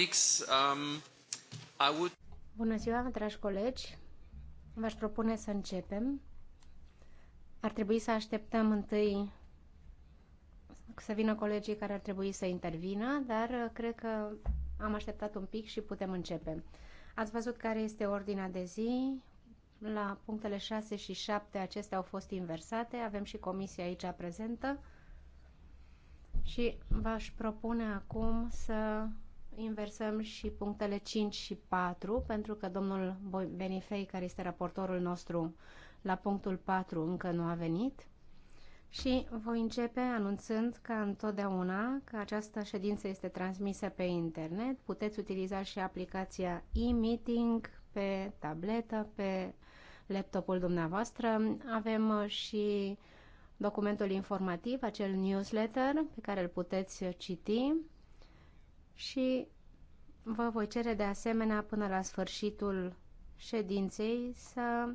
Um, Bună ziua, dragi colegi! V-aș propune să începem. Ar trebui să așteptăm întâi să vină colegii care ar trebui să intervină, dar cred că am așteptat un pic și putem începe. Ați văzut care este ordinea de zi. La punctele 6 și 7 acestea au fost inversate. Avem și comisia aici prezentă. Și v-aș propune acum să inversăm și punctele 5 și 4, pentru că domnul Benifei, care este raportorul nostru la punctul 4, încă nu a venit. Și voi începe anunțând ca întotdeauna că această ședință este transmisă pe internet. Puteți utiliza și aplicația e-meeting pe tabletă, pe laptopul dumneavoastră. Avem și documentul informativ, acel newsletter pe care îl puteți citi și vă voi cere de asemenea până la sfârșitul ședinței să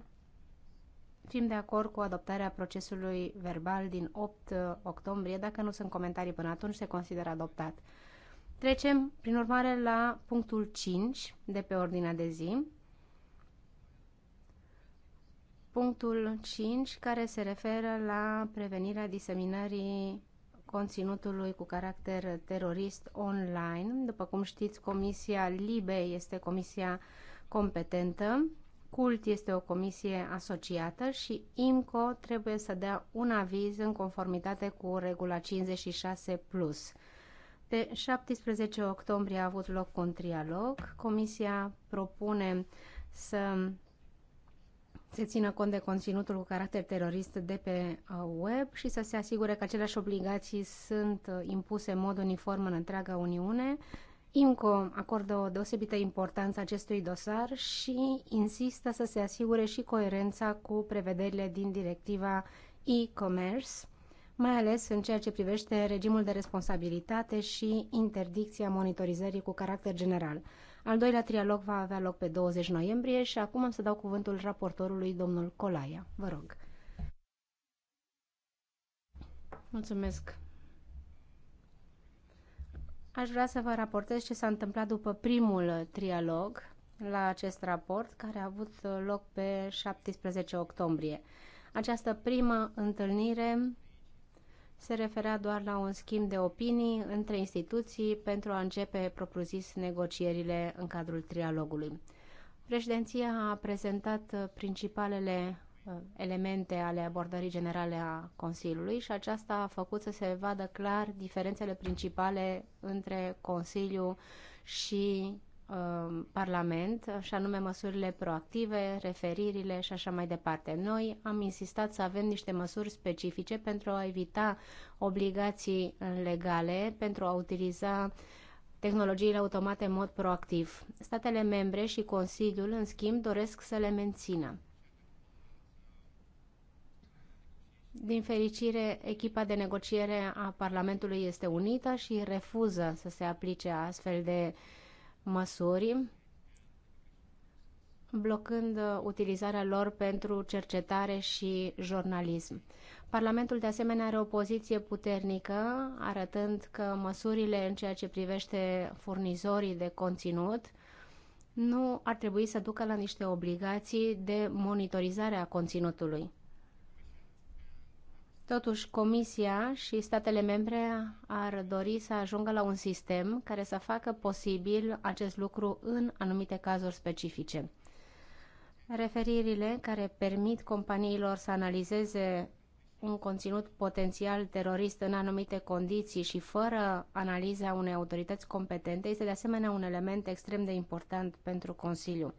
fim de acord cu adoptarea procesului verbal din 8 octombrie. Dacă nu sunt comentarii până atunci, se consideră adoptat. Trecem, prin urmare, la punctul 5 de pe ordinea de zi. Punctul 5 care se referă la prevenirea diseminării conținutului cu caracter terorist online. După cum știți, Comisia LIBE este comisia competentă, CULT este o comisie asociată și IMCO trebuie să dea un aviz în conformitate cu regula 56+. Plus. Pe 17 octombrie a avut loc un trialog. Comisia propune să se țină cont de conținutul cu caracter terorist de pe uh, web și să se asigure că aceleași obligații sunt uh, impuse în mod uniform în întreaga Uniune. IMCO acordă o deosebită importanță acestui dosar și insistă să se asigure și coerența cu prevederile din directiva e-commerce, mai ales în ceea ce privește regimul de responsabilitate și interdicția monitorizării cu caracter general. Al doilea trialog va avea loc pe 20 noiembrie și acum am să dau cuvântul raportorului domnul Colaia. Vă rog. Mulțumesc. Aș vrea să vă raportez ce s-a întâmplat după primul trialog la acest raport, care a avut loc pe 17 octombrie. Această primă întâlnire se referea doar la un schimb de opinii între instituții pentru a începe propriu-zis negocierile în cadrul trialogului. Președinția a prezentat uh, principalele uh, elemente ale abordării generale a Consiliului și aceasta a făcut să se vadă clar diferențele principale între Consiliu și Um, Parlament, și anume măsurile proactive, referirile și așa mai departe. Noi am insistat să avem niște măsuri specifice pentru a evita obligații legale, pentru a utiliza tehnologiile automate în mod proactiv. Statele membre și Consiliul, în schimb, doresc să le mențină. Din fericire, echipa de negociere a Parlamentului este unită și refuză să se aplice astfel de uh, măsuri, blocând uh, utilizarea lor pentru cercetare și jurnalism. Parlamentul de asemenea are o poziție puternică, arătând că măsurile în ceea ce privește furnizorii de conținut nu ar trebui să ducă la niște obligații de monitorizare a conținutului. Totuși, Comisia și statele membre ar dori să ajungă la un sistem care să facă posibil acest lucru în anumite cazuri specifice. Referirile care permit companiilor să analizeze un conținut potențial terorist în anumite condiții și fără analiza unei autorități competente este de asemenea un element extrem de important pentru Consiliu.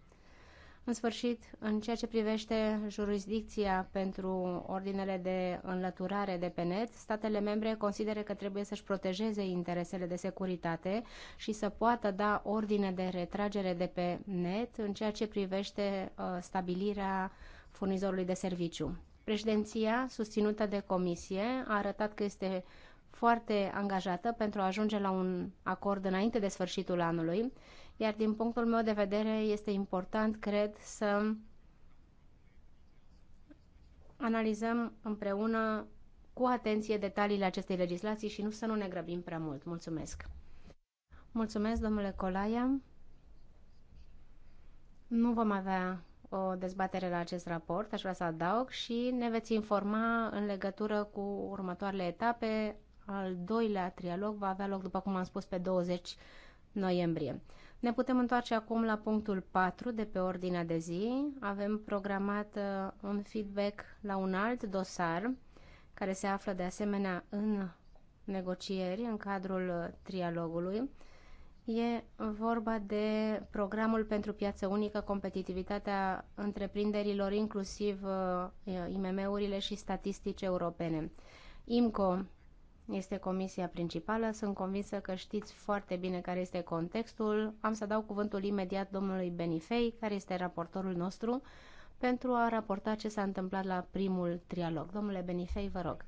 În sfârșit, în ceea ce privește jurisdicția pentru ordinele de înlăturare de pe net, statele membre consideră că trebuie să-și protejeze interesele de securitate și să poată da ordine de retragere de pe net în ceea ce privește uh, stabilirea furnizorului de serviciu. Președinția, susținută de comisie, a arătat că este foarte angajată pentru a ajunge la un acord înainte de sfârșitul anului iar din punctul meu de vedere este important, cred, să analizăm împreună cu atenție detaliile acestei legislații și nu să nu ne grăbim prea mult. Mulțumesc! Mulțumesc, domnule Colaia! Nu vom avea o dezbatere la acest raport, aș vrea să adaug, și ne veți informa în legătură cu următoarele etape. Al doilea trialog va avea loc, după cum am spus, pe 20 noiembrie. Ne putem întoarce acum la punctul 4 de pe ordinea de zi. Avem programat uh, un feedback la un alt dosar care se află de asemenea în negocieri în cadrul uh, trialogului. E vorba de programul pentru piață unică, competitivitatea întreprinderilor, inclusiv uh, IMM-urile și statistici europene. IMCO este comisia principală. Sunt convinsă că știți foarte bine care este contextul. Am să dau cuvântul imediat domnului Benifei, care este raportorul nostru, pentru a raporta ce s-a întâmplat la primul trialog. Domnule Benifei, vă rog.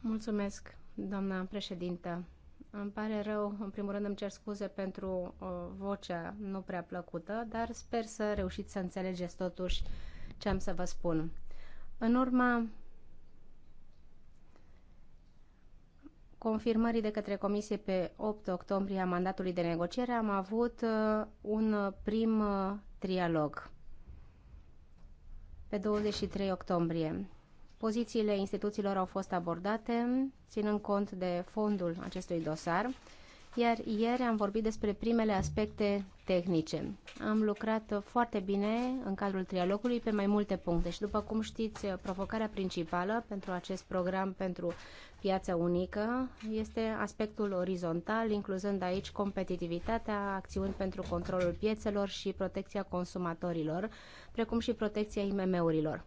Mulțumesc, doamna președintă. Îmi pare rău, în primul rând îmi cer scuze pentru uh, vocea nu prea plăcută, dar sper să reușiți să înțelegeți totuși ce am să vă spun. În urma confirmării de către Comisie pe 8 octombrie a mandatului de negociere am avut uh, un uh, prim uh, trialog pe 23 octombrie. Pozițiile instituțiilor au fost abordate, ținând cont de fondul acestui dosar iar ieri am vorbit despre primele aspecte tehnice. Am lucrat foarte bine în cadrul trialogului pe mai multe puncte și, după cum știți, provocarea principală pentru acest program pentru piața unică este aspectul orizontal, incluzând aici competitivitatea, acțiuni pentru controlul piețelor și protecția consumatorilor, precum și protecția IMM-urilor.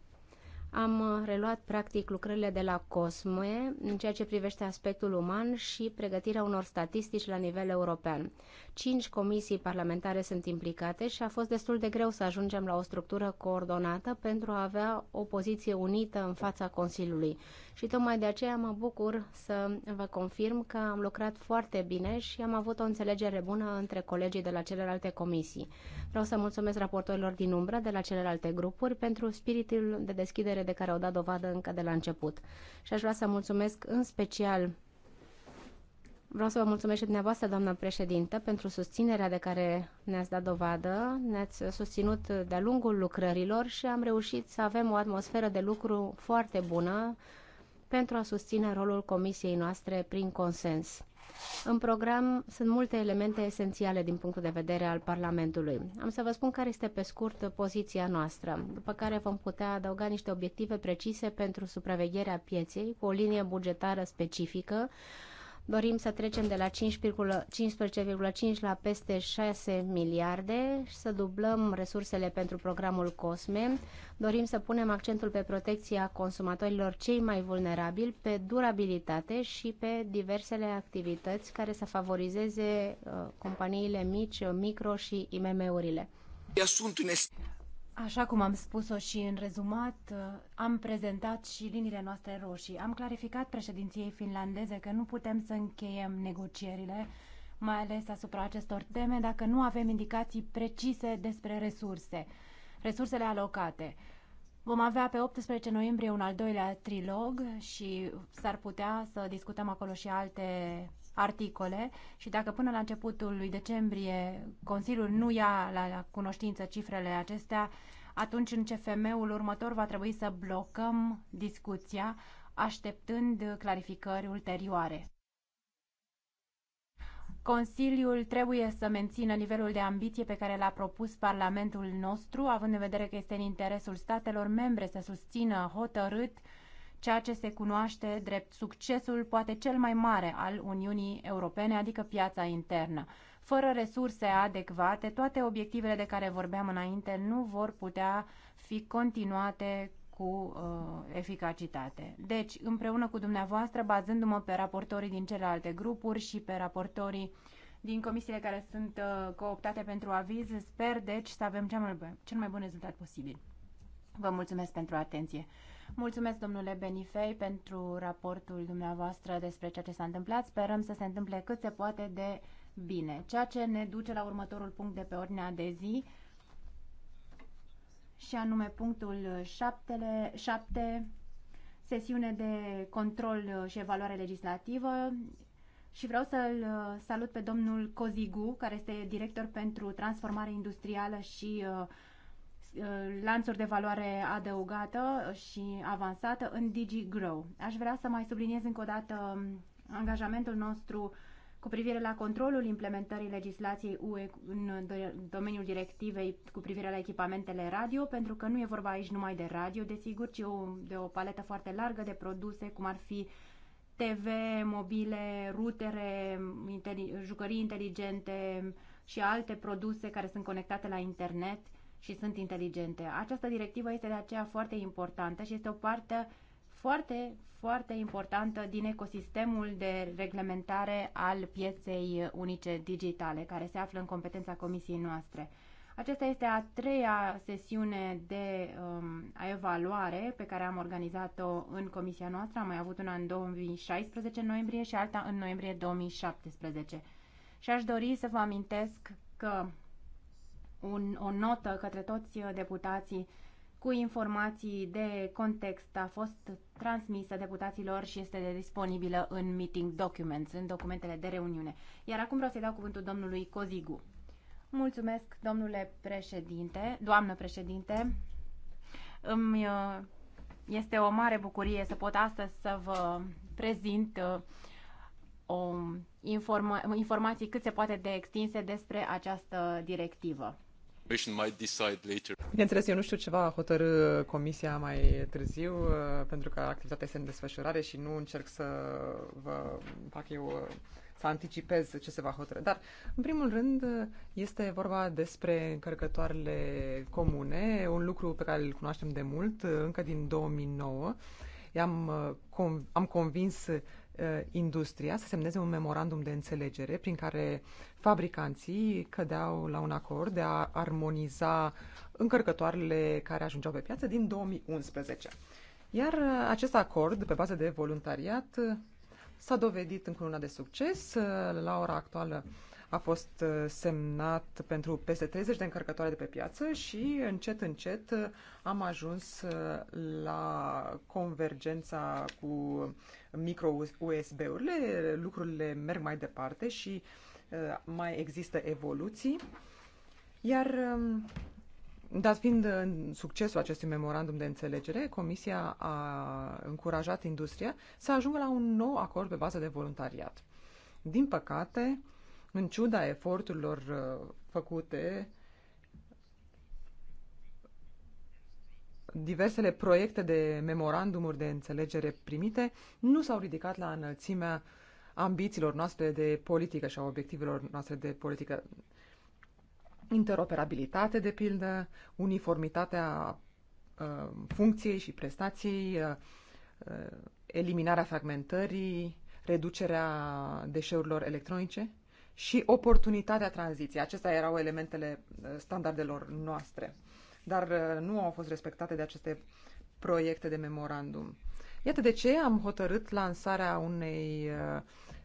Am uh, reluat practic lucrările de la COSME în ceea ce privește aspectul uman și pregătirea unor statistici la nivel european. Cinci comisii parlamentare sunt implicate și a fost destul de greu să ajungem la o structură coordonată pentru a avea o poziție unită în fața Consiliului. Și tocmai de aceea mă bucur să vă confirm că am lucrat foarte bine și am avut o înțelegere bună între colegii de la celelalte comisii. Vreau să mulțumesc raportorilor din umbră de la celelalte grupuri pentru spiritul de deschidere încredere de care au dat dovadă încă de la început. Și aș vrea să mulțumesc în special Vreau să vă mulțumesc și dumneavoastră, doamnă președintă, pentru susținerea de care ne-ați dat dovadă. Ne-ați susținut de-a lungul lucrărilor și am reușit să avem o atmosferă de lucru foarte bună pentru a susține rolul comisiei noastre prin consens. În program sunt multe elemente esențiale din punctul de vedere al Parlamentului. Am să vă spun care este pe scurt poziția noastră, după care vom putea adăuga niște obiective precise pentru supravegherea pieței cu o linie bugetară specifică Dorim să trecem de la 15,5 la peste 6 miliarde, și să dublăm resursele pentru programul COSME. Dorim să punem accentul pe protecția consumatorilor cei mai vulnerabili, pe durabilitate și pe diversele activități care să favorizeze uh, companiile mici, micro și IMM-urile. Așa cum am spus-o și în rezumat, uh, am prezentat și liniile noastre roșii. Am clarificat președinției finlandeze că nu putem să încheiem negocierile, mai ales asupra acestor teme, dacă nu avem indicații precise despre resurse, resursele alocate. Vom avea pe 18 noiembrie un al doilea trilog și s-ar putea să discutăm acolo și alte articole și dacă până la începutul lui decembrie Consiliul nu ia la cunoștință cifrele acestea, atunci în CFM-ul următor va trebui să blocăm discuția, așteptând clarificări ulterioare. Consiliul trebuie să mențină nivelul de ambiție pe care l-a propus Parlamentul nostru, având în vedere că este în interesul statelor membre să susțină hotărât ceea ce se cunoaște drept succesul poate cel mai mare al Uniunii Europene, adică piața internă. Fără resurse adecvate, toate obiectivele de care vorbeam înainte nu vor putea fi continuate cu uh, eficacitate. Deci, împreună cu dumneavoastră, bazându-mă pe raportorii din celelalte grupuri și pe raportorii din comisiile care sunt uh, cooptate pentru aviz, sper deci să avem cel mai, bun, cel mai bun rezultat posibil. Vă mulțumesc pentru atenție. Mulțumesc, domnule Benifei, pentru raportul dumneavoastră despre ceea ce s-a întâmplat. Sperăm să se întâmple cât se poate de bine. Ceea ce ne duce la următorul punct de pe ordinea de zi, și anume punctul 7, 7 sesiune de control și evaluare legislativă și vreau să-l salut pe domnul Cozigu, care este director pentru transformare industrială și uh, Uh, lanțuri de valoare adăugată și avansată în DigiGrow. Aș vrea să mai subliniez încă o dată angajamentul nostru cu privire la controlul implementării legislației UE în domeniul directivei cu privire la echipamentele radio, pentru că nu e vorba aici numai de radio, desigur, ci de o paletă foarte largă de produse, cum ar fi TV, mobile, rutere, jucării inteligente și alte produse care sunt conectate la internet – și sunt inteligente. Această directivă este de aceea foarte importantă și este o parte foarte, foarte importantă din ecosistemul de reglementare al pieței unice digitale, care se află în competența comisiei noastre. Aceasta este a treia sesiune de um, evaluare pe care am organizat-o în comisia noastră. Am mai avut una în 2016 noiembrie și alta în noiembrie 2017. Și aș dori să vă amintesc că un, o notă către toți deputații cu informații de context a fost transmisă deputaților și este disponibilă în meeting documents, în documentele de reuniune. Iar acum vreau să-i dau cuvântul domnului Cozigu. Mulțumesc, domnule președinte, doamnă președinte. Îmi uh, este o mare bucurie să pot astăzi să vă prezint uh, o informa- informații cât se poate de extinse despre această directivă. Bineînțeles, eu nu știu ce va hotărâ comisia mai târziu, uh, pentru că activitatea este în desfășurare și nu încerc să vă fac eu uh, să anticipez ce se va hotărâ. Dar, în primul rând, uh, este vorba despre încărcătoarele comune, un lucru pe care îl cunoaștem de mult, încă din 2009. I-am, am convins Uh, industria să semneze un memorandum de înțelegere prin care fabricanții cădeau la un acord de a armoniza încărcătoarele care ajungeau pe piață din 2011. Iar uh, acest acord, pe bază de voluntariat, uh, s-a dovedit încă una de succes. La ora actuală, a fost uh, semnat pentru peste 30 de încărcătoare de pe piață și încet, încet uh, am ajuns uh, la convergența cu micro-USB-urile. Lucrurile merg mai departe și mai există evoluții. Iar um, Dat fiind succesul acestui memorandum de înțelegere, Comisia a încurajat industria să ajungă la un nou acord pe bază de voluntariat. Din păcate, în ciuda eforturilor uh, făcute, diversele proiecte de memorandumuri de înțelegere primite nu s-au ridicat la înălțimea ambițiilor noastre de politică și a obiectivelor noastre de politică. Interoperabilitate, de pildă, uniformitatea uh, funcției și prestației, uh, eliminarea fragmentării, reducerea deșeurilor electronice și oportunitatea tranziției. Acestea erau elementele uh, standardelor noastre, dar uh, nu au fost respectate de aceste proiecte de memorandum. Iată de ce am hotărât lansarea unei, uh,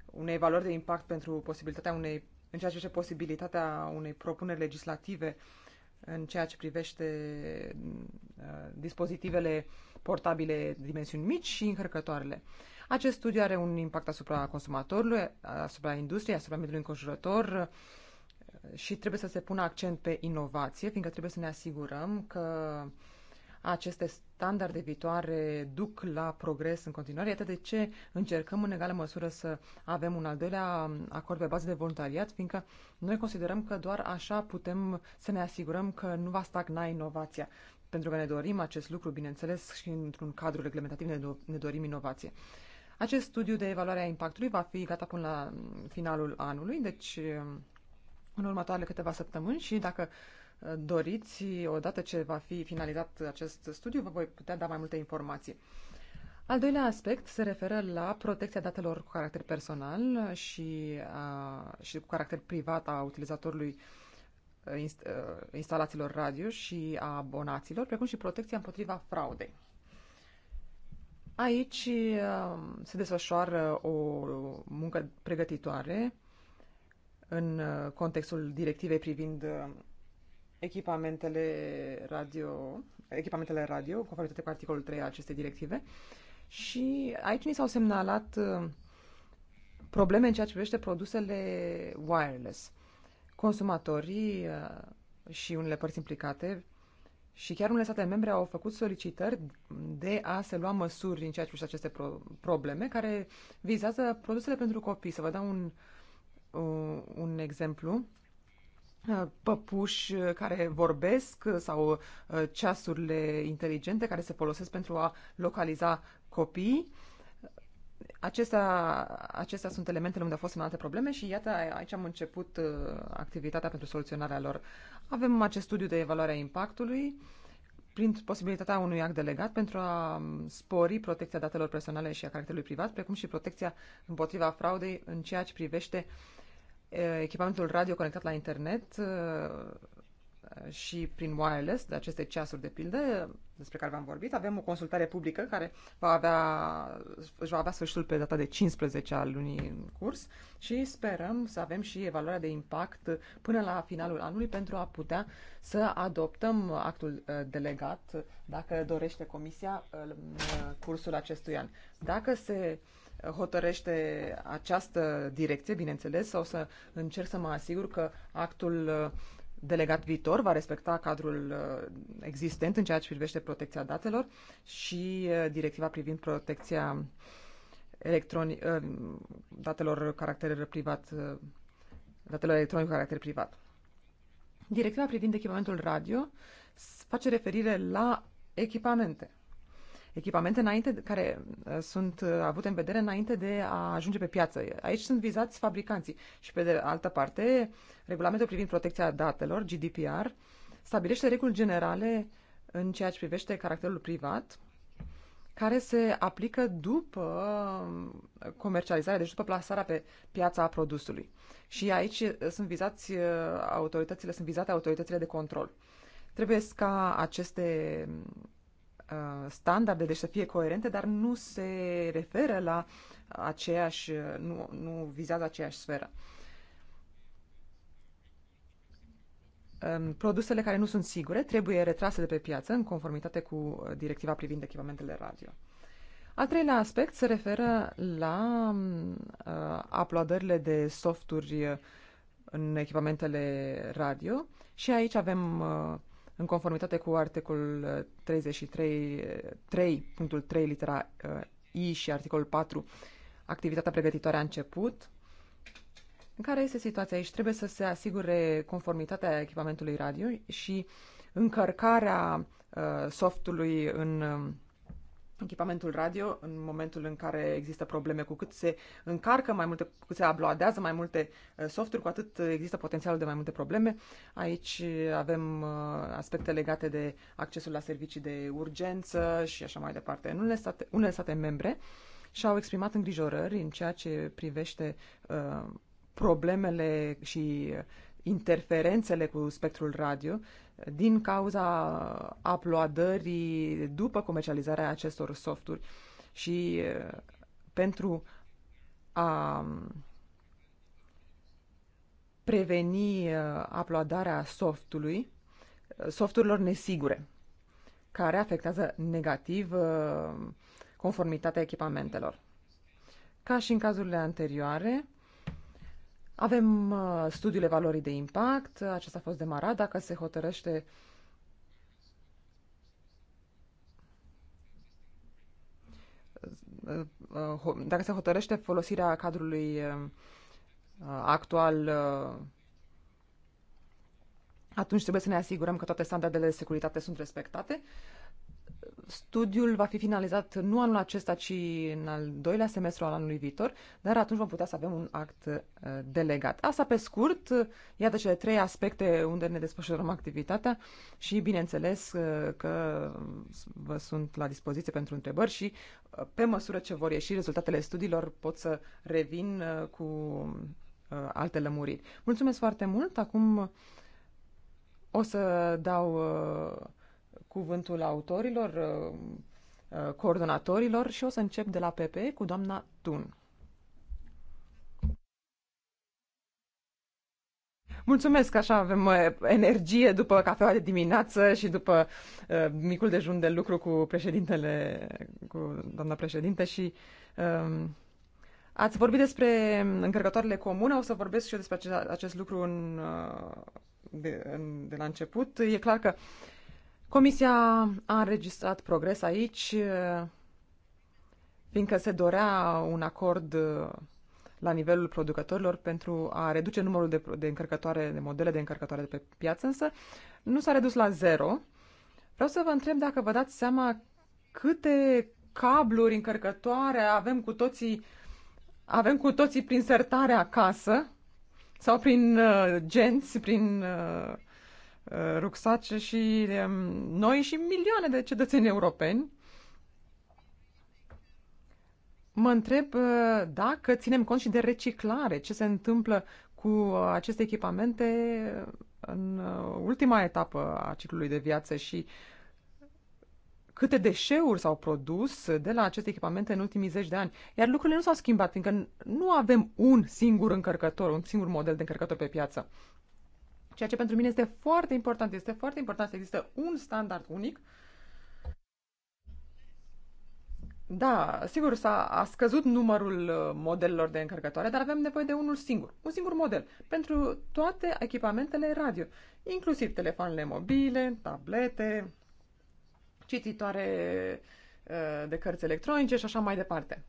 unei valori de impact pentru posibilitatea unei, în ceea ce privește posibilitatea unei propuneri legislative în ceea ce privește dispozitivele portabile dimensiuni mici și încărcătoarele. Acest studiu are un impact asupra consumatorului, asupra industriei, asupra mediului înconjurător uh, și trebuie să se pună accent pe inovație, fiindcă trebuie să ne asigurăm că aceste standarde viitoare duc la progres în continuare. Iată de ce încercăm în egală măsură să avem un al doilea acord pe bază de voluntariat, fiindcă noi considerăm că doar așa putem să ne asigurăm că nu va stagna inovația. Pentru că ne dorim acest lucru, bineînțeles, și într-un cadru reglementativ ne, ne dorim inovație. Acest studiu de evaluare a impactului va fi gata până la finalul anului, deci um, în următoarele câteva săptămâni și dacă uh, doriți, odată ce va fi finalizat acest studiu, vă voi putea da mai multe informații. Al doilea aspect se referă la protecția datelor cu caracter personal și, a, uh, și cu caracter privat a utilizatorului uh, inst, instalațiilor radio și a abonaților, precum și protecția împotriva fraudei. Aici uh, se desfășoară o muncă pregătitoare în uh, contextul directivei privind uh, echipamentele radio, echipamentele radio, conformitate cu articolul 3 al acestei directive. Și aici ni s-au semnalat probleme în ceea ce privește produsele wireless. Consumatorii și unele părți implicate și chiar unele state membre au făcut solicitări de a se lua măsuri în ceea ce privește aceste pro- probleme care vizează produsele pentru copii. Să vă dau un, uh, un exemplu. Uh, păpuși uh, care vorbesc sau ceasurile inteligente care se folosesc pentru a localiza copiii acestea, acestea sunt elementele unde au fost semnalate probleme și iată, aici am început uh, activitatea pentru soluționarea lor. Avem acest studiu de evaluare a impactului prin posibilitatea unui act delegat pentru a um, spori protecția datelor personale și a caracterului privat, precum și protecția împotriva fraudei în ceea ce privește uh, echipamentul radio conectat la internet uh, și prin wireless, de aceste ceasuri de pildă, despre care v-am vorbit. Avem o consultare publică care va avea, își va avea sfârșitul pe data de 15 al lunii în curs și sperăm să avem și evaluarea de impact până la finalul anului pentru a putea să adoptăm actul uh, delegat, dacă dorește Comisia, în uh, cursul acestui an. Dacă se hotărăște această direcție, bineînțeles, sau să încerc să mă asigur că actul uh, delegat viitor va respecta cadrul uh, existent în ceea ce privește protecția datelor și uh, directiva privind protecția electroni- uh, datelor caracter privat, datelor electronice cu caracter privat. Directiva privind echipamentul radio face referire la echipamente echipamente înainte, care uh, sunt uh, avute în vedere înainte de a ajunge pe piață. Aici sunt vizați fabricanții și, pe de altă parte, regulamentul privind protecția datelor, GDPR, stabilește reguli generale în ceea ce privește caracterul privat, care se aplică după uh, comercializarea, deci după plasarea pe piața a produsului. Și aici sunt vizați autoritățile, sunt vizate autoritățile de control. Trebuie ca aceste Uh, standarde, deci să fie coerente, dar nu se referă la aceeași, nu, nu vizează aceeași sferă. Um, produsele care nu sunt sigure trebuie retrase de pe piață în conformitate cu directiva privind echipamentele radio. Al treilea aspect se referă la um, uh, aplodările de softuri în echipamentele radio și aici avem uh, în conformitate cu articolul 33, uh, 3.3 uh, litera uh, I și articolul 4, activitatea pregătitoare a început. în Care este situația aici? Trebuie să se asigure conformitatea echipamentului radio și încărcarea softului în um, echipamentul radio în momentul în care există probleme, cu cât se încarcă mai multe, cu cât se abloadează mai multe uh, softuri, cu atât uh, există potențialul de mai multe probleme. Aici uh, avem aspecte legate de accesul la servicii de urgență și așa mai departe. În unele state, unele state membre și-au exprimat îngrijorări în ceea ce privește problemele și interferențele cu spectrul radio din cauza aploadării după comercializarea acestor softuri și pentru a preveni aploadarea softului, softurilor nesigure, care afectează negativ conformitatea echipamentelor. Ca și în cazurile anterioare, avem uh, studiul studiile valorii de impact, acesta a fost demarat, dacă se hotărăște uh, uh, dacă se hotărăște folosirea cadrului actual, atunci trebuie să ne asigurăm că toate standardele de securitate sunt respectate studiul va fi finalizat nu anul acesta, ci în al doilea semestru al anului viitor, dar atunci vom putea să avem un act uh, delegat. Asta pe scurt, iată cele trei aspecte unde ne desfășurăm activitatea și, bineînțeles, uh, că vă sunt la dispoziție pentru întrebări și, uh, pe măsură ce vor ieși rezultatele studiilor, pot să revin cu alte lămuriri. Mulțumesc foarte mult! Acum o să dau... Uh, cuvântul autorilor, uh, uh, coordonatorilor și o să încep de la PP cu doamna Tun. Mulțumesc, așa avem uh, energie după cafeaua de dimineață și după uh, micul dejun de lucru cu președintele, cu doamna președinte și uh, ați vorbit despre încărcătoarele comune, o să vorbesc și eu despre acest, acest lucru în, de, în, de la început. E clar că uh, Comisia a înregistrat progres aici, eh, fiindcă se dorea un acord eh, la nivelul producătorilor pentru a reduce numărul de, de încărcătoare, de modele de încărcătoare de pe piață, însă nu s-a redus la zero. Vreau să vă întreb dacă vă dați seama câte cabluri încărcătoare avem cu toții, avem cu toții prin sertare acasă sau prin uh, genți, prin uh, Uh, rucsaci și um, noi și milioane de cetățeni europeni. Mă întreb uh, dacă ținem cont și de reciclare, ce se întâmplă cu uh, aceste echipamente în ultima etapă a ciclului de viață și câte deșeuri s-au produs de la aceste echipamente în ultimii zeci de ani. Iar lucrurile nu s-au schimbat, fiindcă nu avem un singur încărcător, un singur model de încărcător pe piață. Ceea ce pentru mine este foarte important. Este foarte important să există un standard unic. Da, sigur, s-a a scăzut numărul uh, modelelor de încărcătoare, dar avem nevoie de unul singur, un singur model, pentru toate echipamentele radio, inclusiv telefoanele mobile, tablete, cititoare uh, de cărți electronice și așa mai departe.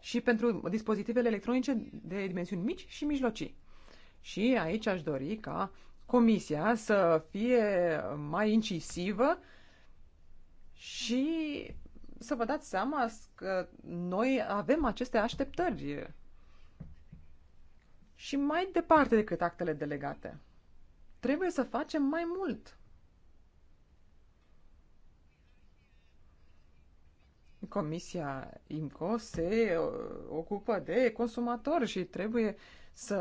Și pentru dispozitivele electronice de dimensiuni mici și mijlocii. Și aici aș dori ca comisia să fie mai incisivă și să vă dați seama că noi avem aceste așteptări și mai departe decât actele delegate. Trebuie să facem mai mult. Comisia IMCO se uh, ocupă de consumatori și trebuie să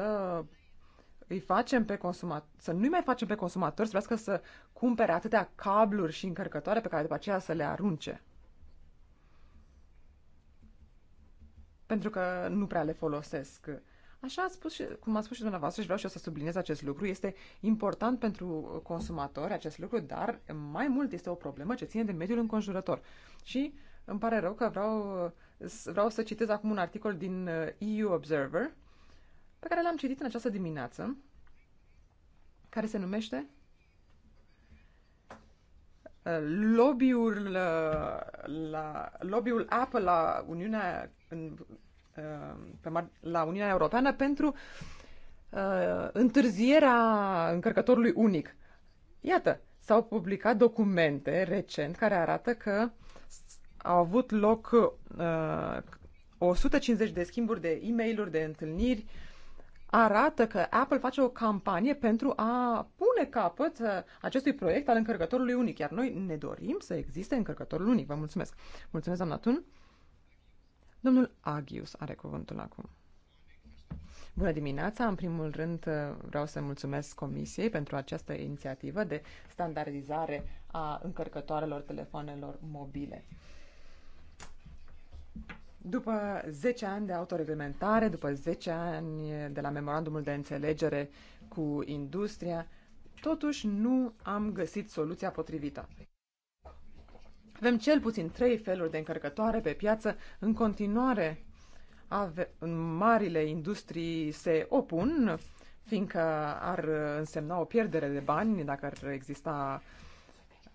îi facem pe consumator, să nu mai facem pe consumatori să vrească să cumpere atâtea cabluri și încărcătoare pe care după aceea să le arunce. Pentru că nu prea le folosesc. Așa a spus și, cum a spus și dumneavoastră și vreau și eu să subliniez acest lucru, este important pentru consumatori acest lucru, dar mai mult este o problemă ce ține de mediul înconjurător. Și îmi pare rău că vreau, vreau să citez acum un articol din uh, EU Observer, pe care l-am citit în această dimineață, care se numește uh, lobby-ul la, uh, la lobby-ul Apple la Uniunea în, uh, pe, la Uniunea Europeană pentru uh, întârzierea încărcătorului unic. Iată, s-au publicat documente recent care arată că au avut loc uh, 150 de schimburi de e-mail-uri, de întâlniri uh, arată că Apple face o campanie pentru a pune capăt uh, acestui proiect al încărcătorului unic, iar noi ne dorim să existe încărcătorul unic. Vă mulțumesc! Mulțumesc, doamna Tun! Domnul Agius are cuvântul acum. Bună dimineața! În primul rând uh, vreau să mulțumesc Comisiei pentru această inițiativă de standardizare a încărcătoarelor telefonelor mobile. După 10 ani de autoreglementare, după 10 ani de la memorandumul de înțelegere cu industria, totuși nu am găsit soluția potrivită. Avem cel puțin trei feluri de încărcătoare pe piață. În continuare, ave- marile industrii se opun, fiindcă ar însemna o pierdere de bani dacă ar exista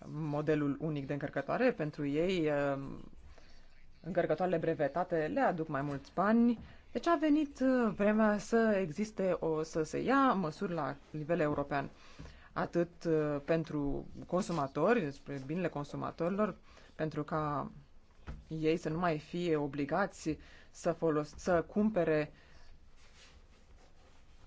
modelul unic de încărcătoare. Pentru ei, încărcătoarele brevetate le aduc mai mulți bani. Deci a venit uh, vremea să existe o, să se ia măsuri la nivel european, atât uh, pentru consumatori, despre binele consumatorilor, pentru ca ei să nu mai fie obligați să, folos- să cumpere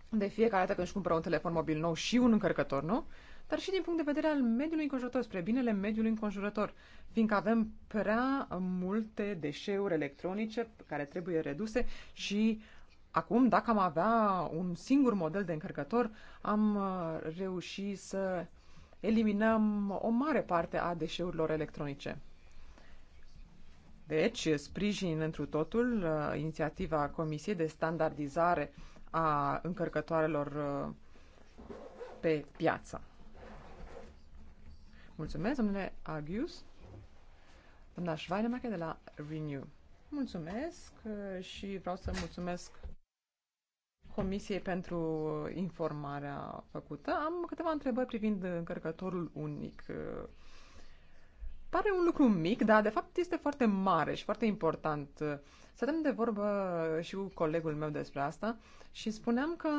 de fiecare dată când își cumpără un telefon mobil nou și un încărcător, nu? dar și din punct de vedere al mediului înconjurător, spre binele mediului înconjurător, fiindcă avem prea multe deșeuri electronice care trebuie reduse și acum, dacă am avea un singur model de încărcător, am uh, reușit să eliminăm o mare parte a deșeurilor electronice. Deci, sprijin întru totul uh, inițiativa Comisiei de Standardizare a încărcătoarelor uh, pe piață. Mulțumesc, domnule Agius. Doamna Schweinemacher de la Renew. Mulțumesc uh, și vreau să mulțumesc Comisiei pentru informarea făcută. Am câteva întrebări privind încărcătorul unic. Uh, pare un lucru mic, dar de fapt este foarte mare și foarte important. Stăteam de vorbă și cu colegul meu despre asta și spuneam că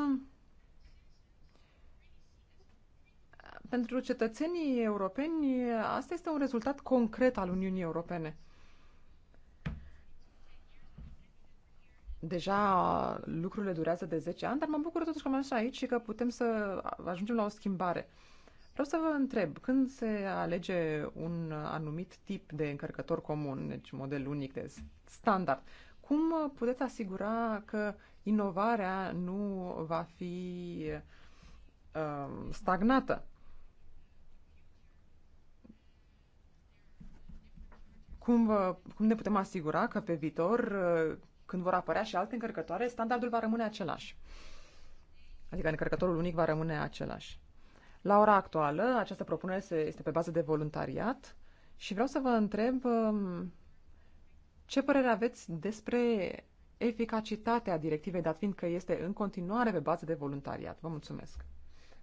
Pentru cetățenii europeni, asta este un rezultat concret al Uniunii Europene. Deja lucrurile durează de 10 ani, dar mă bucur totuși că am ajuns aici și că putem să ajungem la o schimbare. Vreau să vă întreb, când se alege un anumit tip de încărcător comun, deci model unic de standard, cum puteți asigura că inovarea nu va fi uh, stagnată? Cum, vă, cum ne putem asigura că pe viitor, uh, când vor apărea și alte încărcătoare, standardul va rămâne același? Adică încărcătorul unic va rămâne același. La ora actuală, această propunere este pe bază de voluntariat și vreau să vă întreb um, ce părere aveți despre eficacitatea directivei, dat fiind că este în continuare pe bază de voluntariat. Vă mulțumesc.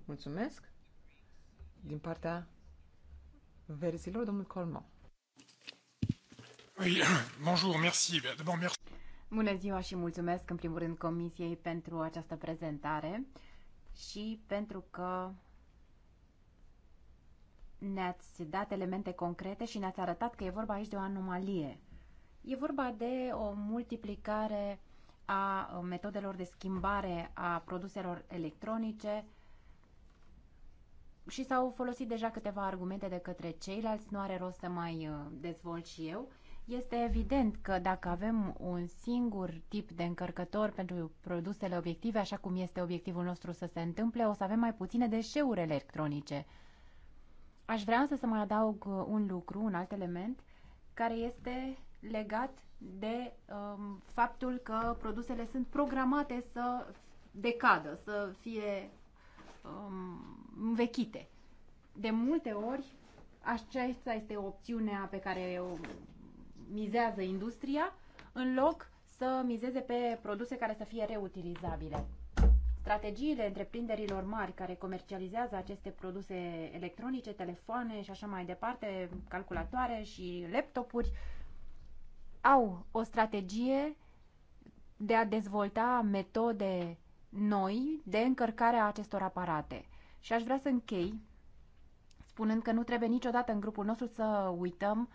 Mulțumesc din partea verzilor, domnul Colmo. Oui, bonjour, merci. D'abord, merci. Bună ziua și mulțumesc în primul rând Comisiei pentru această prezentare și pentru că ne-ați dat elemente concrete și ne-ați arătat că e vorba aici de o anomalie. E vorba de o multiplicare a metodelor de schimbare a produselor electronice și s-au folosit deja câteva argumente de către ceilalți, nu are rost să mai uh, dezvolt și eu. Este evident că dacă avem un singur tip de încărcător pentru produsele obiective, așa cum este obiectivul nostru să se întâmple, o să avem mai puține deșeuri electronice. Aș vrea însă să mai adaug un lucru, un alt element, care este legat de um, faptul că produsele sunt programate să decadă, să fie um, învechite. De multe ori, aceasta este opțiunea pe care eu mizează industria în loc să mizeze pe produse care să fie reutilizabile. Strategiile întreprinderilor mari care comercializează aceste produse electronice, telefoane și așa mai departe, calculatoare și laptopuri, au o strategie de a dezvolta metode noi de încărcare a acestor aparate. Și aș vrea să închei spunând că nu trebuie niciodată în grupul nostru să uităm uh,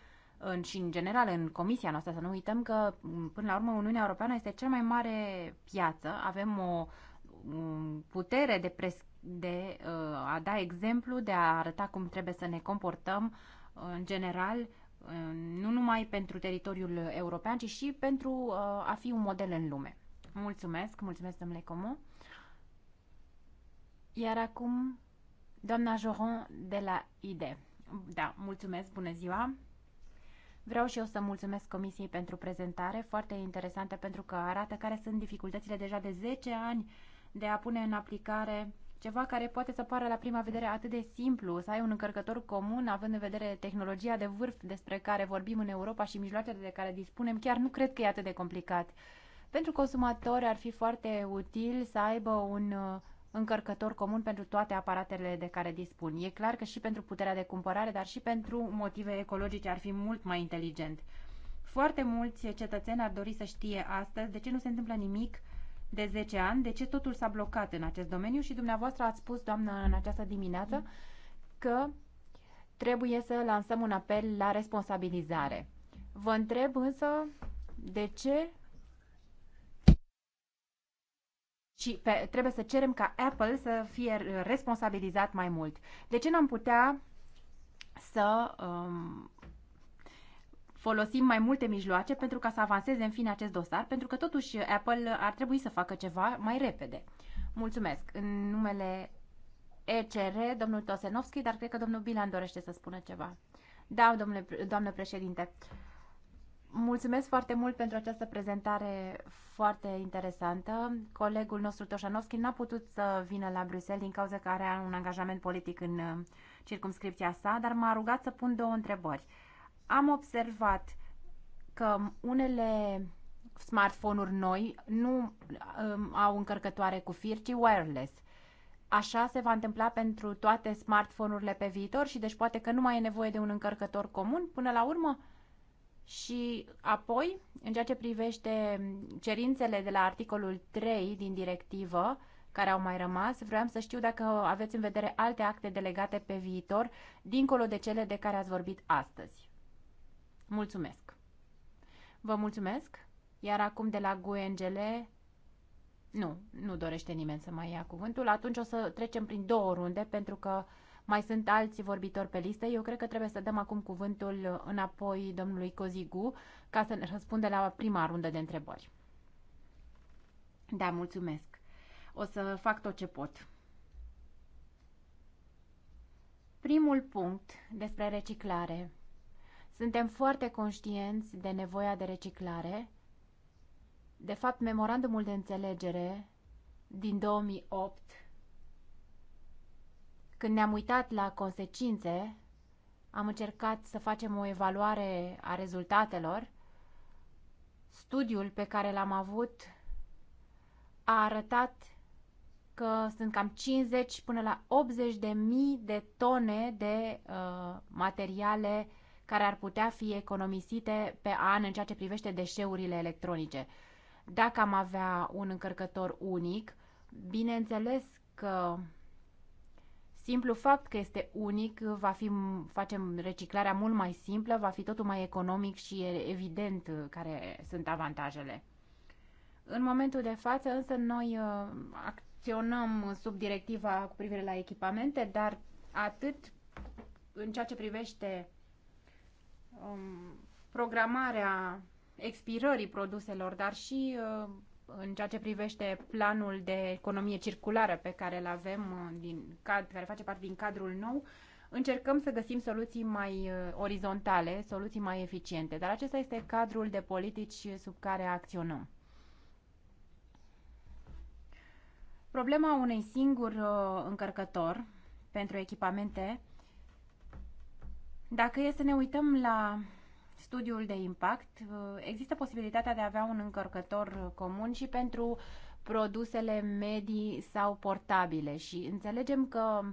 în, și în general în comisia noastră, să nu uităm că până la urmă Uniunea Europeană este cea mai mare piață, avem o putere de, pres- de uh, a da exemplu, de a arăta cum trebuie să ne comportăm uh, în general, uh, nu numai pentru teritoriul european, ci și pentru a fi un model în lume. Mulțumesc, mulțumesc domnule Comu. Iar acum, doamna Joron de la IDE. Da, mulțumesc, bună ziua! Vreau și eu să mulțumesc Comisiei pentru prezentare, foarte interesantă pentru că arată care sunt dificultățile deja de 10 ani de a pune în aplicare ceva care poate să pară la prima vedere atât de simplu, să ai un încărcător comun, având în vedere tehnologia de vârf despre care vorbim în Europa și mijloacele de care dispunem, chiar nu cred că e atât de complicat. Pentru consumatori ar fi foarte util să aibă un uh, încărcător comun pentru toate aparatele de care dispun. E clar că și pentru puterea de cumpărare, dar și pentru motive ecologice ar fi mult mai inteligent. Foarte mulți cetățeni ar dori să știe astăzi de ce nu se întâmplă nimic de 10 ani, de ce totul s-a blocat în acest domeniu și dumneavoastră ați spus, doamnă, în această dimineață că trebuie să lansăm un apel la responsabilizare. Vă întreb însă de ce ci pe, trebuie să cerem ca Apple să fie responsabilizat mai mult. De ce n-am putea să um, folosim mai multe mijloace pentru ca să avanseze în fine acest dosar, pentru că totuși Apple ar trebui să facă ceva mai repede. Mulțumesc. În numele ECR, domnul Tosenovski, dar cred că domnul Bilan dorește să spună ceva. Da, domnule, doamnă președinte. Uh, Mulțumesc foarte mult pentru această prezentare foarte interesantă. Colegul nostru Toșanovski n-a putut să vină la Bruxelles din cauza că are un angajament politic în uh, circumscripția sa, dar m-a rugat să pun două întrebări. Am observat că unele smartphone-uri noi nu um, au încărcătoare cu fir, ci wireless. Așa se va întâmpla pentru toate smartphone-urile pe viitor și deci poate că nu mai e nevoie de un încărcător comun până la urmă? Și apoi, în ceea ce privește cerințele de la articolul 3 din directivă, care au mai rămas, vreau să știu dacă aveți în vedere alte acte delegate pe viitor, dincolo de cele de care ați vorbit astăzi. Mulțumesc! Vă mulțumesc! Iar acum de la GUNGL, nu, nu dorește nimeni să mai ia cuvântul, atunci o să trecem prin două runde, pentru că mai sunt alți vorbitori pe listă. Eu cred că trebuie să dăm acum cuvântul înapoi domnului Cozigu ca să ne răspunde la prima rundă de întrebări. Da, mulțumesc. O să fac tot ce pot. Primul punct despre reciclare. Suntem foarte conștienți de nevoia de reciclare. De fapt, memorandumul de înțelegere din 2008 când ne-am uitat la consecințe, am încercat să facem o evaluare a rezultatelor. Studiul pe care l-am avut a arătat că sunt cam 50 până la 80 de mii de tone de uh, materiale care ar putea fi economisite pe an în ceea ce privește deșeurile electronice. Dacă am avea un încărcător unic, bineînțeles că Simplu fapt că este unic, va fi, facem reciclarea mult mai simplă, va fi totul mai economic și e evident uh, care sunt avantajele. În momentul de față, însă, noi uh, acționăm sub directiva cu privire la echipamente, dar atât în ceea ce privește um, programarea expirării produselor, dar și uh, în ceea ce privește planul de economie circulară pe care îl avem, uh, din, care face parte din cadrul nou, încercăm să găsim soluții mai uh, orizontale, soluții mai eficiente. Dar acesta este cadrul de politici sub care acționăm. Problema unui singur uh, încărcător pentru echipamente, dacă e să ne uităm la studiul de impact, uh, există posibilitatea de a avea un încărcător uh, comun și pentru produsele medii sau portabile și înțelegem că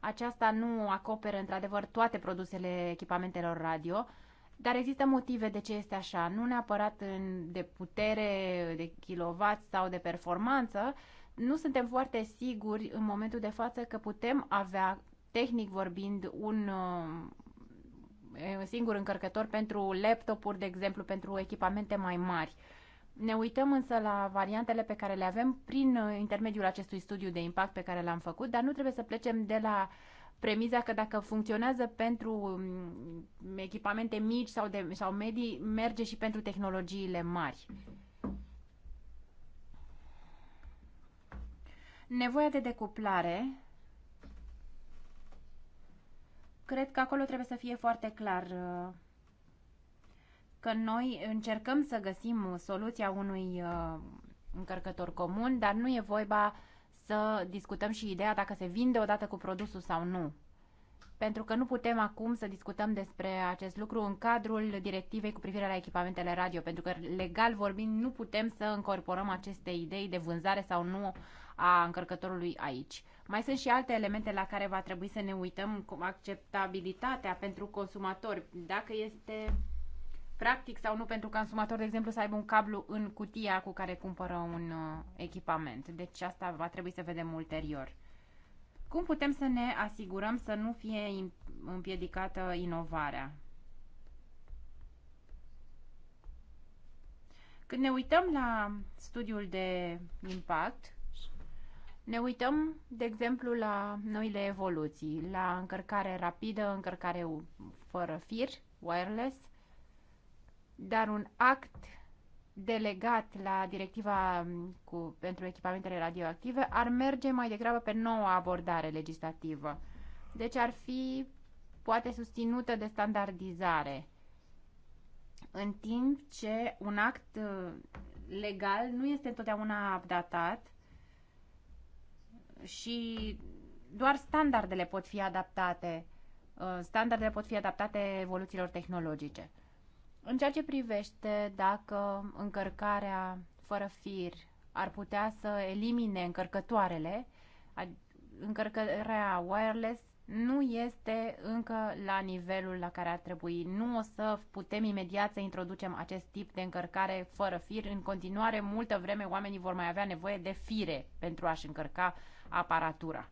aceasta nu acoperă într-adevăr toate produsele echipamentelor radio, dar există motive de ce este așa, nu neapărat în, de putere, de kilowatt sau de performanță. Nu suntem foarte siguri în momentul de față că putem avea, tehnic vorbind, un, uh, un singur încărcător pentru laptopuri, de exemplu, pentru echipamente mai mari. Ne uităm însă la variantele pe care le avem prin uh, intermediul acestui studiu de impact pe care l-am făcut, dar nu trebuie să plecem de la premiza că dacă funcționează pentru mm, echipamente mici sau, de, sau medii, merge și pentru tehnologiile mari. Nevoia de decuplare Cred că acolo trebuie să fie foarte clar uh, că noi încercăm să găsim soluția unui uh, încărcător comun, dar nu e vorba să discutăm și ideea dacă se vinde odată cu produsul sau nu. Pentru că nu putem acum să discutăm despre acest lucru în cadrul directivei cu privire la echipamentele radio, pentru că legal vorbind nu putem să încorporăm aceste idei de vânzare sau nu a încărcătorului aici. Mai sunt și alte elemente la care va trebui să ne uităm, cum acceptabilitatea pentru consumatori, dacă este practic sau nu pentru consumator, de exemplu, să aibă un cablu în cutia cu care cumpără un uh, echipament. Deci asta va trebui să vedem ulterior. Cum putem să ne asigurăm să nu fie împiedicată inovarea? Când ne uităm la studiul de impact, ne uităm, de exemplu, la noile evoluții, la încărcare rapidă, încărcare fără fir, wireless, dar un act delegat la directiva mm, cu, pentru echipamentele radioactive ar merge mai degrabă pe noua abordare legislativă. Deci ar fi poate susținută de standardizare, în timp ce un act mm, legal nu este întotdeauna updatat și doar standardele pot fi adaptate, uh, standardele pot fi adaptate evoluțiilor tehnologice. În ceea ce privește dacă încărcarea fără fir ar putea să elimine încărcătoarele, încărcarea wireless nu este încă la nivelul la care ar trebui. Nu o să putem imediat să introducem acest tip de încărcare fără fir. În continuare, multă vreme oamenii vor mai avea nevoie de fire pentru a-și încărca uh, aparatura.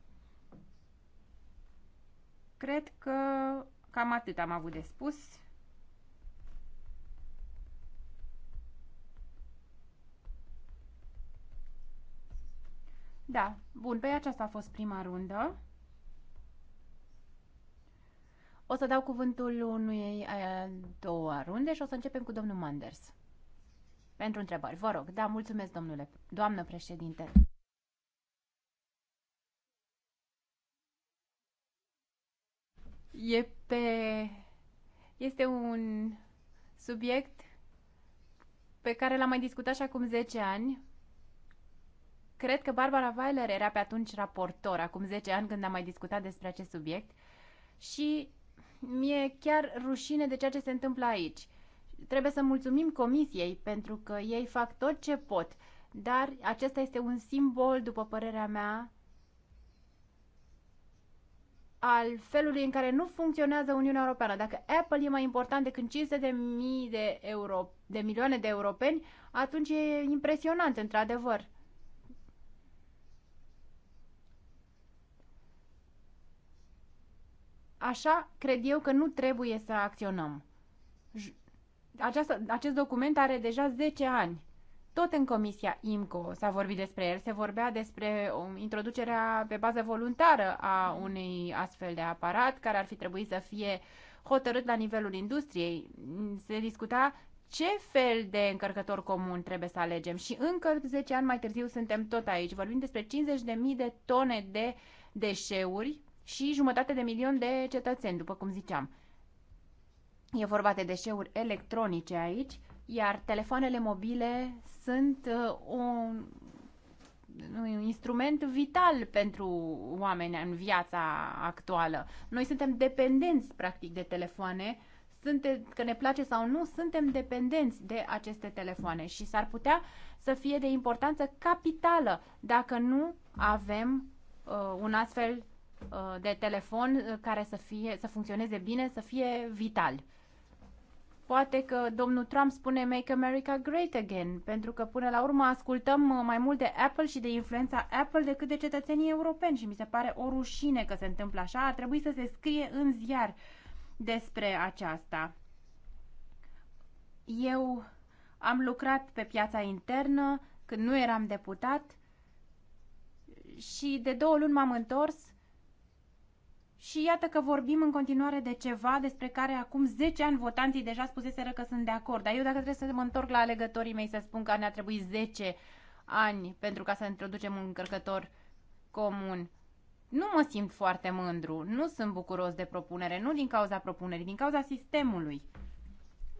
Cred că cam atât am avut de spus. Da, bun, pe păi aceasta a fost prima rundă. O să dau cuvântul unui a doua runde și o să începem cu domnul Manders. Pentru întrebări, vă rog. Da, mulțumesc, domnule, doamnă președinte. E pe... Este un subiect pe care l-am mai discutat și acum 10 ani. Cred că Barbara Weiler era pe atunci raportor, acum 10 ani când am mai discutat despre acest subiect. Și mi-e chiar rușine de ceea ce se întâmplă aici. Trebuie să mulțumim comisiei pentru că ei fac tot ce pot, dar acesta este un simbol, după părerea mea, al felului în care nu funcționează Uniunea Europeană. Dacă Apple e mai important decât 500 de, mii de, euro, de milioane de europeni, atunci e impresionant, într-adevăr. Așa cred eu că nu trebuie să acționăm. Aceasta, acest document are deja 10 ani tot în Comisia IMCO s-a vorbit despre el, se vorbea despre um, introducerea pe bază voluntară a unui astfel de aparat care ar fi trebuit să fie hotărât la nivelul industriei. Se discuta ce fel de încărcător comun trebuie să alegem și încă 10 ani mai târziu suntem tot aici. Vorbim despre 50.000 de tone de deșeuri și jumătate de milion de cetățeni, după cum ziceam. E vorba de deșeuri electronice aici iar telefoanele mobile sunt uh, un, un instrument vital pentru oameni în viața actuală. Noi suntem dependenți, practic, de telefoane Sunte, că ne place sau nu, suntem dependenți de aceste telefoane și s-ar putea să fie de importanță capitală dacă nu avem uh, un astfel uh, de telefon uh, care să, fie, să funcționeze bine, să fie vital. Poate că domnul Trump spune Make America Great Again, pentru că până la urmă ascultăm uh, mai mult de Apple și de influența Apple decât de cetățenii europeni și mi se pare o rușine că se întâmplă așa. Ar trebui să se scrie în ziar despre aceasta. Eu am lucrat pe piața internă când nu eram deputat și de două luni m-am întors și iată că vorbim în continuare de ceva despre care acum 10 ani votanții deja spuseseră că sunt de acord. Dar eu dacă trebuie să mă întorc la alegătorii mei să spun că ne-a trebuit 10 ani pentru ca să introducem un încărcător comun, nu mă simt foarte mândru, nu sunt bucuros de propunere, nu din cauza propunerii, din cauza sistemului.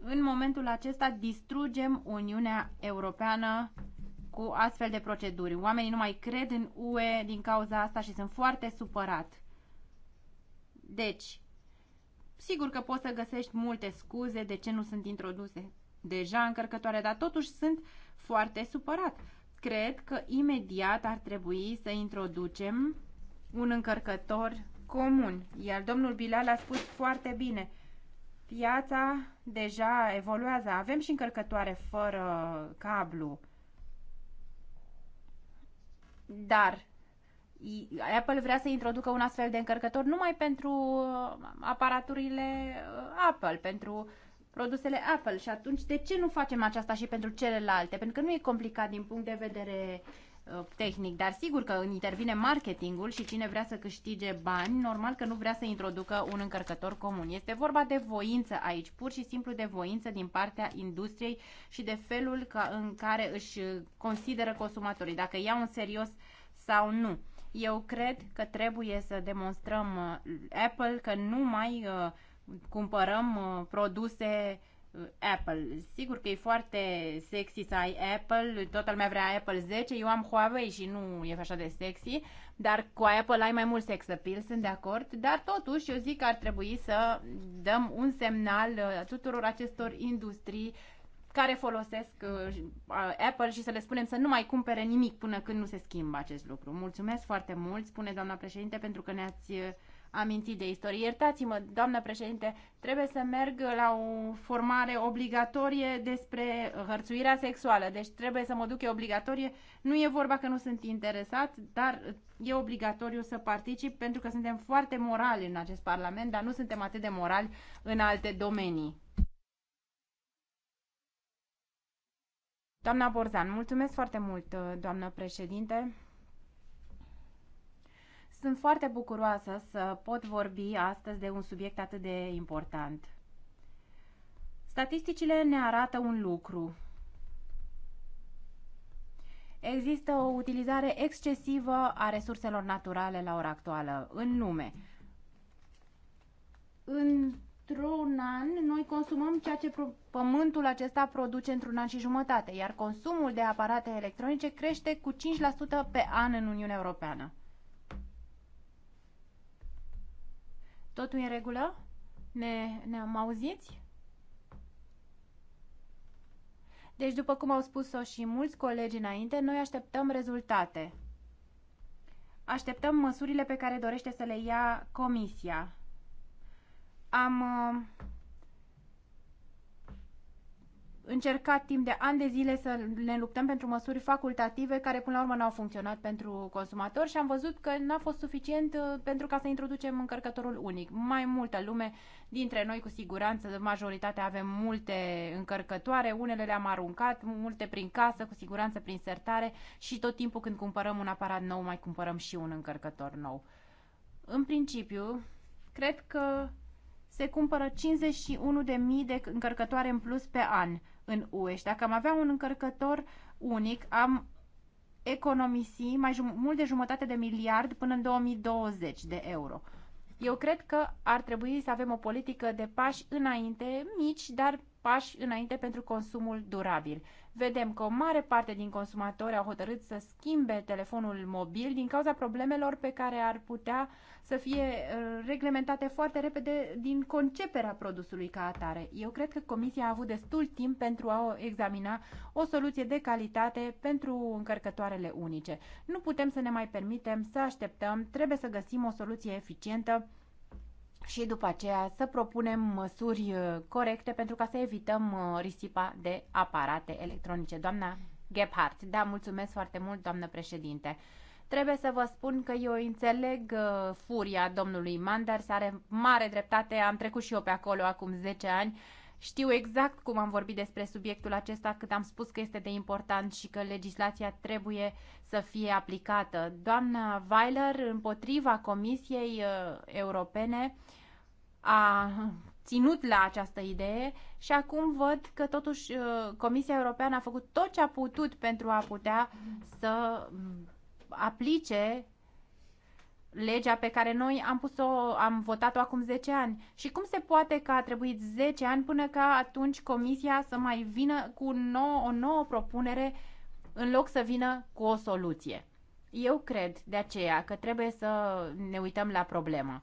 În momentul acesta distrugem Uniunea Europeană cu astfel de proceduri. Oamenii nu mai cred în UE din cauza asta și sunt foarte supărat. Deci, sigur că poți să găsești multe scuze de ce nu sunt introduse deja încărcătoare, dar totuși sunt foarte supărat. Cred că imediat ar trebui să introducem un încărcător comun. Iar domnul Bilal a spus foarte bine, piața deja evoluează, avem și încărcătoare fără cablu. Dar Apple vrea să introducă un astfel de încărcător numai pentru uh, aparaturile uh, Apple, pentru produsele Apple și atunci de ce nu facem aceasta și pentru celelalte? Pentru că nu e complicat din punct de vedere uh, tehnic, dar sigur că intervine marketingul și cine vrea să câștige bani, normal că nu vrea să introducă un încărcător comun. Este vorba de voință aici, pur și simplu de voință din partea industriei și de felul ca, în care își consideră consumatorii, dacă iau în serios sau nu. Eu cred că trebuie să demonstrăm uh, Apple că nu mai uh, cumpărăm uh, produse Apple. Sigur că e foarte sexy să ai Apple, toată lumea vrea Apple 10, eu am Huawei și nu e așa de sexy, dar cu Apple ai mai mult sex appeal, sunt de acord, dar totuși eu zic că ar trebui să dăm un semnal tuturor acestor industrii care folosesc uh, uh, Apple și să le spunem să nu mai cumpere nimic până când nu se schimbă acest lucru. Mulțumesc foarte mult, spune doamna președinte, pentru că ne-ați uh, amintit de istorie. Iertați-mă, doamna președinte, trebuie să merg la o formare obligatorie despre hărțuirea sexuală, deci trebuie să mă duc, e obligatorie. Nu e vorba că nu sunt interesat, dar e obligatoriu să particip pentru că suntem foarte morali în acest parlament, dar nu suntem atât de morali în alte domenii. Doamna Borzan, mulțumesc foarte mult, uh, doamnă președinte. Sunt foarte bucuroasă să pot vorbi astăzi de un subiect atât de important. Statisticile ne arată un lucru. Există o utilizare excesivă a resurselor naturale la ora actuală, în lume. În într-un an noi consumăm ceea ce pământul acesta produce într-un an și jumătate, iar consumul de aparate electronice crește cu 5% pe an în Uniunea Europeană. Totul e în regulă? Ne, ne auziți? Deci, după cum au spus-o și mulți colegi înainte, noi așteptăm rezultate. Așteptăm măsurile pe care dorește să le ia Comisia. Am uh, încercat timp de ani de zile să ne luptăm pentru măsuri facultative care până la urmă n-au funcționat pentru consumatori și am văzut că n-a fost suficient uh, pentru ca să introducem încărcătorul unic. Mai multă lume dintre noi cu siguranță, majoritatea avem multe încărcătoare, unele le-am aruncat, multe prin casă, cu siguranță prin sertare și tot timpul când cumpărăm un aparat nou mai cumpărăm și un încărcător nou. În principiu, cred că se cumpără 51.000 de încărcătoare în plus pe an în UE și dacă am avea un încărcător unic, am economisi mai mult de jumătate de miliard până în 2020 de euro. Eu cred că ar trebui să avem o politică de pași înainte, mici, dar pași înainte pentru consumul durabil. Vedem că o mare parte din consumatori au hotărât să schimbe telefonul mobil din cauza problemelor pe care ar putea să fie uh, reglementate foarte repede din conceperea produsului ca atare. Eu cred că Comisia a avut destul timp pentru a examina o soluție de calitate pentru încărcătoarele unice. Nu putem să ne mai permitem să așteptăm, trebuie să găsim o soluție eficientă și după aceea să propunem măsuri uh, corecte pentru ca să evităm uh, risipa de aparate electronice. Doamna Gebhardt, da, mulțumesc foarte mult, doamnă președinte. Trebuie să vă spun că eu înțeleg uh, furia domnului Manders, are mare dreptate, am trecut și eu pe acolo acum 10 ani. Știu exact cum am vorbit despre subiectul acesta, cât am spus că este de important și că legislația trebuie să fie aplicată. Doamna Weiler, împotriva Comisiei Europene, uh, a ținut la această idee și acum văd că totuși uh, Comisia Europeană a făcut tot ce a putut pentru a putea să mm, aplice legea pe care noi am pus-o, am votat-o acum 10 ani. Și cum se poate că a trebuit 10 ani până ca atunci Comisia să mai vină cu nou, o nouă propunere în loc să vină cu o soluție? Eu cred de aceea că trebuie să ne uităm la problemă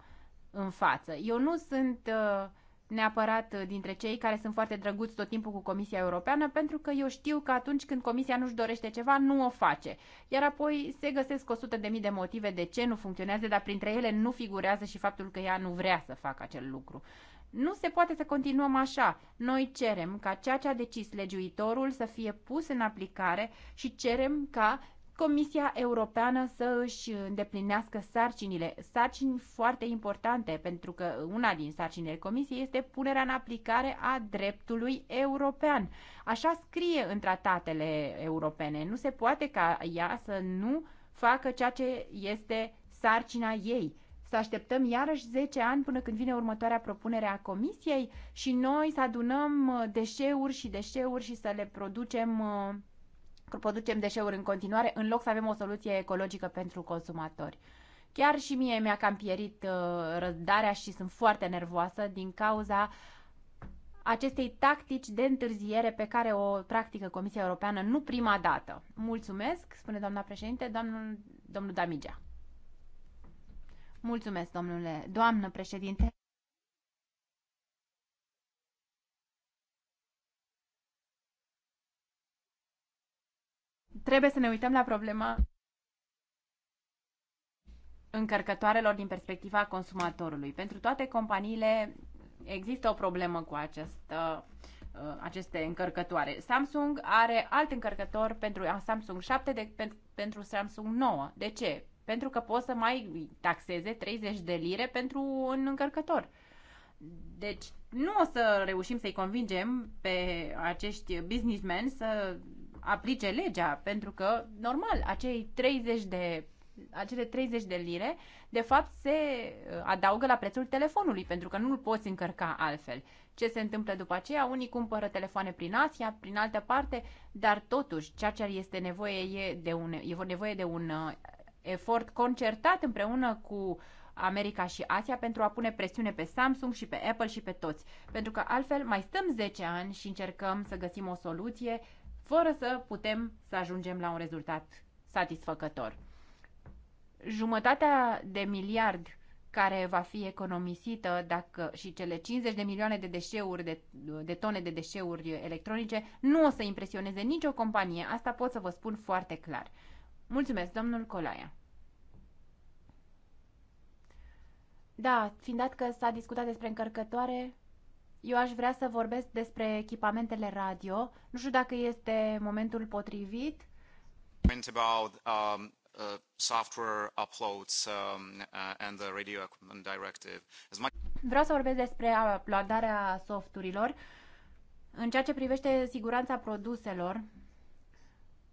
în față. Eu nu sunt uh, neapărat uh, dintre cei care sunt foarte drăguți tot timpul cu Comisia Europeană, pentru că eu știu că atunci când Comisia nu-și dorește ceva, nu o face. Iar apoi se găsesc 100.000 de, de motive de ce nu funcționează, dar printre ele nu figurează și faptul că ea nu vrea să facă acel lucru. Nu se poate să continuăm așa. Noi cerem ca ceea ce a decis legiuitorul să fie pus în aplicare și cerem ca Comisia Europeană să își îndeplinească sarcinile, sarcini foarte importante, pentru că una din sarcinile Comisiei este punerea în aplicare a dreptului european. Așa scrie în tratatele europene. Nu se poate ca ea să nu facă ceea ce este sarcina ei. Să așteptăm iarăși 10 ani până când vine următoarea propunere a Comisiei și noi să adunăm deșeuri și deșeuri și să le producem uh, producem deșeuri în continuare, în loc să avem o soluție ecologică pentru consumatori. Chiar și mie mi-a cam pierit uh, răbdarea și sunt foarte nervoasă din cauza acestei tactici de întârziere pe care o practică Comisia Europeană nu prima dată. Mulțumesc, spune doamna președinte, domnul, domnul Damigea. Mulțumesc, domnule, doamnă președinte. trebuie să ne uităm la problema încărcătoarelor din perspectiva consumatorului. Pentru toate companiile există o problemă cu această, uh, uh, aceste încărcătoare. Samsung are alt încărcător pentru Samsung 7 de, pentru Samsung 9. De ce? Pentru că poți să mai taxeze 30 de lire pentru un încărcător. Deci nu o să reușim să-i convingem pe acești businessmen să aplice legea, pentru că, normal, acei 30 de acele 30 de lire, de fapt, se uh, adaugă la prețul telefonului, pentru că nu îl poți încărca altfel. Ce se întâmplă după aceea? Unii cumpără telefoane prin Asia, prin altă parte, dar totuși, ceea ce este nevoie e, de un, e nevoie de un uh, efort concertat împreună cu America și Asia pentru a pune presiune pe Samsung și pe Apple și pe toți. Pentru că altfel mai stăm 10 ani și încercăm să găsim o soluție fără să putem să ajungem la un rezultat satisfăcător. Jumătatea de miliard care va fi economisită dacă și cele 50 de milioane de deșeuri de, de tone de deșeuri electronice nu o să impresioneze nicio companie. Asta pot să vă spun foarte clar. Mulțumesc, domnul Colaia. Da, fiind dat că s-a discutat despre încărcătoare, eu aș vrea să vorbesc despre echipamentele radio. Nu știu dacă este momentul potrivit. About, um, uh, software uploads um, uh, and the radio equipment directive. As much... Vreau să vorbesc despre uploadarea softurilor. În ceea ce privește siguranța produselor,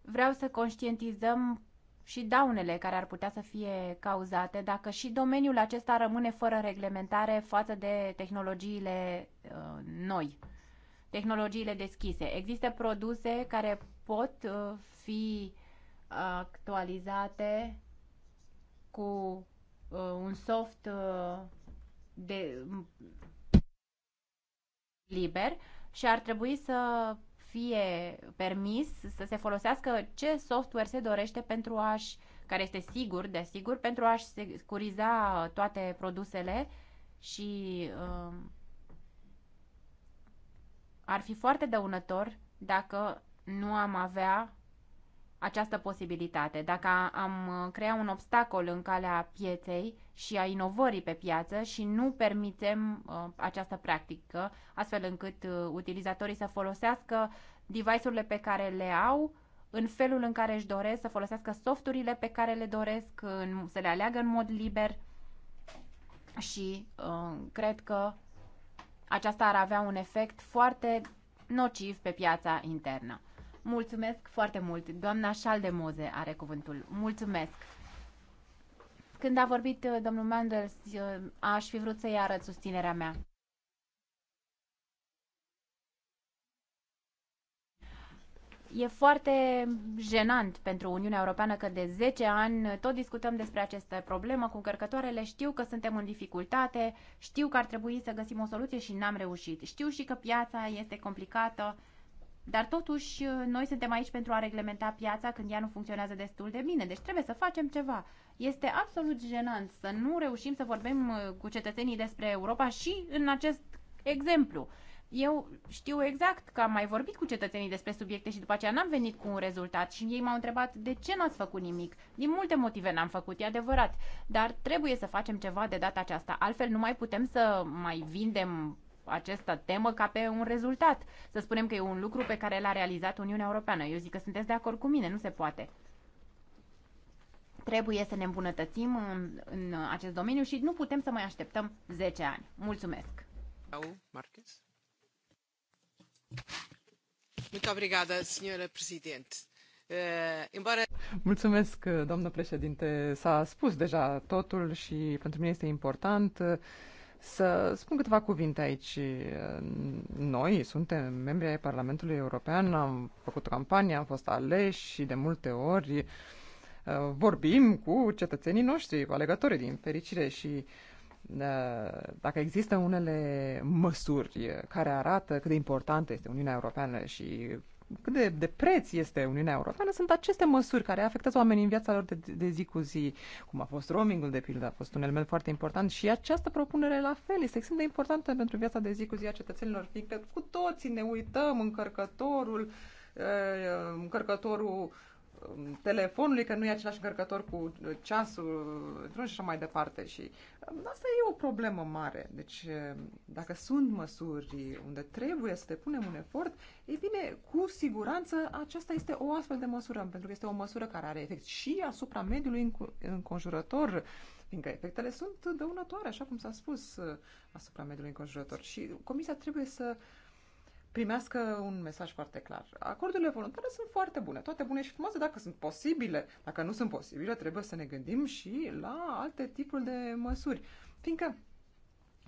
vreau să conștientizăm și daunele care ar putea să fie cauzate dacă și domeniul acesta rămâne fără reglementare față de tehnologiile uh, noi, tehnologiile deschise. Există produse care pot uh, fi uh, actualizate cu uh, un soft uh, de liber și ar trebui să fie permis să se folosească ce software se dorește pentru a-și, care este sigur, desigur, pentru a-și securiza toate produsele și uh, ar fi foarte dăunător dacă nu am avea această posibilitate. Dacă am crea un obstacol în calea pieței și a inovării pe piață și nu permitem uh, această practică, astfel încât uh, utilizatorii să folosească device-urile pe care le au în felul în care își doresc, să folosească softurile pe care le doresc, să le aleagă în mod liber și uh, cred că aceasta ar avea un efect foarte nociv pe piața internă. Mulțumesc foarte mult. Doamna Șaldemoze are cuvântul. Mulțumesc. Când a vorbit uh, domnul Manders, uh, aș fi vrut să-i arăt susținerea mea. E foarte jenant pentru Uniunea Europeană că de 10 ani tot discutăm despre această problemă cu încărcătoarele. Știu că suntem în dificultate, știu că ar trebui să găsim o soluție și n-am reușit. Știu și că piața este complicată dar totuși, noi suntem aici pentru a reglementa piața când ea nu funcționează destul de bine, deci trebuie să facem ceva. Este absolut jenant să nu reușim să vorbim uh, cu cetățenii despre Europa și în acest exemplu. Eu știu exact că am mai vorbit cu cetățenii despre subiecte și după aceea n-am venit cu un rezultat și ei m-au întrebat de ce n-ați făcut nimic. Din multe motive n-am făcut, e adevărat, dar trebuie să facem ceva de data aceasta, altfel nu mai putem să mai vindem această temă ca pe un rezultat. Să spunem că e un lucru pe care l-a realizat Uniunea Europeană. Eu zic că sunteți de acord cu mine, nu se poate. Trebuie să ne îmbunătățim în, în acest domeniu și nu putem să mai așteptăm 10 ani. Mulțumesc! Marquez. Eh, Mulțumesc, doamnă președinte. S-a spus deja totul și pentru mine este important să spun câteva cuvinte aici. Noi suntem membri ai Parlamentului European, am făcut o campanie, am fost aleși și de multe ori vorbim cu cetățenii noștri, cu alegătorii din fericire și uh, dacă există unele măsuri care arată cât de importantă este Uniunea Europeană și cât de, de preț este Uniunea Europeană sunt aceste măsuri care afectează oamenii în viața lor de, de zi cu zi, cum a fost roamingul, de pildă, a fost un element foarte important și această propunere la fel este extrem de importantă pentru viața de zi cu zi a cetățenilor, fiindcă cu toții ne uităm încărcătorul, uh, încărcătorul telefonului, că nu e același încărcător cu ceasul, și așa mai departe. Și um, asta e o problemă mare. Deci, um, dacă sunt măsuri unde trebuie să depunem un efort, e bine, cu siguranță aceasta este o astfel de măsură, pentru că este o măsură care are efect și asupra mediului înconjurător, fiindcă efectele sunt dăunătoare, așa cum s-a spus, uh, asupra mediului înconjurător. Și comisia trebuie să uh, primească un mesaj foarte clar. Acordurile voluntare sunt foarte bune, toate bune și frumoase dacă sunt posibile. Dacă nu sunt posibile, trebuie să ne gândim și la alte tipuri de măsuri. Fiindcă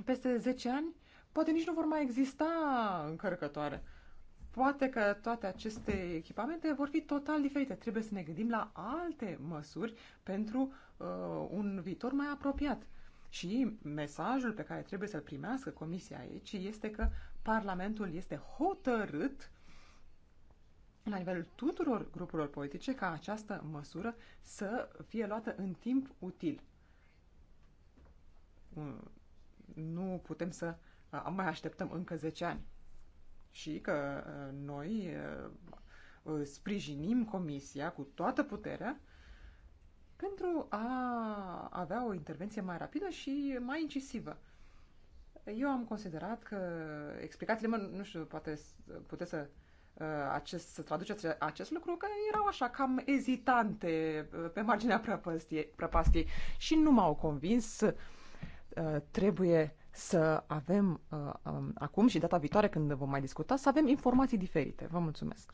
peste 10 ani poate nici nu vor mai exista încărcătoare. Poate că toate aceste echipamente vor fi total diferite. Trebuie să ne gândim la alte măsuri pentru uh, un viitor mai apropiat. Și mesajul pe care trebuie să-l primească Comisia aici este că Parlamentul este hotărât la nivelul tuturor grupurilor politice ca această măsură să fie luată în timp util. Nu putem să uh, mai așteptăm încă 10 ani. Și că uh, noi uh, sprijinim Comisia cu toată puterea pentru a avea o intervenție mai rapidă și mai incisivă. Eu am considerat că explicațiile mă, nu știu, poate puteți să, uh, acest, să traduceți acest lucru, că erau așa cam ezitante uh, pe marginea prăpastiei, prăpastiei și nu m-au convins. Uh, trebuie să avem um, acum și data viitoare când vom mai discuta, să avem informații diferite. Vă mulțumesc!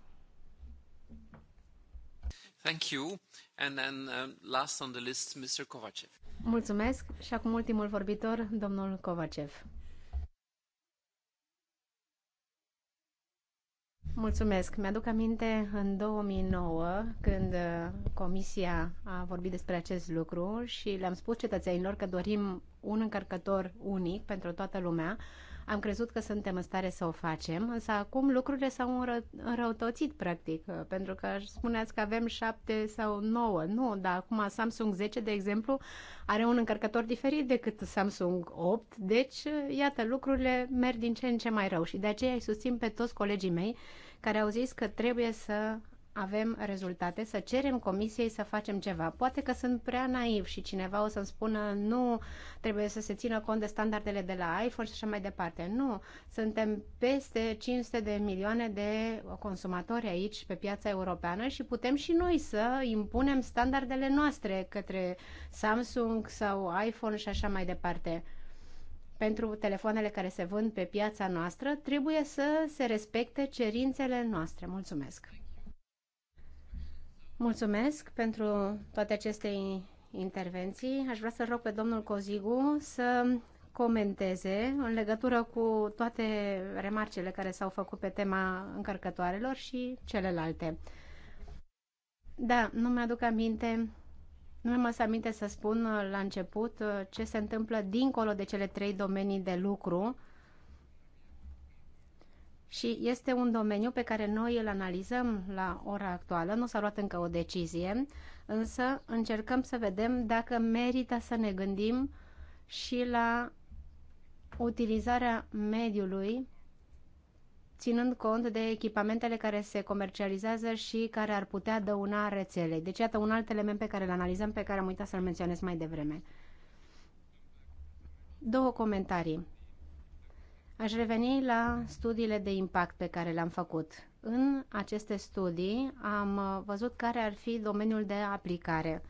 Thank you. And then um, last on the list, Mr. Kovacev. Mulțumesc și acum ultimul vorbitor, domnul Kovacev. Mulțumesc. Mi-aduc aminte în 2009 când uh, Comisia a vorbit despre acest lucru și le-am spus cetățenilor că dorim un încărcător unic pentru toată lumea. Am crezut că suntem în stare să o facem, însă acum lucrurile s-au înrăutățit practic, uh, pentru că spuneați că avem șapte sau nouă. Nu, dar acum Samsung 10, de exemplu, are un încărcător diferit decât Samsung 8, deci, uh, iată, lucrurile merg din ce în ce mai rău și de aceea îi susțin pe toți colegii mei care au zis că trebuie să avem rezultate, să cerem comisiei să facem ceva. Poate că sunt prea naiv și cineva o să-mi spună nu, trebuie să se țină cont de standardele de la iPhone și așa mai departe. Nu, suntem peste 500 de milioane de consumatori aici pe piața europeană și putem și noi să impunem standardele noastre către Samsung sau iPhone și așa mai departe pentru telefoanele care se vând pe piața noastră, trebuie să se respecte cerințele noastre. Mulțumesc! Mulțumesc pentru toate aceste intervenții. Aș vrea să rog pe domnul Cozigu să comenteze în legătură cu toate remarcele care s-au făcut pe tema încărcătoarelor și celelalte. Da, nu mi-aduc aminte nu mi-am aminte să spun uh, la început uh, ce se întâmplă dincolo de cele trei domenii de lucru și este un domeniu pe care noi îl analizăm la ora actuală, nu s-a luat încă o decizie, însă încercăm să vedem dacă merită să ne gândim și la utilizarea mediului ținând cont de echipamentele care se comercializează și care ar putea dăuna rețelei. Deci, iată un alt element pe care îl analizăm, pe care am uitat să-l menționez mai devreme. Două comentarii. Aș reveni la studiile de impact pe care le-am făcut. În aceste studii am văzut care ar fi domeniul de aplicare.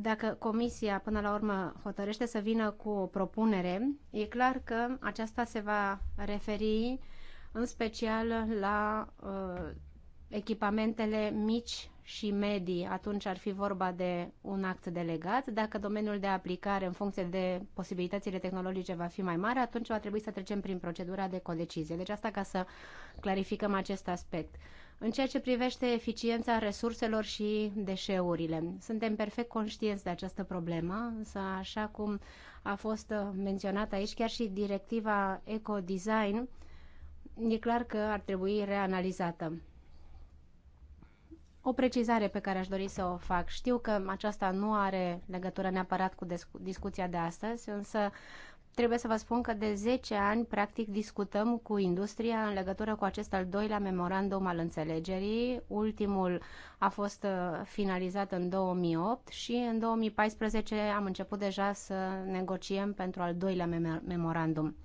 Dacă comisia până la urmă hotărăște să vină cu o propunere, e clar că aceasta se va referi în special la uh, echipamentele mici și medii, atunci ar fi vorba de un act delegat. Dacă domeniul de aplicare, în funcție de posibilitățile tehnologice, va fi mai mare, atunci va trebui să trecem prin procedura de codecizie. Deci asta ca să clarificăm acest aspect în ceea ce privește eficiența resurselor și deșeurile. Suntem perfect conștienți de această problemă, însă așa cum a fost menționat aici chiar și directiva ecodesign, e clar că ar trebui reanalizată. O precizare pe care aș dori să o fac. Știu că aceasta nu are legătură neapărat cu discuția de astăzi, însă Trebuie să vă spun că de 10 ani, practic, discutăm cu industria în legătură cu acest al doilea memorandum al înțelegerii. Ultimul a fost uh, finalizat în 2008 și în 2014 am început deja să negociem pentru al doilea memorandum.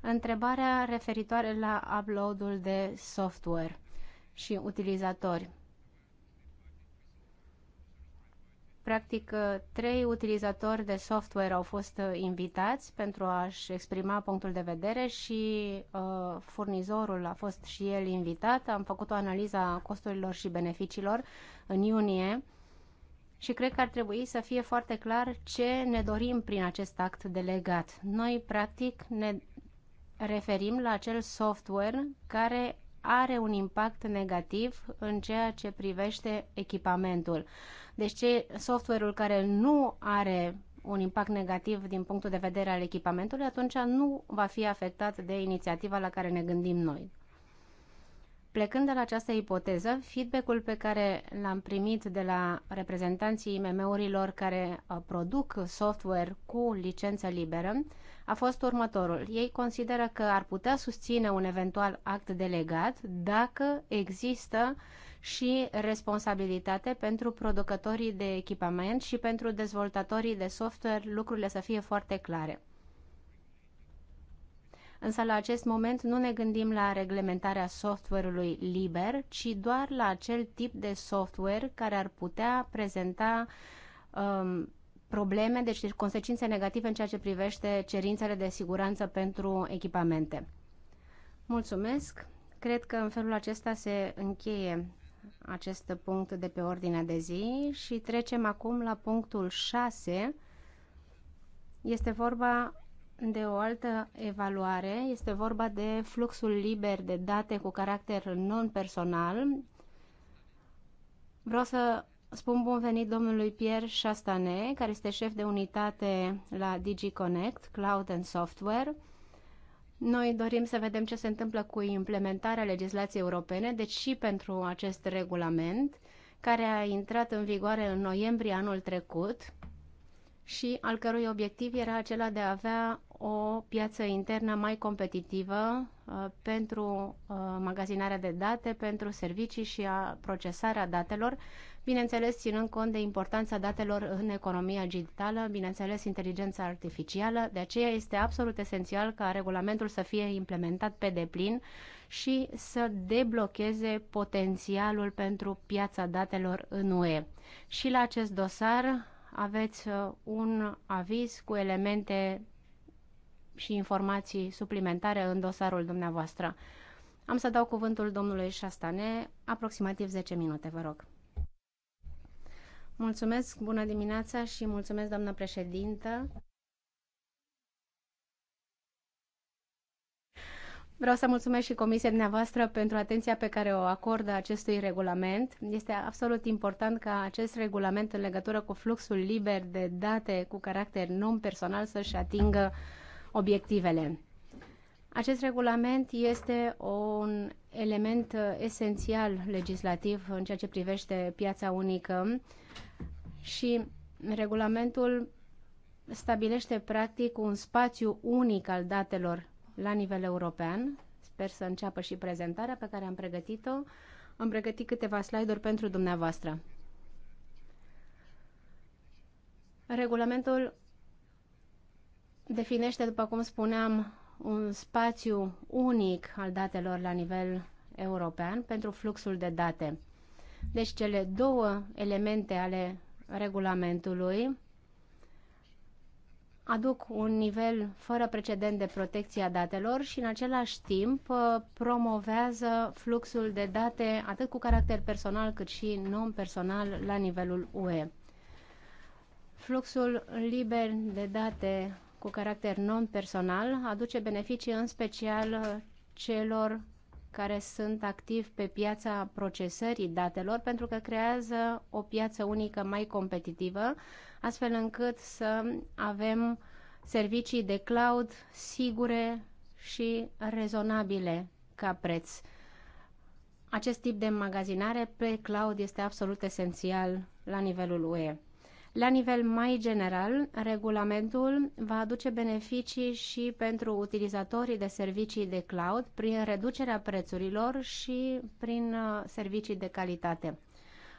Întrebarea referitoare la uploadul de software și utilizatori. Practic, uh, trei utilizatori de software au fost uh, invitați pentru a-și exprima punctul de vedere și uh, furnizorul a fost și el invitat. Am făcut o analiză a costurilor și beneficiilor în iunie și cred că ar trebui să fie foarte clar ce ne dorim prin acest act delegat. Noi, practic, ne referim la acel software care are un impact negativ în ceea ce privește echipamentul. Deci software-ul care nu are un impact negativ din punctul de vedere al echipamentului, atunci nu va fi afectat de inițiativa la care ne gândim noi. Plecând de la această ipoteză, feedback-ul pe care l-am primit de la reprezentanții IMM-urilor care uh, produc software cu licență liberă a fost următorul. Ei consideră că ar putea susține un eventual act delegat dacă există uh, și responsabilitate pentru producătorii de echipament și pentru dezvoltatorii de software, lucrurile să fie foarte clare. Însă la acest moment nu ne gândim la reglementarea software-ului liber, ci doar la acel tip de software care ar putea prezenta um, probleme, deci consecințe negative în ceea ce privește cerințele de siguranță pentru echipamente. Mulțumesc! Cred că în felul acesta se încheie acest punct de pe ordinea de zi și trecem acum la punctul 6. Este vorba de o altă evaluare, este vorba de fluxul liber de date cu caracter non-personal. Vreau să spun bun venit domnului Pierre Chastanet, care este șef de unitate la DigiConnect, Cloud and Software, noi dorim să vedem ce se întâmplă cu implementarea legislației europene, deci și pentru acest regulament, care a intrat în vigoare în noiembrie anul trecut și al cărui obiectiv era acela de a avea o piață internă mai competitivă uh, pentru uh, magazinarea de date, pentru servicii și a procesarea datelor, bineînțeles ținând cont de importanța datelor în economia digitală, bineînțeles inteligența artificială, de aceea este absolut esențial ca regulamentul să fie implementat pe deplin și să deblocheze potențialul pentru piața datelor în UE. Și la acest dosar aveți uh, un aviz cu elemente și informații suplimentare în dosarul dumneavoastră. Am să dau cuvântul domnului Șastane, aproximativ 10 minute, vă rog. Mulțumesc, bună dimineața și mulțumesc, doamnă președintă. Vreau să mulțumesc și comisia dumneavoastră pentru atenția pe care o acordă acestui regulament. Este absolut important ca acest regulament în legătură cu fluxul liber de date cu caracter non-personal să-și atingă obiectivele. Acest regulament este un element uh, esențial legislativ în ceea ce privește piața unică și regulamentul stabilește practic un spațiu unic al datelor la nivel european. Sper să înceapă și prezentarea pe care am pregătit-o. Am pregătit câteva slide-uri pentru dumneavoastră. Regulamentul definește, după cum spuneam, un spațiu unic al datelor la nivel european pentru fluxul de date. Deci cele două elemente ale regulamentului aduc un nivel fără precedent de protecție a datelor și în același timp uh, promovează fluxul de date atât cu caracter personal cât și non-personal la nivelul UE. Fluxul liber de date cu caracter non-personal aduce beneficii în special celor care sunt activi pe piața procesării datelor pentru că creează o piață unică mai competitivă, astfel încât să avem servicii de cloud sigure și rezonabile ca preț. Acest tip de magazinare pe cloud este absolut esențial la nivelul UE. La nivel mai general, regulamentul va aduce beneficii și pentru utilizatorii de servicii de cloud prin reducerea prețurilor și prin uh, servicii de calitate.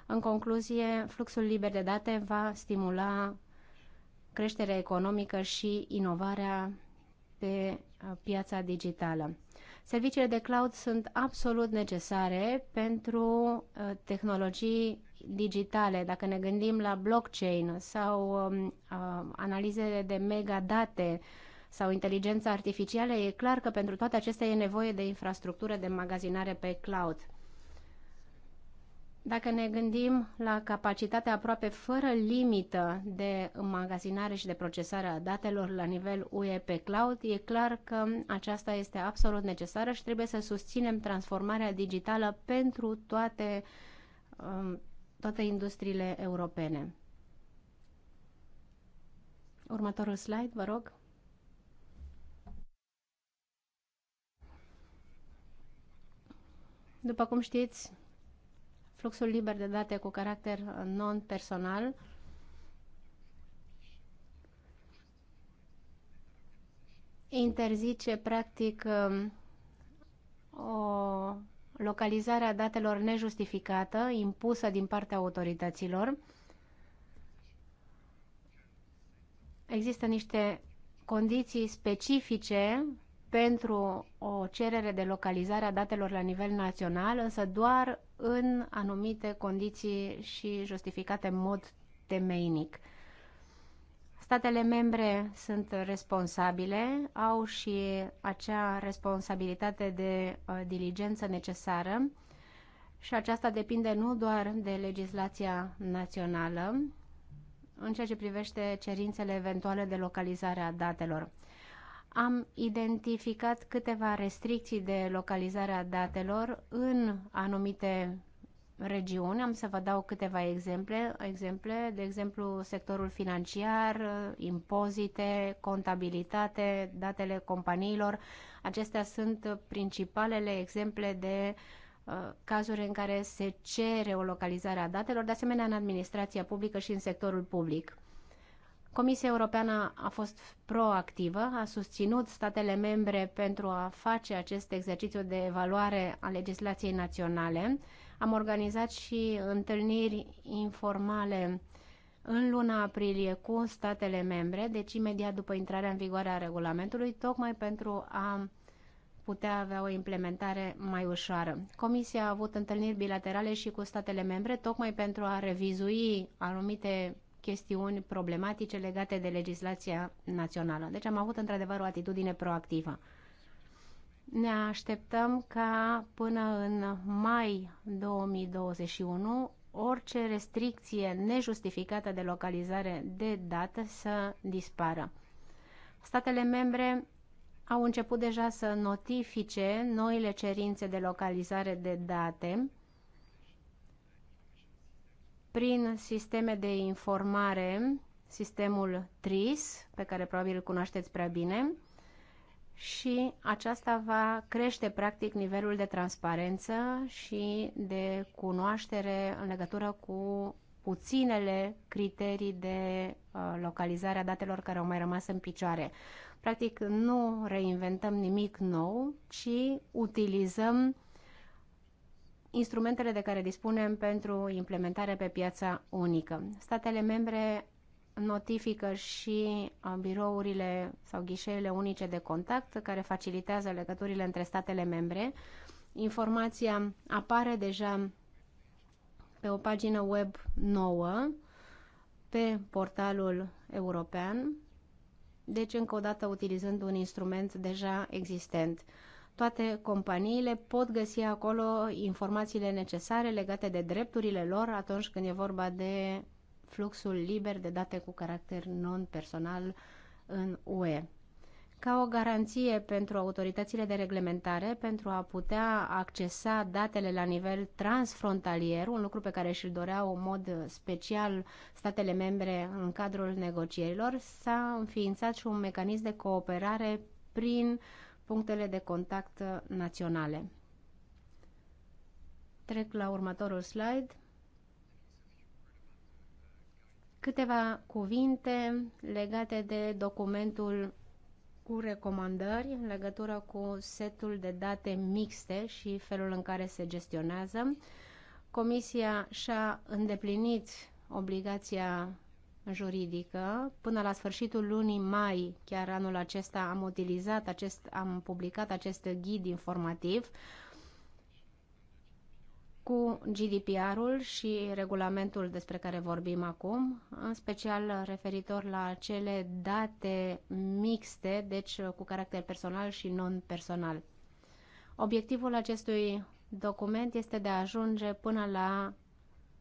În concluzie, fluxul liber de date va stimula creșterea economică și inovarea pe uh, piața digitală. Serviciile de cloud sunt absolut necesare pentru uh, tehnologii digitale, dacă ne gândim la blockchain sau uh, um, analizele de megadate sau inteligența artificială, e clar că pentru toate acestea e nevoie de infrastructură de magazinare pe cloud. Dacă ne gândim la capacitatea aproape fără limită de magazinare și de procesare a datelor la nivel UE pe cloud, e clar că aceasta este absolut necesară și trebuie să susținem transformarea digitală pentru toate um, toate industriile europene. Următorul slide, vă rog. După cum știți, fluxul liber de date cu caracter non-personal interzice practic um, o localizarea datelor nejustificată, impusă din partea autorităților. Există niște condiții specifice pentru o cerere de localizare a datelor la nivel național, însă doar în anumite condiții și justificate în mod temeinic. Statele membre sunt responsabile, au și acea responsabilitate de uh, diligență necesară și aceasta depinde nu doar de legislația națională în ceea ce privește cerințele eventuale de localizare a datelor. Am identificat câteva restricții de localizare a datelor în anumite regiuni. Am să vă dau câteva exemple, exemple, de exemplu sectorul financiar, impozite, contabilitate, datele companiilor. Acestea sunt principalele exemple de uh, cazuri în care se cere o localizare a datelor, de asemenea în administrația publică și în sectorul public. Comisia Europeană a fost proactivă, a susținut statele membre pentru a face acest exercițiu de evaluare a legislației naționale am organizat și întâlniri informale în luna aprilie cu statele membre, deci imediat după intrarea în vigoare a regulamentului, tocmai pentru a putea avea o implementare mai ușoară. Comisia a avut întâlniri bilaterale și cu statele membre, tocmai pentru a revizui anumite chestiuni problematice legate de legislația națională. Deci am avut într-adevăr o atitudine proactivă. Ne așteptăm ca până în mai 2021 orice restricție nejustificată de localizare de dată să dispară. Statele membre au început deja să notifice noile cerințe de localizare de date prin sisteme de informare, sistemul TRIS, pe care probabil îl cunoașteți prea bine, și aceasta va crește practic nivelul de transparență și de cunoaștere în legătură cu puținele criterii de uh, localizare a datelor care au mai rămas în picioare. Practic nu reinventăm nimic nou, ci utilizăm instrumentele de care dispunem pentru implementare pe piața unică. Statele membre notifică și uh, birourile sau ghișeele unice de contact care facilitează legăturile între statele membre. Informația apare deja pe o pagină web nouă pe portalul european, deci încă o dată utilizând un instrument deja existent. Toate companiile pot găsi acolo informațiile necesare legate de drepturile lor atunci când e vorba de fluxul liber de date cu caracter non-personal în UE ca o garanție pentru autoritățile de reglementare pentru a putea accesa datele la nivel transfrontalier, un lucru pe care și-l doreau în mod special statele membre în cadrul negocierilor, s-a înființat și un mecanism de cooperare prin punctele de contact naționale. Trec la următorul slide. Câteva cuvinte legate de documentul cu recomandări în legătură cu setul de date mixte și felul în care se gestionează. Comisia și-a îndeplinit obligația juridică. Până la sfârșitul lunii mai, chiar anul acesta, am utilizat acest, am publicat acest ghid informativ cu GDPR-ul și regulamentul despre care vorbim acum, în special referitor la cele date mixte, deci cu caracter personal și non-personal. Obiectivul acestui document este de a ajunge până la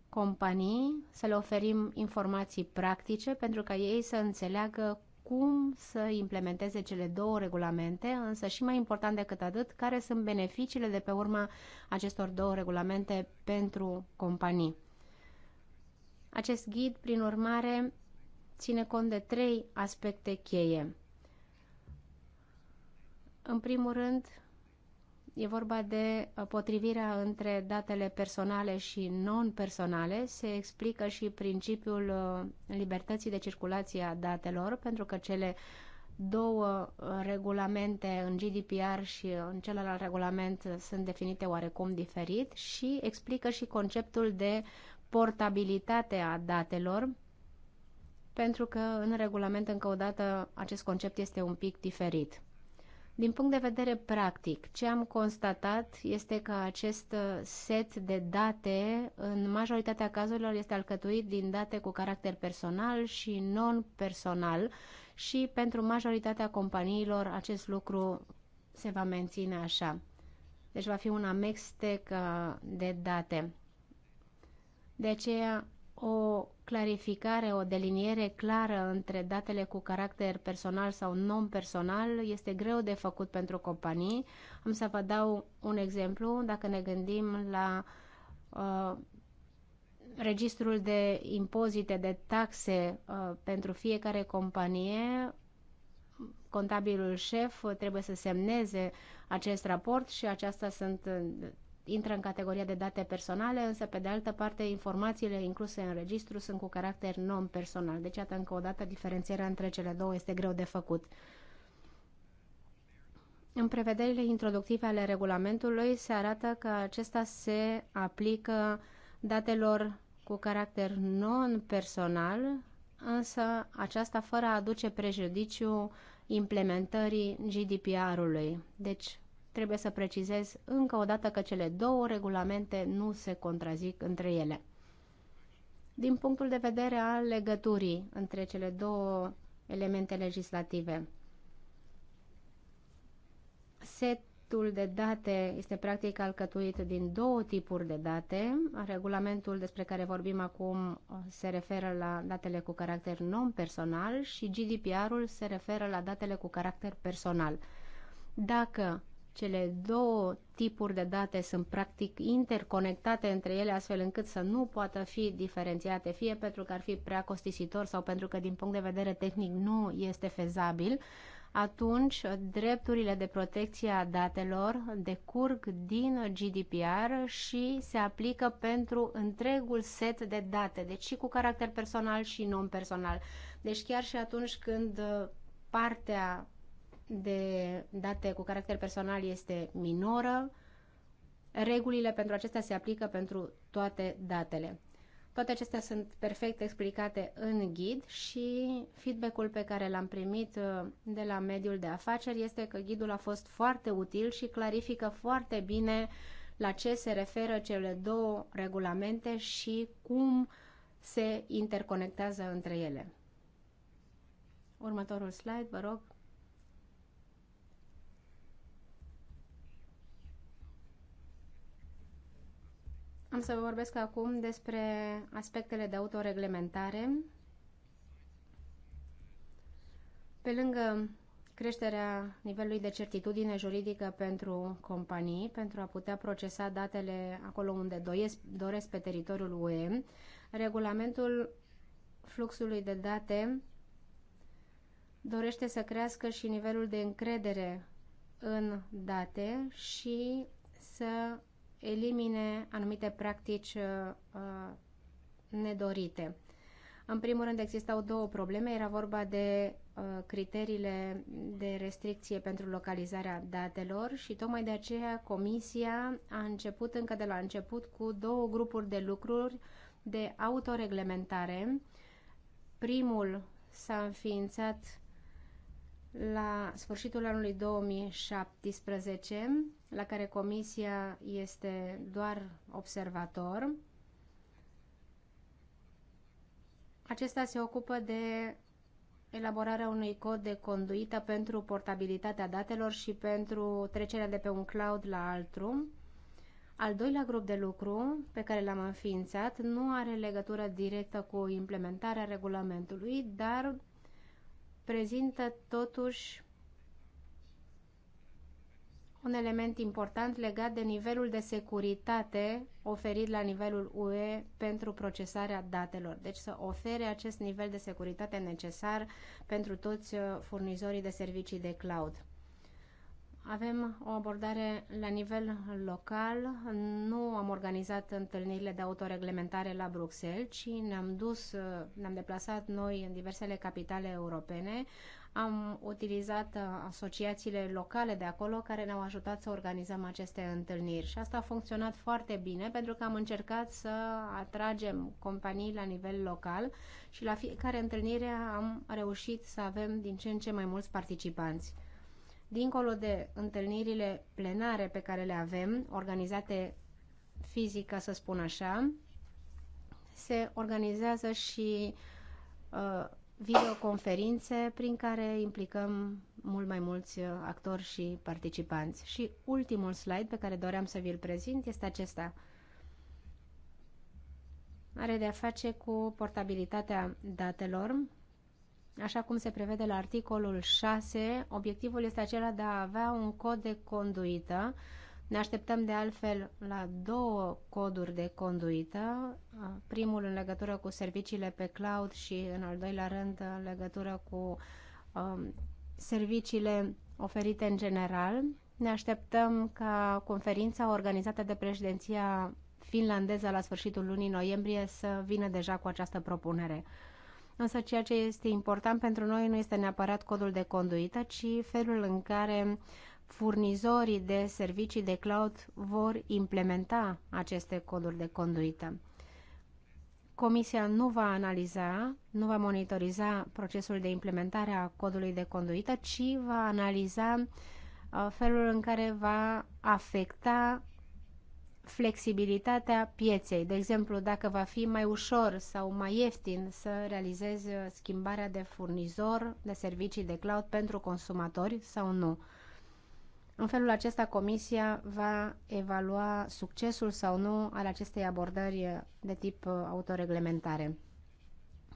companii, să le oferim informații practice pentru ca ei să înțeleagă cum să implementeze cele două regulamente, însă și mai important decât atât, care sunt beneficiile de pe urma acestor două regulamente pentru companii. Acest ghid, prin urmare, ține cont de trei aspecte cheie. În primul rând, E vorba de uh, potrivirea între datele personale și non-personale. Se explică și principiul uh, libertății de circulație a datelor, pentru că cele două uh, regulamente în GDPR și în celălalt regulament sunt definite oarecum diferit și explică și conceptul de portabilitate a datelor, pentru că în regulament încă o dată acest concept este un pic diferit. Din punct de vedere practic, ce am constatat este că acest set de date, în majoritatea cazurilor, este alcătuit din date cu caracter personal și non-personal și pentru majoritatea companiilor acest lucru se va menține așa. Deci va fi un amestec uh, de date. De aceea, o clarificare, o deliniere clară între datele cu caracter personal sau non-personal este greu de făcut pentru companii. Am să vă dau un exemplu. Dacă ne gândim la uh, registrul de impozite, de taxe uh, pentru fiecare companie, contabilul șef trebuie să semneze acest raport și aceasta sunt intră în categoria de date personale, însă pe de altă parte informațiile incluse în registru sunt cu caracter non-personal. Deci, atât încă o dată, diferențierea între cele două este greu de făcut. În prevederile introductive ale regulamentului se arată că acesta se aplică datelor cu caracter non-personal, însă aceasta fără a aduce prejudiciu implementării GDPR-ului. Deci, trebuie să precizez încă o dată că cele două regulamente nu se contrazic între ele. Din punctul de vedere al legăturii între cele două elemente legislative, setul de date este practic alcătuit din două tipuri de date. Regulamentul despre care vorbim acum se referă la datele cu caracter non-personal și GDPR-ul se referă la datele cu caracter personal. Dacă cele două tipuri de date sunt practic interconectate între ele astfel încât să nu poată fi diferențiate, fie pentru că ar fi prea costisitor sau pentru că din punct de vedere tehnic nu este fezabil, atunci drepturile de protecție a datelor decurg din GDPR și se aplică pentru întregul set de date, deci și cu caracter personal și non-personal. Deci chiar și atunci când uh, partea de date cu caracter personal este minoră. Regulile pentru acestea se aplică pentru toate datele. Toate acestea sunt perfect explicate în ghid și feedback-ul pe care l-am primit uh, de la mediul de afaceri este că ghidul a fost foarte util și clarifică foarte bine la ce se referă cele două regulamente și cum se interconectează între ele. Următorul slide, vă rog. Am să vă vorbesc acum despre aspectele de autoreglementare. Pe lângă creșterea nivelului de certitudine juridică pentru companii, pentru a putea procesa datele acolo unde doresc pe teritoriul UE, regulamentul fluxului de date dorește să crească și nivelul de încredere în date și să elimine anumite practici uh, uh, nedorite. În primul rând existau două probleme, era vorba de uh, criteriile de restricție pentru localizarea datelor și tocmai de aceea Comisia a început încă de la început cu două grupuri de lucruri de autoreglementare. Primul s-a înființat la sfârșitul anului 2017 la care Comisia este doar observator. Acesta se ocupă de elaborarea unui cod de conduită pentru portabilitatea datelor și pentru trecerea de pe un cloud la altul. Al doilea grup de lucru pe care l-am înființat nu are legătură directă cu implementarea regulamentului, dar prezintă totuși un element important legat de nivelul de securitate oferit la nivelul UE pentru procesarea datelor. Deci să ofere acest nivel de securitate necesar pentru toți uh, furnizorii de servicii de cloud. Avem o abordare la nivel local. Nu am organizat întâlnirile de autoreglementare la Bruxelles, ci ne-am dus, uh, ne-am deplasat noi în diversele capitale europene am utilizat uh, asociațiile locale de acolo care ne-au ajutat să organizăm aceste întâlniri și asta a funcționat foarte bine pentru că am încercat să atragem companii la nivel local și la fiecare întâlnire am reușit să avem din ce în ce mai mulți participanți. Dincolo de întâlnirile plenare pe care le avem, organizate fizică să spun așa, se organizează și uh, videoconferințe prin care implicăm mult mai mulți uh, actori și participanți. Și ultimul slide pe care doream să vi-l prezint este acesta. Are de-a face cu portabilitatea datelor. Așa cum se prevede la articolul 6, obiectivul este acela de a avea un cod de conduită uh, ne așteptăm de altfel la două coduri de conduită, primul în legătură cu serviciile pe cloud și în al doilea rând în legătură cu um, serviciile oferite în general. Ne așteptăm ca conferința organizată de președinția finlandeză la sfârșitul lunii noiembrie să vină deja cu această propunere. Însă ceea ce este important pentru noi nu este neapărat codul de conduită, ci felul în care uh, furnizorii de servicii de cloud vor implementa aceste coduri de conduită. Comisia nu va analiza, nu va monitoriza procesul de implementare a codului de conduită, ci va analiza uh, felul în care va afecta flexibilitatea pieței. De exemplu, dacă va fi mai ușor sau mai ieftin să realizezi uh, schimbarea de furnizor de servicii de cloud pentru consumatori sau nu. În felul acesta, Comisia va evalua succesul sau nu al acestei abordări de tip autoreglementare.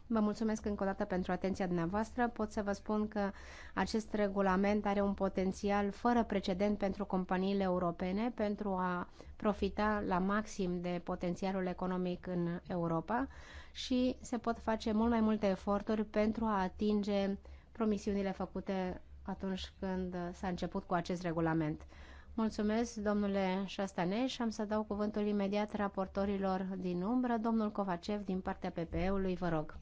Vă mulțumesc încă o dată pentru atenția dumneavoastră. Pot să vă spun că acest regulament are un potențial fără precedent pentru companiile europene pentru a profita la maxim de potențialul economic în Europa și se pot face mult mai multe eforturi pentru a atinge promisiunile făcute atunci când uh, s-a început cu acest regulament. Mulțumesc, domnule Șastanei, și am să dau cuvântul imediat raportorilor din umbră. Domnul Covacev, din partea PPE-ului, vă rog.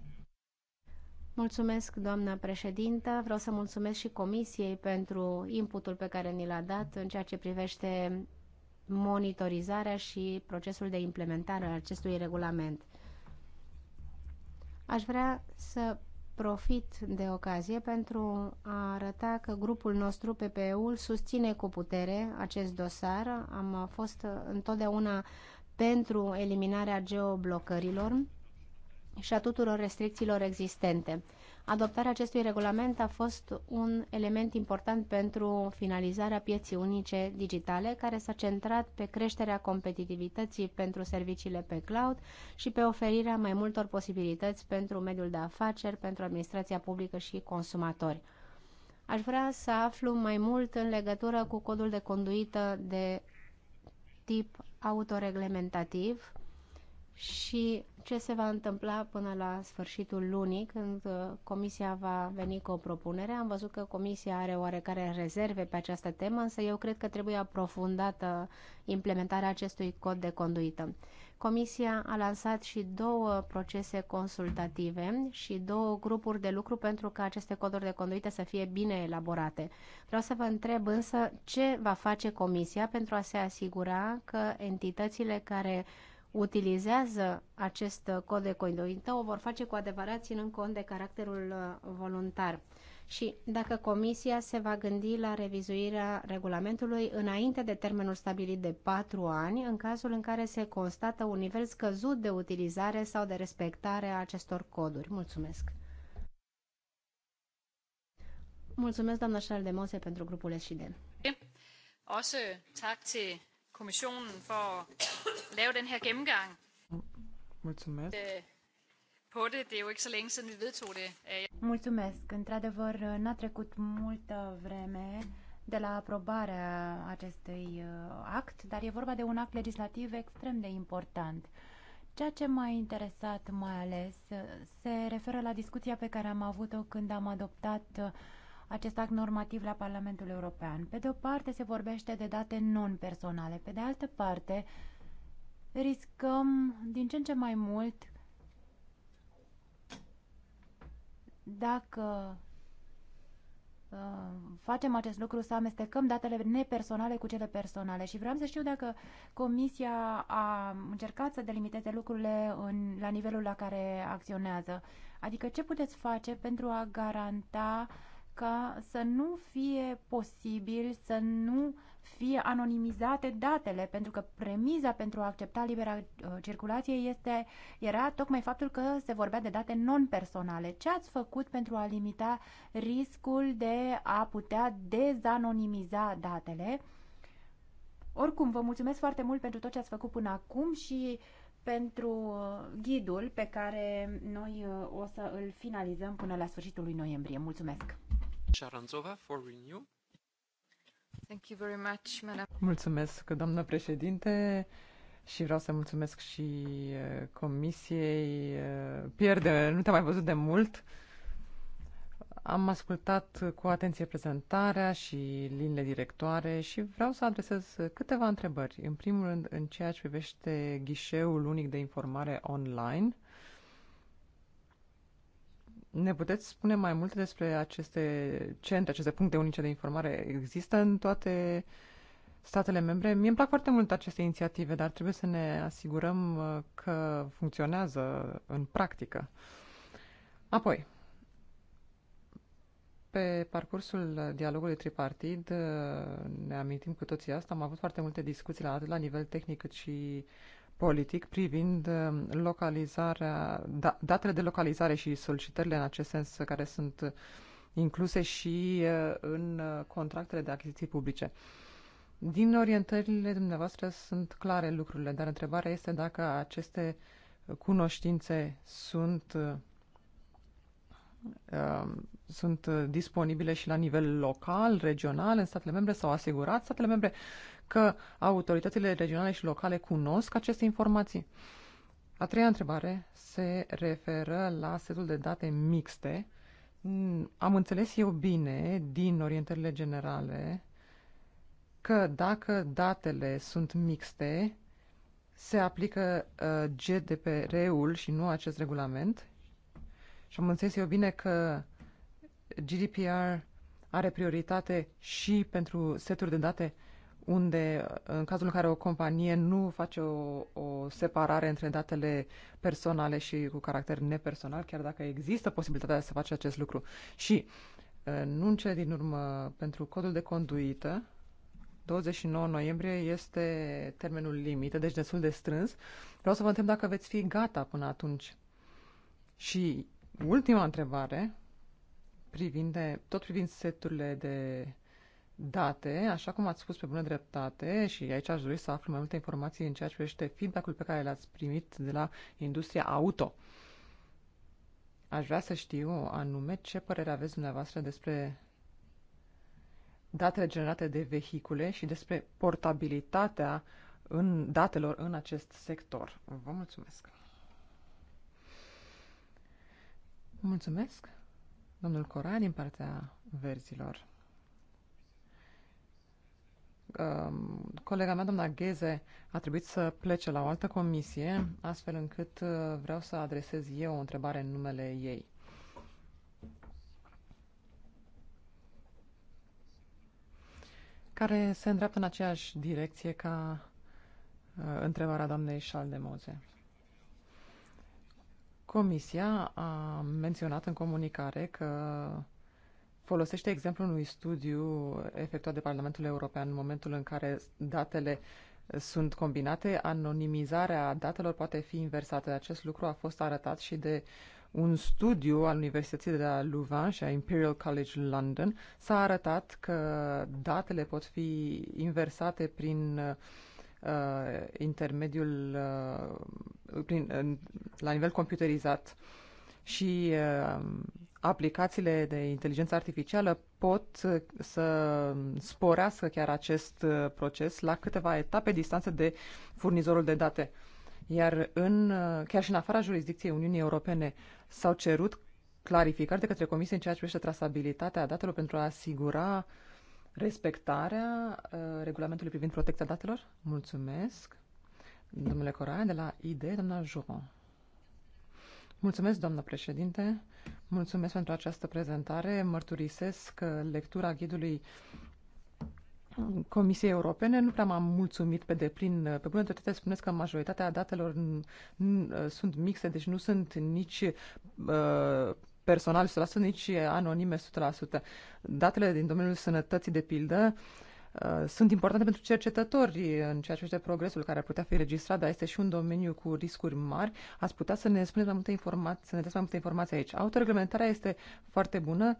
Mulțumesc, doamna președintă. Vreau să mulțumesc și comisiei pentru inputul pe care ni l-a dat în ceea ce privește monitorizarea și procesul de implementare a acestui regulament. Aș vrea să profit de ocazie pentru a arăta că grupul nostru, PPE-ul, susține cu putere acest dosar. Am fost întotdeauna pentru eliminarea geoblocărilor și a tuturor restricțiilor existente. Adoptarea acestui regulament a fost un element important pentru finalizarea pieții unice digitale, care s-a centrat pe creșterea competitivității pentru serviciile pe cloud și pe oferirea mai multor posibilități pentru mediul de afaceri, pentru administrația publică și consumatori. Aș vrea să aflu mai mult în legătură cu codul de conduită de tip autoreglementativ și ce se va întâmpla până la sfârșitul lunii, când uh, Comisia va veni cu o propunere. Am văzut că Comisia are oarecare rezerve pe această temă, însă eu cred că trebuie aprofundată implementarea acestui cod de conduită. Comisia a lansat și două procese consultative și două grupuri de lucru pentru ca aceste coduri de conduită să fie bine elaborate. Vreau să vă întreb însă ce va face Comisia pentru a se asigura că entitățile care utilizează acest cod de conduită o vor face cu adevărat ținând cont de caracterul uh, voluntar. Și dacă Comisia se va gândi la revizuirea regulamentului înainte de termenul stabilit de 4 ani, în cazul în care se constată un nivel scăzut de utilizare sau de respectare a acestor coduri. Mulțumesc! Mulțumesc, doamna Charles de Mose, pentru grupul SID. Også tak til kommissionen for at lave den her gennemgang. Mulțumesc. Øh, på det. Det er jo ikke så længe siden, vi vedtog det. Øh, Mulțumesc. Într-adevăr, n-a trecut multă vreme de la aprobarea acestui uh, act, dar e vorba de un act legislativ extrem de important. Ceea ce m-a interesat mai ales uh, se referă la discuția pe care am avut-o când am adoptat uh, acest act normativ la Parlamentul European. Pe de o parte se vorbește de date non-personale, pe de altă parte riscăm din ce în ce mai mult dacă uh, facem acest lucru, să amestecăm datele nepersonale cu cele personale și vreau să știu dacă Comisia a încercat să delimiteze lucrurile în, la nivelul la care acționează. Adică ce puteți face pentru a garanta uh, ca să nu fie posibil să nu fie anonimizate datele, pentru că premiza pentru a accepta libera uh, circulație este, era tocmai faptul că se vorbea de date non-personale. Ce ați făcut pentru a limita riscul de a putea dezanonimiza datele? Oricum, vă mulțumesc foarte mult pentru tot ce ați făcut până acum și pentru uh, ghidul pe care noi uh, o să îl finalizăm până la sfârșitul lui noiembrie. Mulțumesc! Șaranțova for Renew. Thank you very much, madam. Mulțumesc, doamnă președinte. Și vreau să mulțumesc și uh, comisiei. Uh, pierde, nu te-am mai văzut de mult. Am ascultat cu atenție prezentarea și linile directoare și vreau să adresez câteva întrebări. În primul rând, în ceea ce privește ghișeul unic de informare online, ne puteți spune mai multe despre aceste centre, aceste puncte unice de informare? Există în toate statele membre? Mie îmi plac foarte mult aceste inițiative, dar trebuie să ne asigurăm uh, că funcționează în practică. Apoi, pe parcursul dialogului tripartid, uh, ne amintim cu toții asta, am avut foarte multe discuții la, atât la nivel tehnic cât și politic privind um, localizarea, da, datele de localizare și solicitările în acest sens care sunt incluse și uh, în uh, contractele de achiziții publice. Din orientările dumneavoastră sunt clare lucrurile, dar întrebarea este dacă aceste cunoștințe sunt, uh, um, sunt disponibile și la nivel local, regional, în statele membre sau asigurat statele membre că autoritățile regionale și locale cunosc aceste informații? A treia întrebare se referă la setul de date mixte. Am înțeles eu bine din orientările generale că dacă datele sunt mixte, se aplică uh, GDPR-ul și nu acest regulament. Și am înțeles eu bine că GDPR are prioritate și pentru seturi de date uh, unde, în cazul în care o companie nu face o, o separare între datele personale și cu caracter nepersonal, chiar dacă există posibilitatea să face acest lucru. Și, uh, nu în cele din urmă, pentru codul de conduită, 29 noiembrie este termenul limită, deci destul de strâns. Vreau să vă întreb dacă veți fi gata până atunci. Și ultima întrebare, privind de, tot privind seturile de date, așa cum ați spus pe bună dreptate, și aici aș dori să aflu mai multe informații în ceea ce privește feedback-ul pe care l-ați primit de la industria auto. Aș vrea să știu anume ce părere aveți dumneavoastră despre datele generate de vehicule și despre portabilitatea în datelor în acest sector. Vă mulțumesc! Mulțumesc, domnul Cora, din partea verzilor. Um, colega mea, doamna Gheze, a trebuit să plece la o altă comisie, astfel încât uh, vreau să adresez eu o întrebare în numele ei. Care se îndreaptă în aceeași direcție ca uh, întrebarea doamnei Șaldemoze. Comisia a menționat în comunicare că folosește exemplul unui studiu efectuat de Parlamentul European în momentul în care datele sunt combinate, anonimizarea datelor poate fi inversată. Acest lucru a fost arătat și de un studiu al Universității de la Louvain și a Imperial College London. S-a arătat că datele pot fi inversate prin uh, intermediul uh, prin, uh, la nivel computerizat și uh, aplicațiile de inteligență artificială pot să sporească chiar acest uh, proces la câteva etape distanță de furnizorul de date. Iar în, uh, chiar și în afara jurisdicției Uniunii Europene s-au cerut clarificări de către Comisie în ceea ce privește trasabilitatea datelor pentru a asigura respectarea uh, regulamentului privind protecția datelor. Mulțumesc. Domnule Coraia, de la ID, doamna Juron. Mulțumesc, doamnă președinte. Mulțumesc pentru această prezentare. Mărturisesc că lectura ghidului Comisiei Europene nu prea m-am mulțumit pe deplin. Pe bună dreptate spuneți că majoritatea datelor sunt mixte, deci nu sunt nici uh, personal 100%, nici anonime 100%. Datele din domeniul sănătății, de pildă, uh, Uh, sunt importante pentru cercetători în ceea ce este progresul care ar putea fi registrat, dar este și un domeniu cu riscuri mari. Ați putea să ne spuneți mai multe informații, să ne dați mai multe informații aici. Autoreglementarea este foarte bună,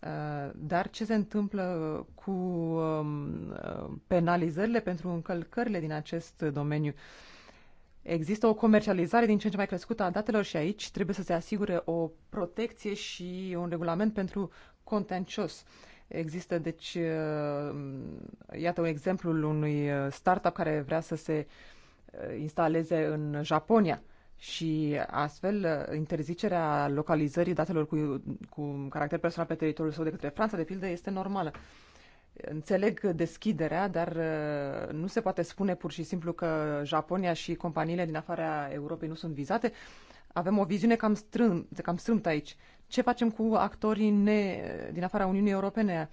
uh, dar ce se întâmplă cu um, uh, penalizările pentru încălcările din acest domeniu? Există o comercializare din ce în ce mai crescută a datelor și aici trebuie să se asigure o protecție și un regulament pentru contencios. Există, deci, uh, mm, iată un exemplu unui uh, startup care vrea să se uh, instaleze în Japonia și astfel interzicerea localizării datelor cu, cu caracter personal pe teritoriul său de către Franța, de pildă, este normală. Înțeleg deschiderea, dar nu se poate spune pur și simplu că Japonia și companiile din afara Europei nu sunt vizate. Avem o viziune cam, strâmtă cam strâmtă aici. Ce facem cu actorii ne, din afara Uniunii Europene?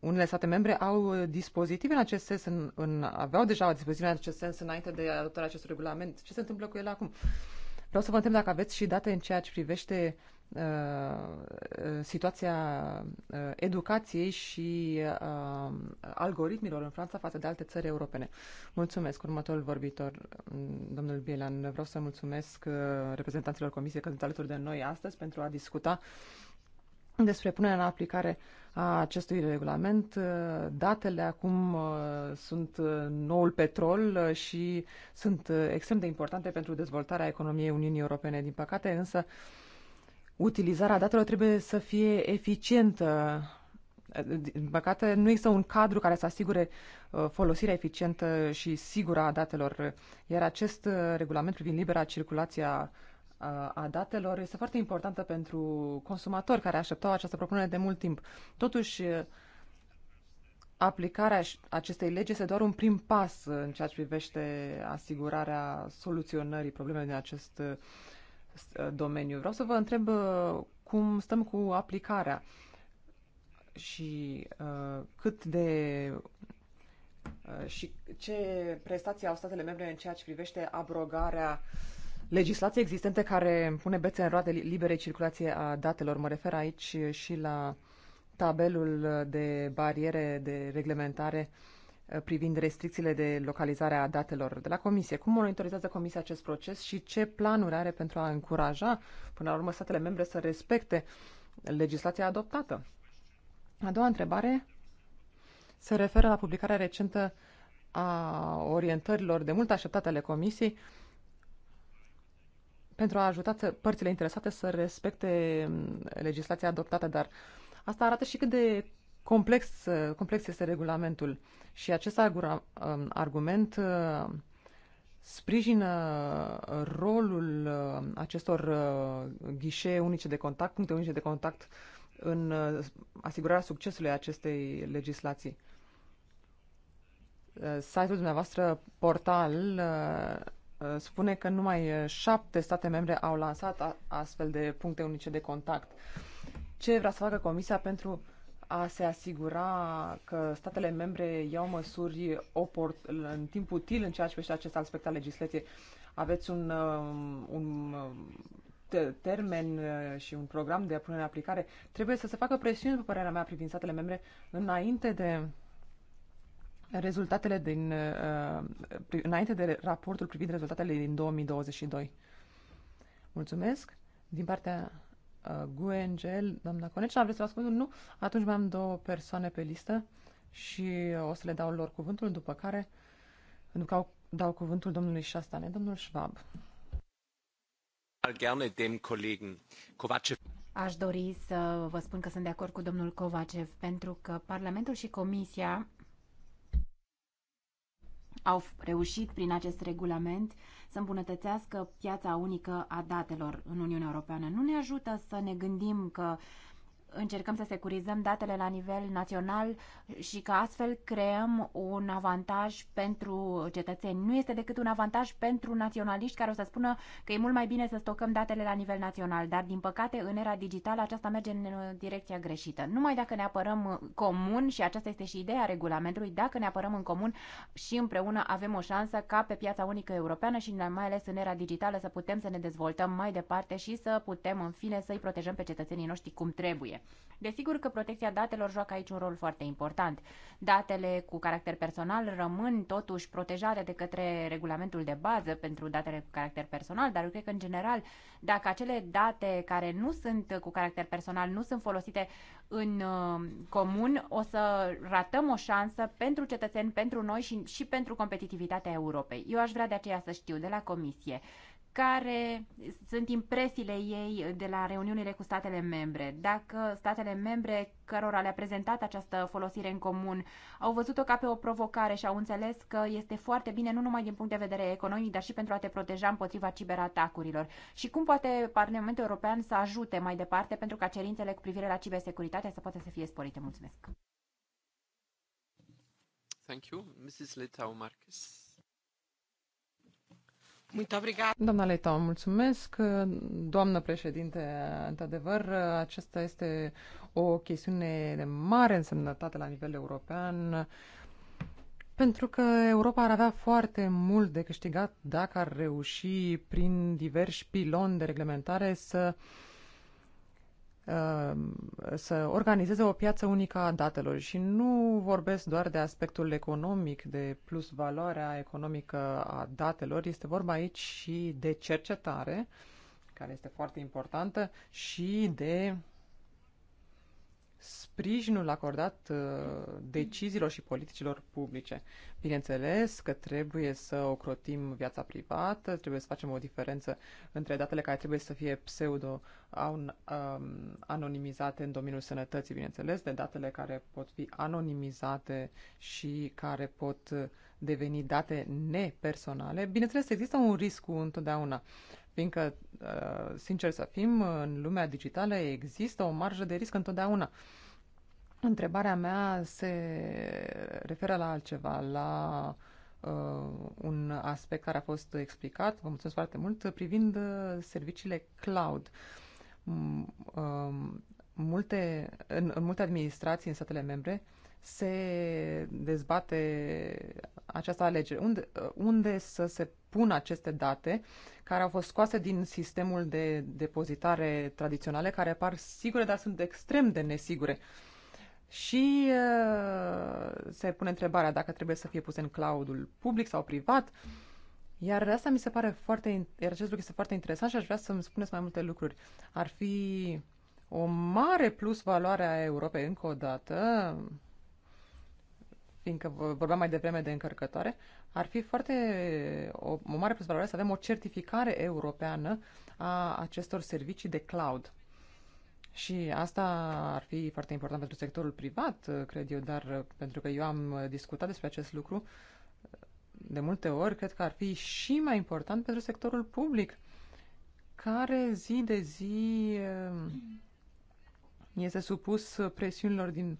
Unele state membre au dispozitive în acest sens, în, în, aveau deja dispozitive în acest sens înainte de adoptarea acestui regulament. Ce se întâmplă cu ele acum? Vreau să vă întreb dacă aveți și date în ceea ce privește uh, Uh, situația uh, educației și uh, algoritmilor în Franța față de alte țări europene. Mulțumesc. Următorul vorbitor, domnul Bielan, vreau să mulțumesc reprezentanților Comisiei că sunt alături de noi astăzi pentru a discuta despre punerea în aplicare a acestui regulament. Datele acum sunt noul petrol și sunt extrem de importante pentru dezvoltarea economiei Uniunii Europene. Din păcate, însă, utilizarea datelor trebuie să fie eficientă. Din păcate, nu există un cadru care să asigure uh, folosirea eficientă și sigură a datelor, iar acest uh, regulament privind libera circulație a datelor este foarte importantă pentru consumatori care așteptau această propunere de mult timp. Totuși, uh, aplicarea acestei legi este doar un prim pas în ceea ce privește asigurarea soluționării problemelor din acest domeniu. Vreau să vă întreb uh, cum stăm cu aplicarea și uh, cât de uh, și ce prestații au statele membre în ceea ce privește abrogarea legislației existente care pune bețe în roate libere circulație a datelor. Mă refer aici și la tabelul de bariere de reglementare uh, Uh, privind restricțiile de localizare a datelor de la Comisie. Cum monitorizează Comisia acest proces și ce planuri are pentru a încuraja, până la urmă, statele membre să respecte legislația adoptată? A doua întrebare se referă la publicarea recentă a orientărilor de mult așteptate ale Comisiei pentru a ajuta părțile interesate să respecte mm, legislația adoptată, dar asta arată și cât de complex, uh, complex este regulamentul și acest um, argument uh, sprijină rolul uh, acestor ghișee unice de contact, puncte unice de contact în asigurarea succesului acestei legislații. Site-ul dumneavoastră, portal, spune că numai șapte state membre au lansat astfel de puncte unice de contact. Ce vrea să facă Comisia pentru uh, a se asigura că statele membre iau măsuri oport, în timp util în ceea ce privește acest aspect al legislației. Aveți un, um, un um, termen uh, și un program de punere în aplicare. Trebuie să se facă presiune, după părerea mea, privind statele membre înainte de rezultatele din uh, înainte de raportul privind rezultatele din 2022. Mulțumesc. Din partea Guengel, doamna Conecina, vreți să luați Nu? Atunci mai am două persoane pe listă și o să le dau lor cuvântul, după care pentru că dau cuvântul domnului Șastane, domnul Schwab. Aș dori să vă spun că sunt de acord cu domnul Kovacev, pentru că Parlamentul și Comisia au reușit prin acest regulament să îmbunătățească piața unică a datelor în Uniunea Europeană. Nu ne ajută să ne gândim că încercăm să securizăm datele la nivel național și că astfel creăm un avantaj pentru cetățeni. Nu este decât un avantaj pentru naționaliști care o să spună că e mult mai bine să stocăm datele la nivel național, dar din păcate în era digitală aceasta merge în direcția greșită. Numai dacă ne apărăm comun și aceasta este și ideea regulamentului, dacă ne apărăm în comun și împreună avem o șansă ca pe piața unică europeană și mai ales în era digitală să putem să ne dezvoltăm mai departe și să putem în fine să-i protejăm pe cetățenii noștri cum trebuie. Desigur că protecția datelor joacă aici un rol foarte important. Datele cu caracter personal rămân totuși protejate de către regulamentul de bază pentru datele cu caracter personal, dar eu cred că în general, dacă acele date care nu sunt cu caracter personal nu sunt folosite în uh, comun, o să ratăm o șansă pentru cetățeni, pentru noi și, și pentru competitivitatea Europei. Eu aș vrea de aceea să știu de la Comisie. Uh, care sunt impresiile ei de la reuniunile cu statele membre. Dacă statele membre cărora le-a prezentat această folosire în comun au văzut-o ca pe o provocare și au înțeles că este foarte bine nu numai din punct de vedere economic, dar și pentru a te proteja împotriva ciberatacurilor. Și cum poate Parlamentul European să ajute mai departe pentru ca cerințele cu privire la cibersecuritate să poată să fie sporite? Mulțumesc! Thank you. Mrs. Litau Marcus. Doamna Leita, mulțumesc. Doamnă președinte, într-adevăr, aceasta este o chestiune de mare însemnătate la nivel european, pentru că Europa ar avea foarte mult de câștigat dacă ar reuși prin diversi piloni de reglementare să uh, Um, să organizeze o piață unică a datelor și nu vorbesc doar de aspectul economic, de plus valoarea economică a datelor, este vorba aici și de cercetare, care este foarte importantă, și de sprijinul acordat uh, deciziilor și politicilor publice. Bineînțeles că trebuie să ocrotim viața privată, trebuie să facem o diferență între datele care trebuie să fie pseudo um, anonimizate în domeniul sănătății, bineînțeles, de datele care pot fi anonimizate și care pot uh, deveni date nepersonale. Bineînțeles, există un risc întotdeauna Fiindcă, uh, sincer să fim, în lumea digitală există o marjă de risc întotdeauna. Întrebarea mea se referă la altceva, la uh, un aspect care a fost explicat, vă mulțumesc foarte mult, privind uh, serviciile cloud. Mm, um, uh, multe, în, în multe administrații în statele membre se dezbate această alegere? Unde, unde să se pun aceste date care au fost scoase din sistemul de depozitare tradiționale, care par sigure, dar sunt extrem de nesigure? Și uh, se pune întrebarea dacă trebuie să fie puse în cloudul public sau privat. Iar asta mi se pare foarte, iar acest lucru este foarte interesant și aș vrea să-mi spuneți mai multe lucruri. Ar fi o mare plus valoare a Europei încă o dată, fiindcă vorbeam mai devreme de încărcătoare, ar fi foarte o, o mare plusvaloare să avem o certificare europeană a acestor servicii de cloud. Și asta ar fi foarte important pentru sectorul privat, cred eu, dar pentru că eu am discutat despre acest lucru de multe ori, cred că ar fi și mai important pentru sectorul public, care zi de zi ehm, este supus presiunilor din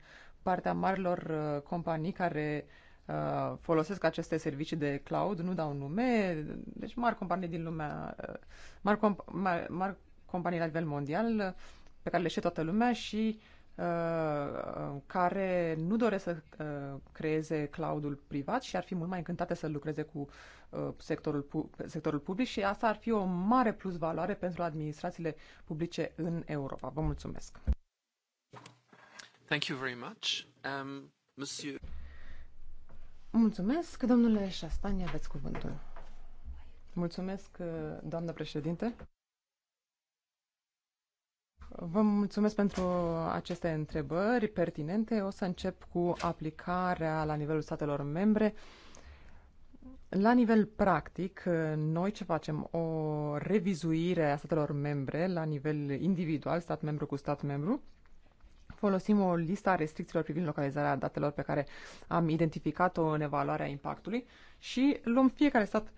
partea marilor uh, companii care uh, folosesc aceste servicii de cloud, nu dau nume, deci mari companii din lumea, uh, mari, comp- mari, mari companii la nivel mondial pe care le știe toată lumea și uh, care nu doresc să uh, creeze cloudul privat și ar fi mult mai încântate să lucreze cu uh, sectorul, pu- sectorul public și asta ar fi o mare plus valoare pentru administrațiile publice în Europa. Vă mulțumesc! Um, mulțumesc, domnule Șastani, aveți cuvântul. Mulțumesc, uh, doamnă președinte. Vă mulțumesc pentru aceste întrebări pertinente. O să încep cu aplicarea la nivelul statelor membre. La nivel practic, noi ce facem? O revizuire a statelor membre la nivel individual, stat membru cu stat membru, folosim o listă a restricțiilor privind localizarea datelor pe care am identificat-o în evaluarea impactului și luăm fiecare stat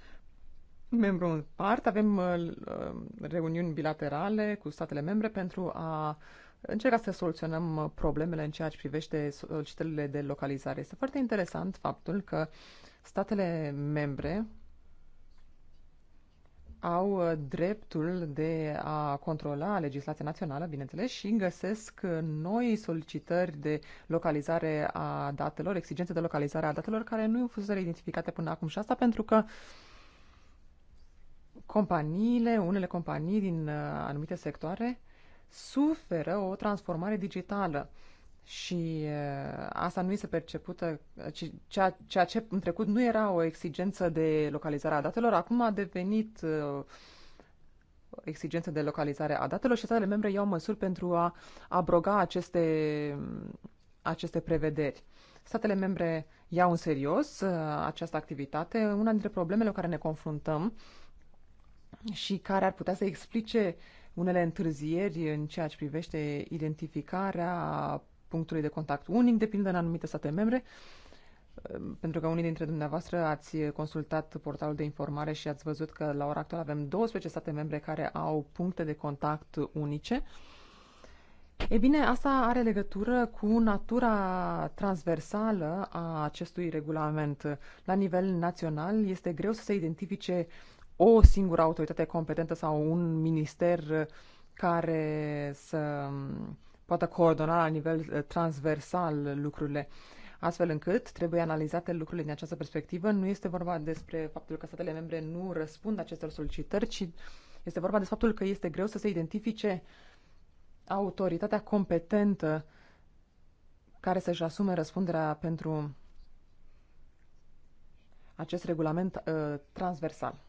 membru în parte, avem uh, uh reuniuni bilaterale cu statele membre pentru a încerca să soluționăm uh, problemele în ceea ce privește solicitările de localizare. Este foarte interesant faptul că statele membre au uh, dreptul de a controla legislația națională, bineînțeles, și găsesc uh, noi solicitări de localizare a datelor, exigențe de localizare a datelor care nu au fost identificate până acum și asta pentru că companiile, unele companii din uh, anumite sectoare suferă o transformare digitală și uh, asta nu este percepută, ci ceea, ceea ce în trecut nu era o exigență de localizare a datelor, acum a devenit uh, exigență de localizare a datelor și statele membre iau măsuri pentru a abroga aceste, aceste prevederi. Statele membre iau în serios uh, această activitate. Una dintre problemele cu care ne confruntăm și care ar putea să explice unele întârzieri în ceea ce privește identificarea punctului de contact unic, de în anumite state membre, ehm, pentru că unii dintre dumneavoastră ați consultat portalul de informare și ați văzut că la ora actuală avem 12 state membre care au puncte de contact unice. E bine, asta are legătură cu natura transversală a acestui regulament. La nivel național este greu să se identifice o singură autoritate competentă sau un minister care să poată coordona la nivel eh, transversal lucrurile astfel încât trebuie analizate lucrurile din această perspectivă. Nu este vorba despre faptul că statele membre nu răspund acestor solicitări, ci este vorba despre faptul că este greu să se identifice autoritatea competentă care să-și asume răspunderea pentru acest regulament uh, transversal.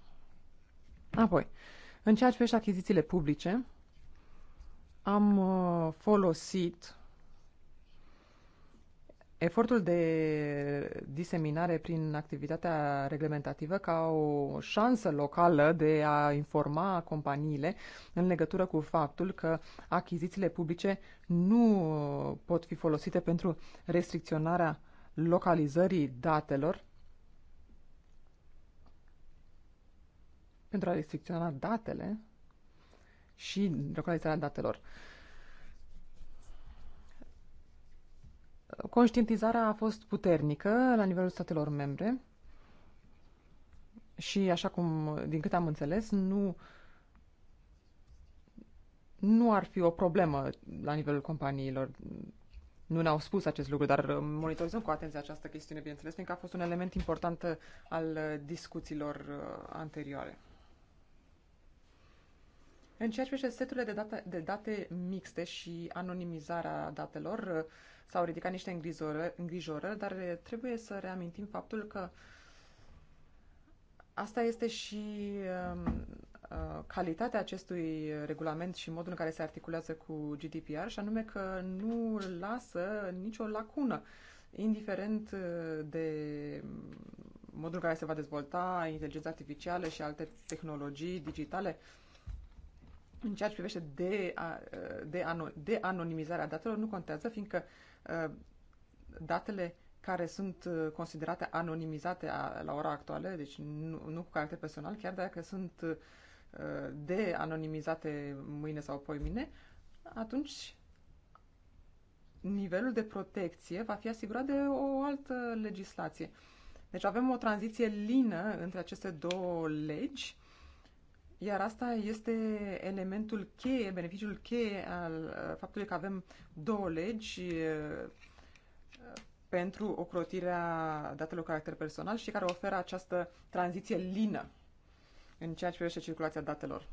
Apoi, în ceea ce privește achizițiile publice, am uh, folosit efortul de diseminare prin activitatea reglementativă ca o șansă locală de a informa companiile în legătură cu faptul că achizițiile publice nu uh, pot fi folosite pentru restricționarea localizării datelor, pentru a restricționa datele și localizarea datelor. Conștientizarea a fost puternică la nivelul statelor membre și, așa cum, din câte am înțeles, nu, nu ar fi o problemă la nivelul companiilor. Nu ne-au spus acest lucru, dar monitorizăm cu atenție această chestiune, bineînțeles, că a fost un element important al discuțiilor uh, anterioare. În ceea ce privește seturile de date, de date mixte și anonimizarea datelor, s-au ridicat niște îngrijorări, îngrijorări, dar trebuie să reamintim faptul că asta este și um, uh, calitatea acestui regulament și modul în care se articulează cu GDPR, și anume că nu lasă nicio lacună, indiferent uh, de modul în care se va dezvolta inteligența artificială și alte tehnologii digitale în ceea ce privește de, de, de anonimizarea datelor, nu contează, fiindcă datele care sunt considerate anonimizate la ora actuală, deci nu, nu cu caracter personal, chiar dacă sunt de anonimizate mâine sau poimine, atunci nivelul de protecție va fi asigurat de o altă legislație. Deci avem o tranziție lină între aceste două legi iar asta este elementul cheie, beneficiul cheie al uh, faptului că avem două legi uh, pentru ocrotirea datelor caracter personal și care oferă această tranziție lină în ceea ce privește circulația datelor.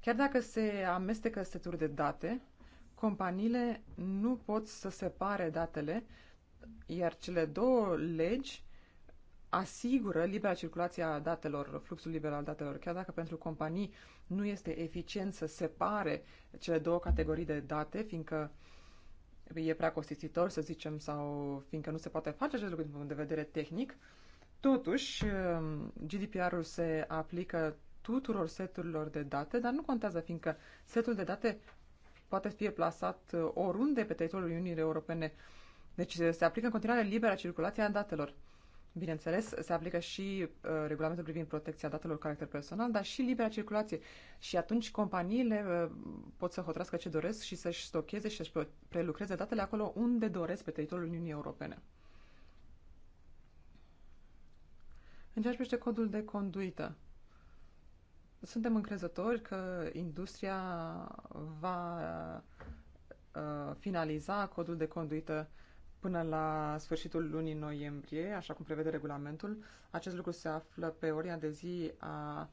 Chiar dacă se amestecă seturi de date, companiile nu pot să separe datele, iar cele două legi asigură libera circulație a datelor, fluxul liber al datelor, chiar dacă pentru companii nu este eficient să separe cele două categorii de date, fiindcă e prea costisitor, să zicem, sau fiindcă nu se poate face acest lucru din punct de vedere tehnic, totuși um, GDPR-ul se aplică tuturor seturilor de date, dar nu contează, fiindcă setul de date poate fi plasat uh, oriunde pe teritoriul Uniunii Europene. Deci se aplică în continuare libera circulație a datelor. Bineînțeles, se aplică și uh, regulamentul privind protecția datelor caracter personal, dar și libera circulație. Și atunci companiile uh, pot să hotărască ce doresc și să-și stocheze și să-și prelucreze datele acolo unde doresc pe teritoriul Uniunii Europene. În ceea ce privește codul de conduită, suntem încrezători că industria va uh, finaliza codul de conduită uh, până la sfârșitul lunii noiembrie, așa cum prevede regulamentul. Acest lucru se află pe ordinea de zi a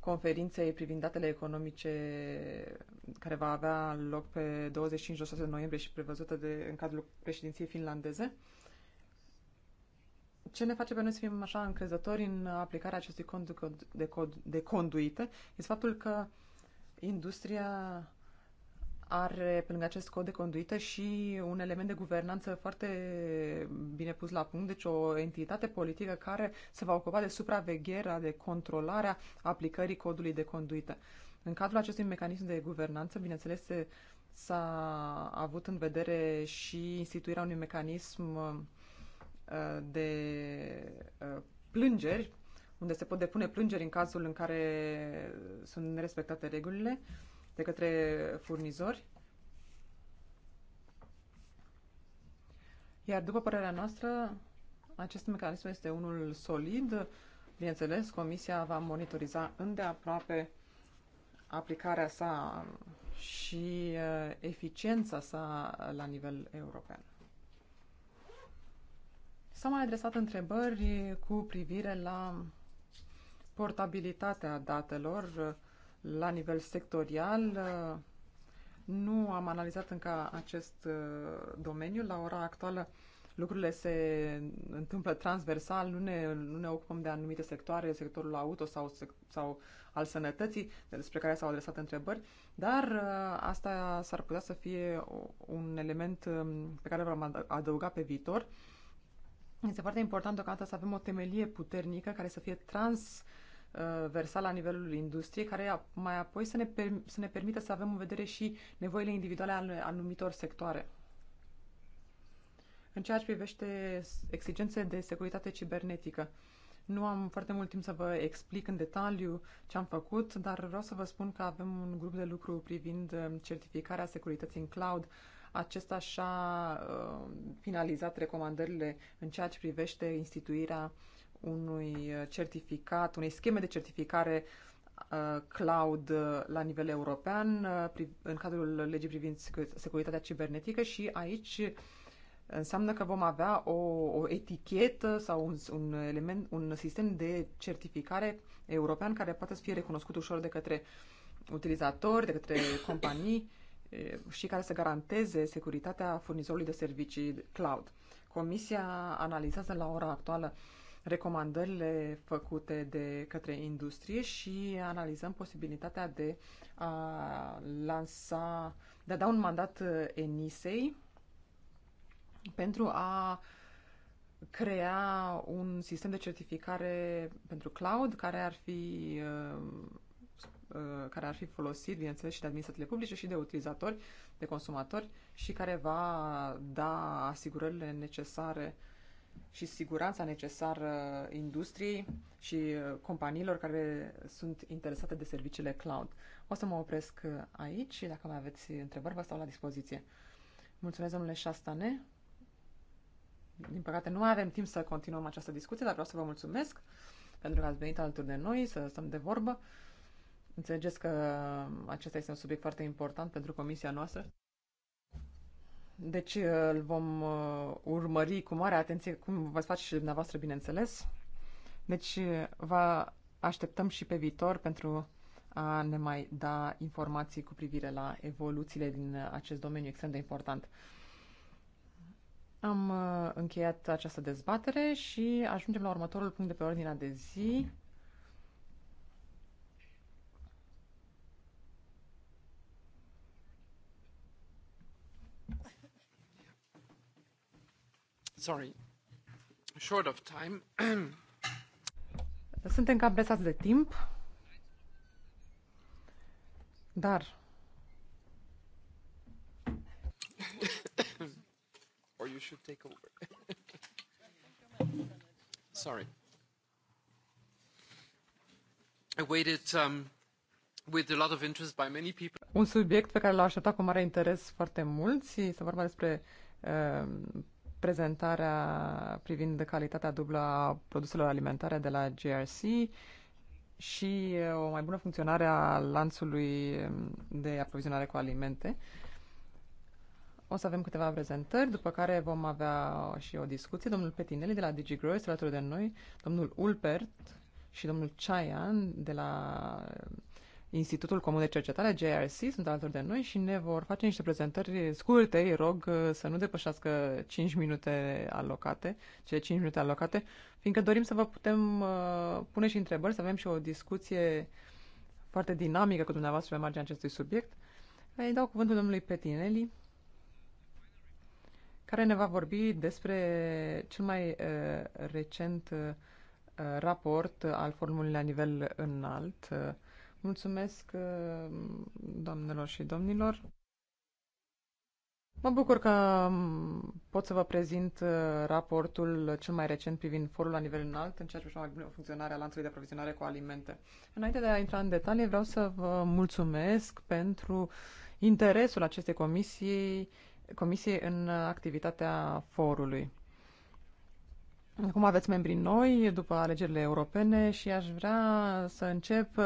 conferinței privind datele economice care va avea loc pe 25-26 noiembrie și prevăzută de, în cadrul președinției finlandeze. Ce ne face pe noi să fim așa încrezători în aplicarea acestui cod de, cod, de conduită este faptul că industria are pe lângă acest cod de conduită și un element de guvernanță foarte bine pus la punct, deci o entitate politică care se va ocupa de supravegherea, de controlarea aplicării codului de conduită. În cadrul acestui mecanism de guvernanță, bineînțeles, se, s-a avut în vedere și instituirea unui mecanism uh, de uh, plângeri, unde se pot depune plângeri în cazul în care sunt nerespectate regulile de către furnizori. Iar după părerea noastră, acest mecanism este unul solid. Bineînțeles, Comisia va monitoriza îndeaproape aplicarea sa și uh, eficiența sa la nivel european. S-au mai adresat întrebări cu privire la portabilitatea datelor la nivel sectorial. Uh, nu am analizat încă acest uh, domeniu. La ora actuală lucrurile se întâmplă transversal, nu ne, nu ne ocupăm de anumite sectoare, sectorul auto sau, sau al sănătății, despre care s-au adresat întrebări, dar uh, asta s-ar putea să fie un element um, pe care vom adăuga pe viitor. Este foarte important deocamdată să avem o temelie puternică care să fie trans uh, Uh, versat la nivelul industriei, care mai apoi să ne, per, să ne permită să avem în vedere și nevoile individuale ale anumitor sectoare. În ceea ce privește exigențe de securitate cibernetică, nu am foarte mult timp să vă explic în detaliu ce am făcut, dar vreau să vă spun că avem un grup de lucru privind uh, certificarea securității în cloud. Acesta și-a uh, finalizat recomandările în ceea ce privește instituirea uh, unui uh, certificat, unei scheme de certificare uh, cloud uh, la nivel european în cadrul legii privind securitatea cibernetică și aici înseamnă că vom avea o, o etichetă sau un, un element, un sistem de certificare european care poate să fie recunoscut ușor de către utilizatori, de către companii și care să garanteze securitatea furnizorului de servicii cloud. Comisia analizează la ora actuală uh, recomandările făcute de către industrie și analizăm posibilitatea de a lansa, de a da un mandat eh, ENISEI pentru a crea un sistem de certificare pentru cloud care ar fi eh, eh, care ar fi folosit, bineînțeles, și de administrațiile publice și de utilizatori, de consumatori și care va da asigurările necesare uh, și siguranța necesară industriei și uh, companiilor care sunt interesate de serviciile cloud. O să mă opresc uh, aici și dacă mai aveți întrebări, vă stau la dispoziție. Mulțumesc, domnule Șastane. Din păcate, nu mai avem timp să continuăm această discuție, dar vreau să vă mulțumesc pentru că ați venit alături de noi să stăm de vorbă. Înțelegeți că acesta este un subiect foarte important pentru comisia noastră. Deci uh, îl vom uh, urmări cu mare atenție, cum vă face și dumneavoastră, bineînțeles. Deci uh, vă așteptăm și pe viitor pentru a ne mai da informații cu privire la evoluțiile din acest domeniu extrem de important. Am încheiat această dezbatere și ajungem la următorul punct de pe ordinea de zi. Sorry. Short of time. Suntem cam presați de timp. Dar or you should take over. Sorry. I waited um, with a lot of interest by many people. Un subiect pe care l a așteptat cu mare interes foarte mulți, este vorba despre uh, prezentarea privind calitatea dublă a produselor alimentare de la GRC și uh, o mai bună funcționare a lanțului de aprovizionare cu alimente. O să avem câteva prezentări, după care vom avea și o discuție. Domnul Petinelli de la DigiGrow este alături de noi, domnul Ulpert și domnul Chayan de la Institutul Comun de Cercetare, JRC, sunt alături de noi și ne vor face niște prezentări scurte. Îi rog uh, să nu depășească 5 minute alocate, cele 5 minute alocate, fiindcă dorim să vă putem uh, pune și întrebări, să avem și o discuție foarte dinamică cu dumneavoastră pe marginea acestui subiect. Îi dau cuvântul domnului Petinelli, care ne va vorbi despre cel mai uh, recent uh, raport al formului la nivel înalt, uh, Mulțumesc, uh, doamnelor și domnilor. Mă bucur că um, pot să vă prezint uh, raportul cel mai recent privind forul la nivel înalt în ceea ce privește funcționarea lanțului de aprovizionare cu alimente. Înainte de a intra în detalii, vreau să vă mulțumesc pentru interesul acestei comisii, comisii în activitatea forului. Acum aveți membrii noi după alegerile europene și aș vrea să încep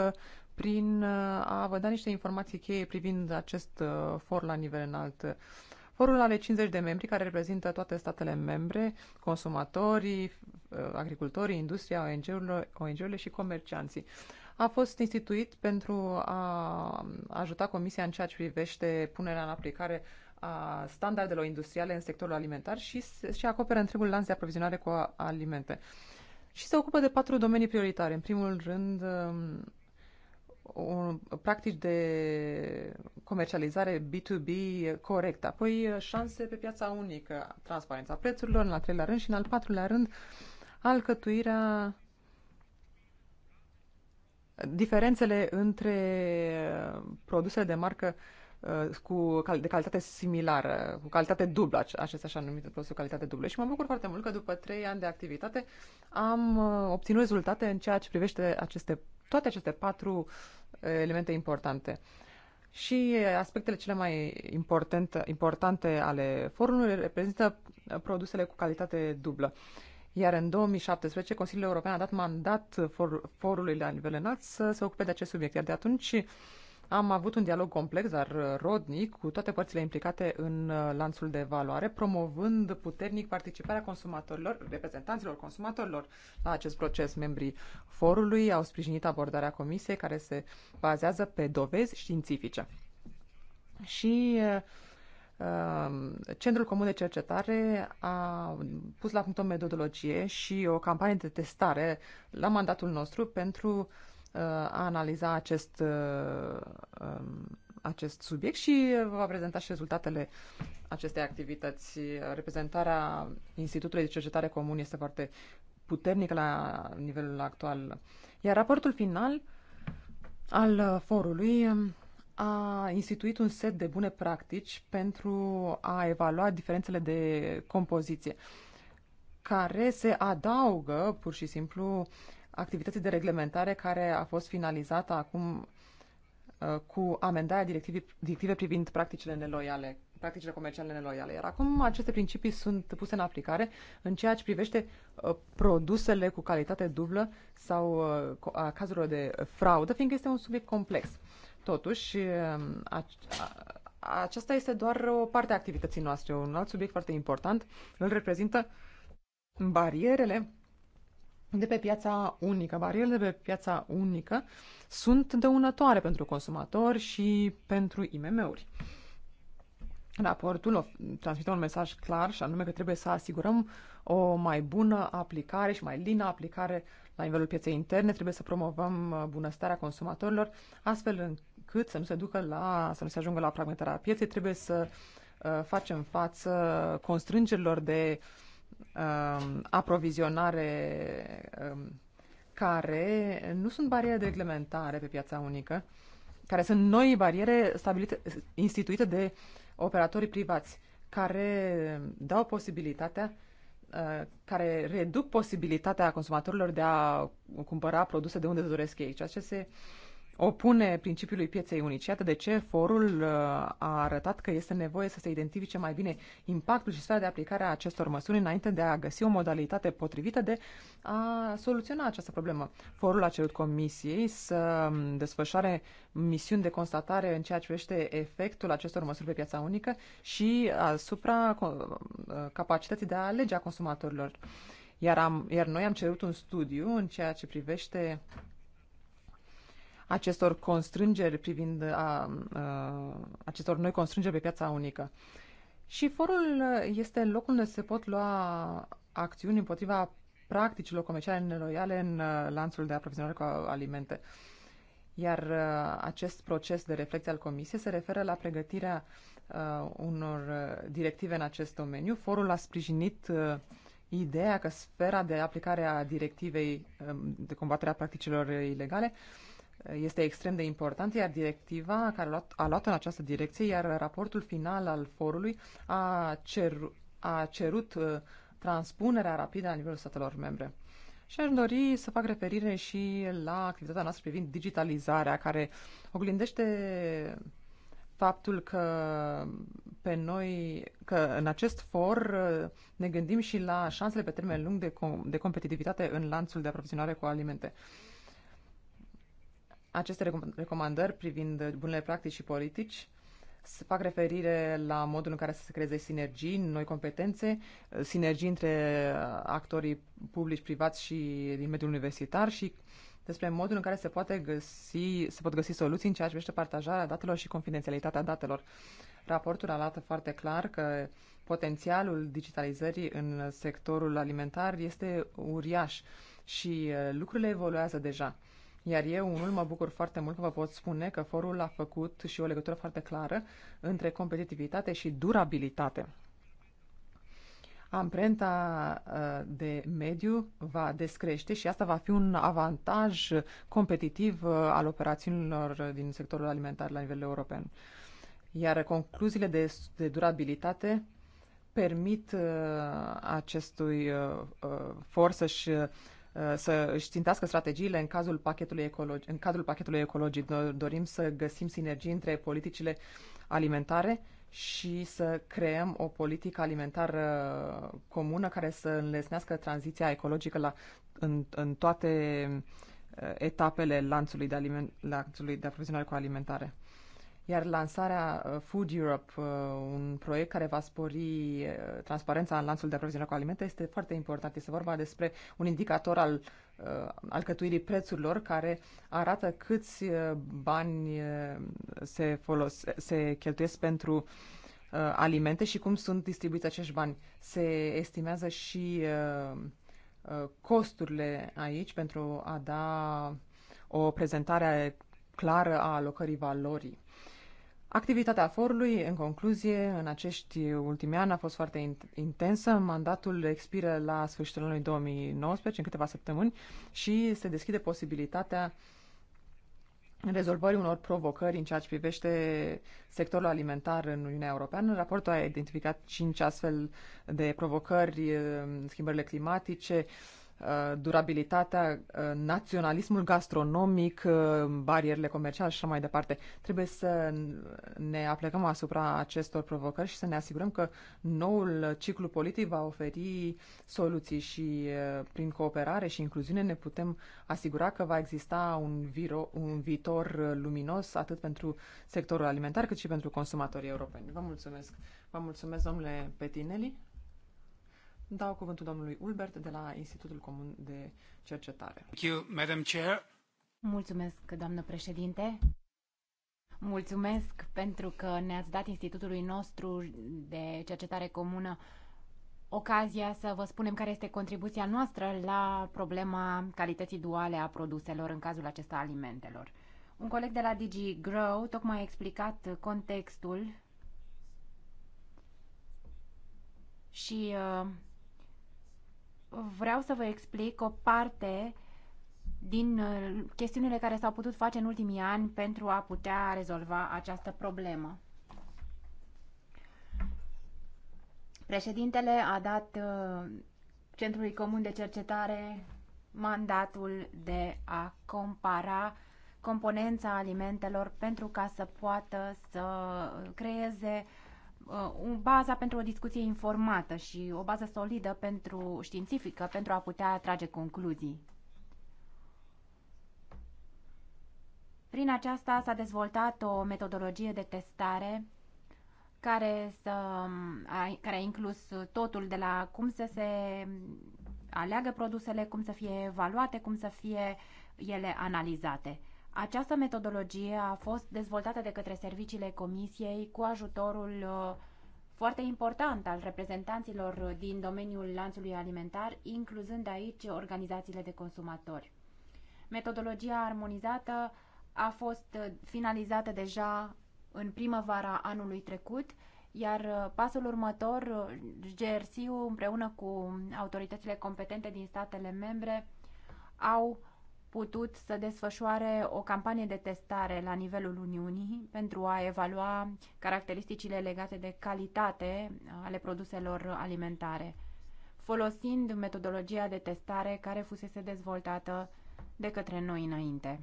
prin a vă da niște informații cheie privind acest uh, for la nivel înalt. Forul are 50 de membri care reprezintă toate statele membre, consumatorii, uh, agricultorii, industria, ONG-urile, ong și comercianții. A fost instituit pentru a ajuta Comisia în ceea ce privește punerea în aplicare a standardelor industriale în sectorul alimentar și, și acoperă întregul lanț de aprovizionare cu alimente. Și se ocupă de patru domenii prioritare. În primul rând, um, un, practici de comercializare B2B corect, apoi șanse pe piața unică, transparența prețurilor în al treilea rând și în al patrulea rând alcătuirea diferențele între produsele de marcă uh, cu de calitate similară, cu calitate dublă, acest așa numit produs calitate dublă. Și mă bucur foarte mult că după trei ani de activitate am uh, obținut rezultate în ceea ce privește aceste toate aceste patru eh, elemente importante. Și aspectele cele mai importante, importante ale forumului reprezintă eh, produsele cu calitate dublă. Iar în 2017, Consiliul European a dat mandat for, forului la nivel înalt să se ocupe de acest subiect. Iar de atunci, am avut un dialog complex, dar uh, rodnic, cu toate părțile implicate în uh, lanțul de valoare, promovând puternic participarea consumatorilor, reprezentanților consumatorilor la acest proces. Membrii forului au sprijinit abordarea comisiei care se bazează pe dovezi științifice. Și uh, um, Centrul Comun de Cercetare a pus la punct o metodologie și o campanie de testare la mandatul nostru pentru Uh, a analiza acest, uh, um, acest subiect și vă va prezenta și rezultatele acestei activități. Reprezentarea Institutului de Cercetare Comun este foarte puternică la nivelul actual. Iar raportul final al forului um, a instituit un set de bune practici pentru a evalua diferențele de compoziție, care se adaugă pur și simplu activității de reglementare care a fost finalizată acum uh, cu amendarea directivei, directive privind practicile neloiale, practicile comerciale neloiale. Iar acum aceste principii sunt puse în aplicare în ceea ce privește uh, produsele cu calitate dublă sau uh, a cazurilor de fraudă, fiindcă este un subiect complex. Totuși, um, aceasta este doar o parte a activității noastre. Un alt subiect foarte important îl reprezintă barierele de pe piața unică. Barierele de pe piața unică sunt dăunătoare pentru consumatori și pentru IMM-uri. Raportul transmite un mesaj clar și anume că trebuie să asigurăm o mai bună aplicare și mai lină aplicare la nivelul pieței interne, trebuie să promovăm uh, bunăstarea consumatorilor, astfel încât să nu se ducă la, să nu se ajungă la fragmentarea pieței, trebuie să uh, facem față constrângerilor de uh, uh, aprovizionare uh, care nu sunt bariere de reglementare pe piața unică, care sunt noi bariere stabilite, instituite de operatorii privați, care dau posibilitatea, uh, care reduc posibilitatea consumatorilor de a cumpăra produse de unde doresc ei, ceea ce se uh, opune principiului pieței unice. Iată de ce forul uh, a arătat că este nevoie să se identifice mai bine impactul și starea de aplicare a acestor măsuri înainte de a găsi o modalitate potrivită de a soluționa această problemă. Forul a cerut comisiei să um, desfășoare misiuni de constatare în ceea ce privește efectul acestor măsuri pe piața unică și asupra uh, capacității de a alege a consumatorilor. Iar, am, iar noi am cerut un studiu în ceea ce privește acestor constrângeri privind a, a, acestor noi constrângeri pe piața unică. Și forul uh, este locul unde se pot lua acțiuni împotriva practicilor comerciale neloiale în uh, lanțul de aprovizionare cu alimente. Iar uh, acest proces de reflexie al Comisiei se referă la pregătirea uh, unor directive în acest domeniu. Forul a sprijinit uh, ideea că sfera de aplicare a directivei uh, de combatere a practicilor ilegale uh, este extrem de important, iar directiva care a luat, a luat în această direcție, iar raportul final al forului a, cer, a cerut uh, transpunerea rapidă la nivelul statelor membre. Și aș dori să fac referire și la activitatea noastră privind digitalizarea, care oglindește faptul că pe noi, că în acest for uh, ne gândim și la șansele pe termen lung de, com- de competitivitate în lanțul de aprovizionare cu alimente. Uh, aceste recomandări privind bunele practici și politici se fac referire la modul în care să se creeze sinergii, noi competențe, sinergii între actorii publici, privați și din mediul universitar și despre modul în care se, poate găsi, se pot găsi soluții în ceea ce privește partajarea datelor și confidențialitatea datelor. Raportul arată foarte clar că potențialul digitalizării în sectorul alimentar este uriaș și uh, lucrurile evoluează deja. Iar eu, unul, mă bucur foarte mult că vă pot spune că forul a făcut și o legătură foarte clară între competitivitate și durabilitate. Amprenta uh, de mediu va descrește și asta va fi un avantaj competitiv uh, al operațiunilor din sectorul alimentar la nivel european. Iar concluziile de, de durabilitate permit uh, acestui for să-și Uh, să își țintească strategiile în, cazul pachetului ecologi- în cadrul pachetului ecologic. dorim să găsim sinergii între politicile alimentare și să creăm o politică alimentară comună care să înlesnească tranziția ecologică la, în, în toate uh, etapele lanțului de, aliment, lanțului de aprovizionare cu alimentare. Iar lansarea uh, Food Europe, uh, un proiect care va spori uh, transparența în lanțul de aprovizionare cu alimente, este foarte important. Este vorba despre un indicator al alcătuirii prețurilor care arată câți bani se, folos, se cheltuiesc pentru alimente și cum sunt distribuiți acești bani. Se estimează și costurile aici pentru a da o prezentare clară a alocării valorii. Activitatea forului, în concluzie, în acești ultimi ani a fost foarte intensă. Mandatul expiră la sfârșitul anului 2019, în câteva săptămâni, și se deschide posibilitatea rezolvării unor provocări în ceea ce privește sectorul alimentar în Uniunea Europeană. Raportul a identificat cinci astfel de provocări, schimbările climatice, uh, Uh, durabilitatea, uh, naționalismul gastronomic, uh, barierele comerciale și așa mai departe. Trebuie să ne aplecăm asupra acestor provocări și să ne asigurăm că noul ciclu politic va oferi soluții și prin cooperare și incluziune ne putem asigura că va exista un, viro, un viitor luminos atât pentru sectorul alimentar cât și pentru consumatorii europeni. Vă mulțumesc! Vă mulțumesc, domnule Petinelli! Dau cuvântul domnului Ulbert de la Institutul Comun de Cercetare. Thank you, Madam Chair. Mulțumesc, doamnă președinte. Mulțumesc pentru că ne-ați dat Institutului nostru de Cercetare Comună ocazia să vă spunem care este contribuția noastră la problema calității duale a produselor, în cazul acesta alimentelor. Un coleg de la Digi Grow tocmai a explicat contextul și uh, vreau să vă explic o parte din uh, chestiunile care s-au putut face în ultimii ani pentru a putea rezolva această problemă. Președintele a dat uh, Centrului Comun de Cercetare mandatul de a compara componența alimentelor pentru ca să poată să creeze o uh, bază pentru o discuție informată și o bază solidă pentru științifică pentru a putea trage concluzii. Prin aceasta s-a dezvoltat o metodologie de testare care, să, a, care a inclus totul de la cum să se aleagă produsele, cum să fie evaluate, cum să fie ele analizate. Această metodologie a fost dezvoltată de către serviciile Comisiei cu ajutorul uh, foarte important al reprezentanților uh, din domeniul lanțului alimentar, incluzând aici organizațiile de consumatori. Metodologia armonizată a fost uh, finalizată deja în primăvara anului trecut, iar pasul următor, GRC-ul împreună cu autoritățile competente din statele membre au putut să desfășoare o campanie de testare la nivelul Uniunii pentru a evalua caracteristicile legate de calitate ale produselor alimentare, folosind metodologia de testare care fusese dezvoltată de către noi înainte.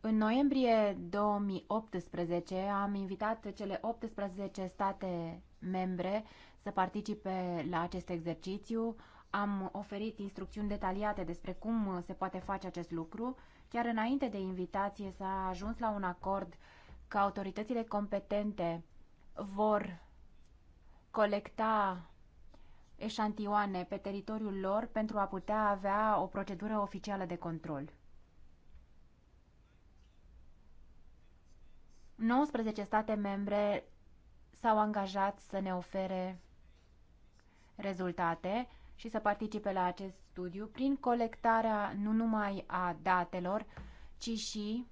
În noiembrie 2018 am invitat cele 18 state membre să participe la acest exercițiu, am oferit instrucțiuni detaliate despre cum uh, se poate face acest lucru. Chiar înainte de invitație s-a ajuns la un acord că autoritățile competente vor colecta eșantioane pe teritoriul lor pentru a putea avea o procedură oficială de control. 19 state membre s-au angajat să ne ofere rezultate și să participe la acest studiu prin colectarea nu numai a datelor, ci și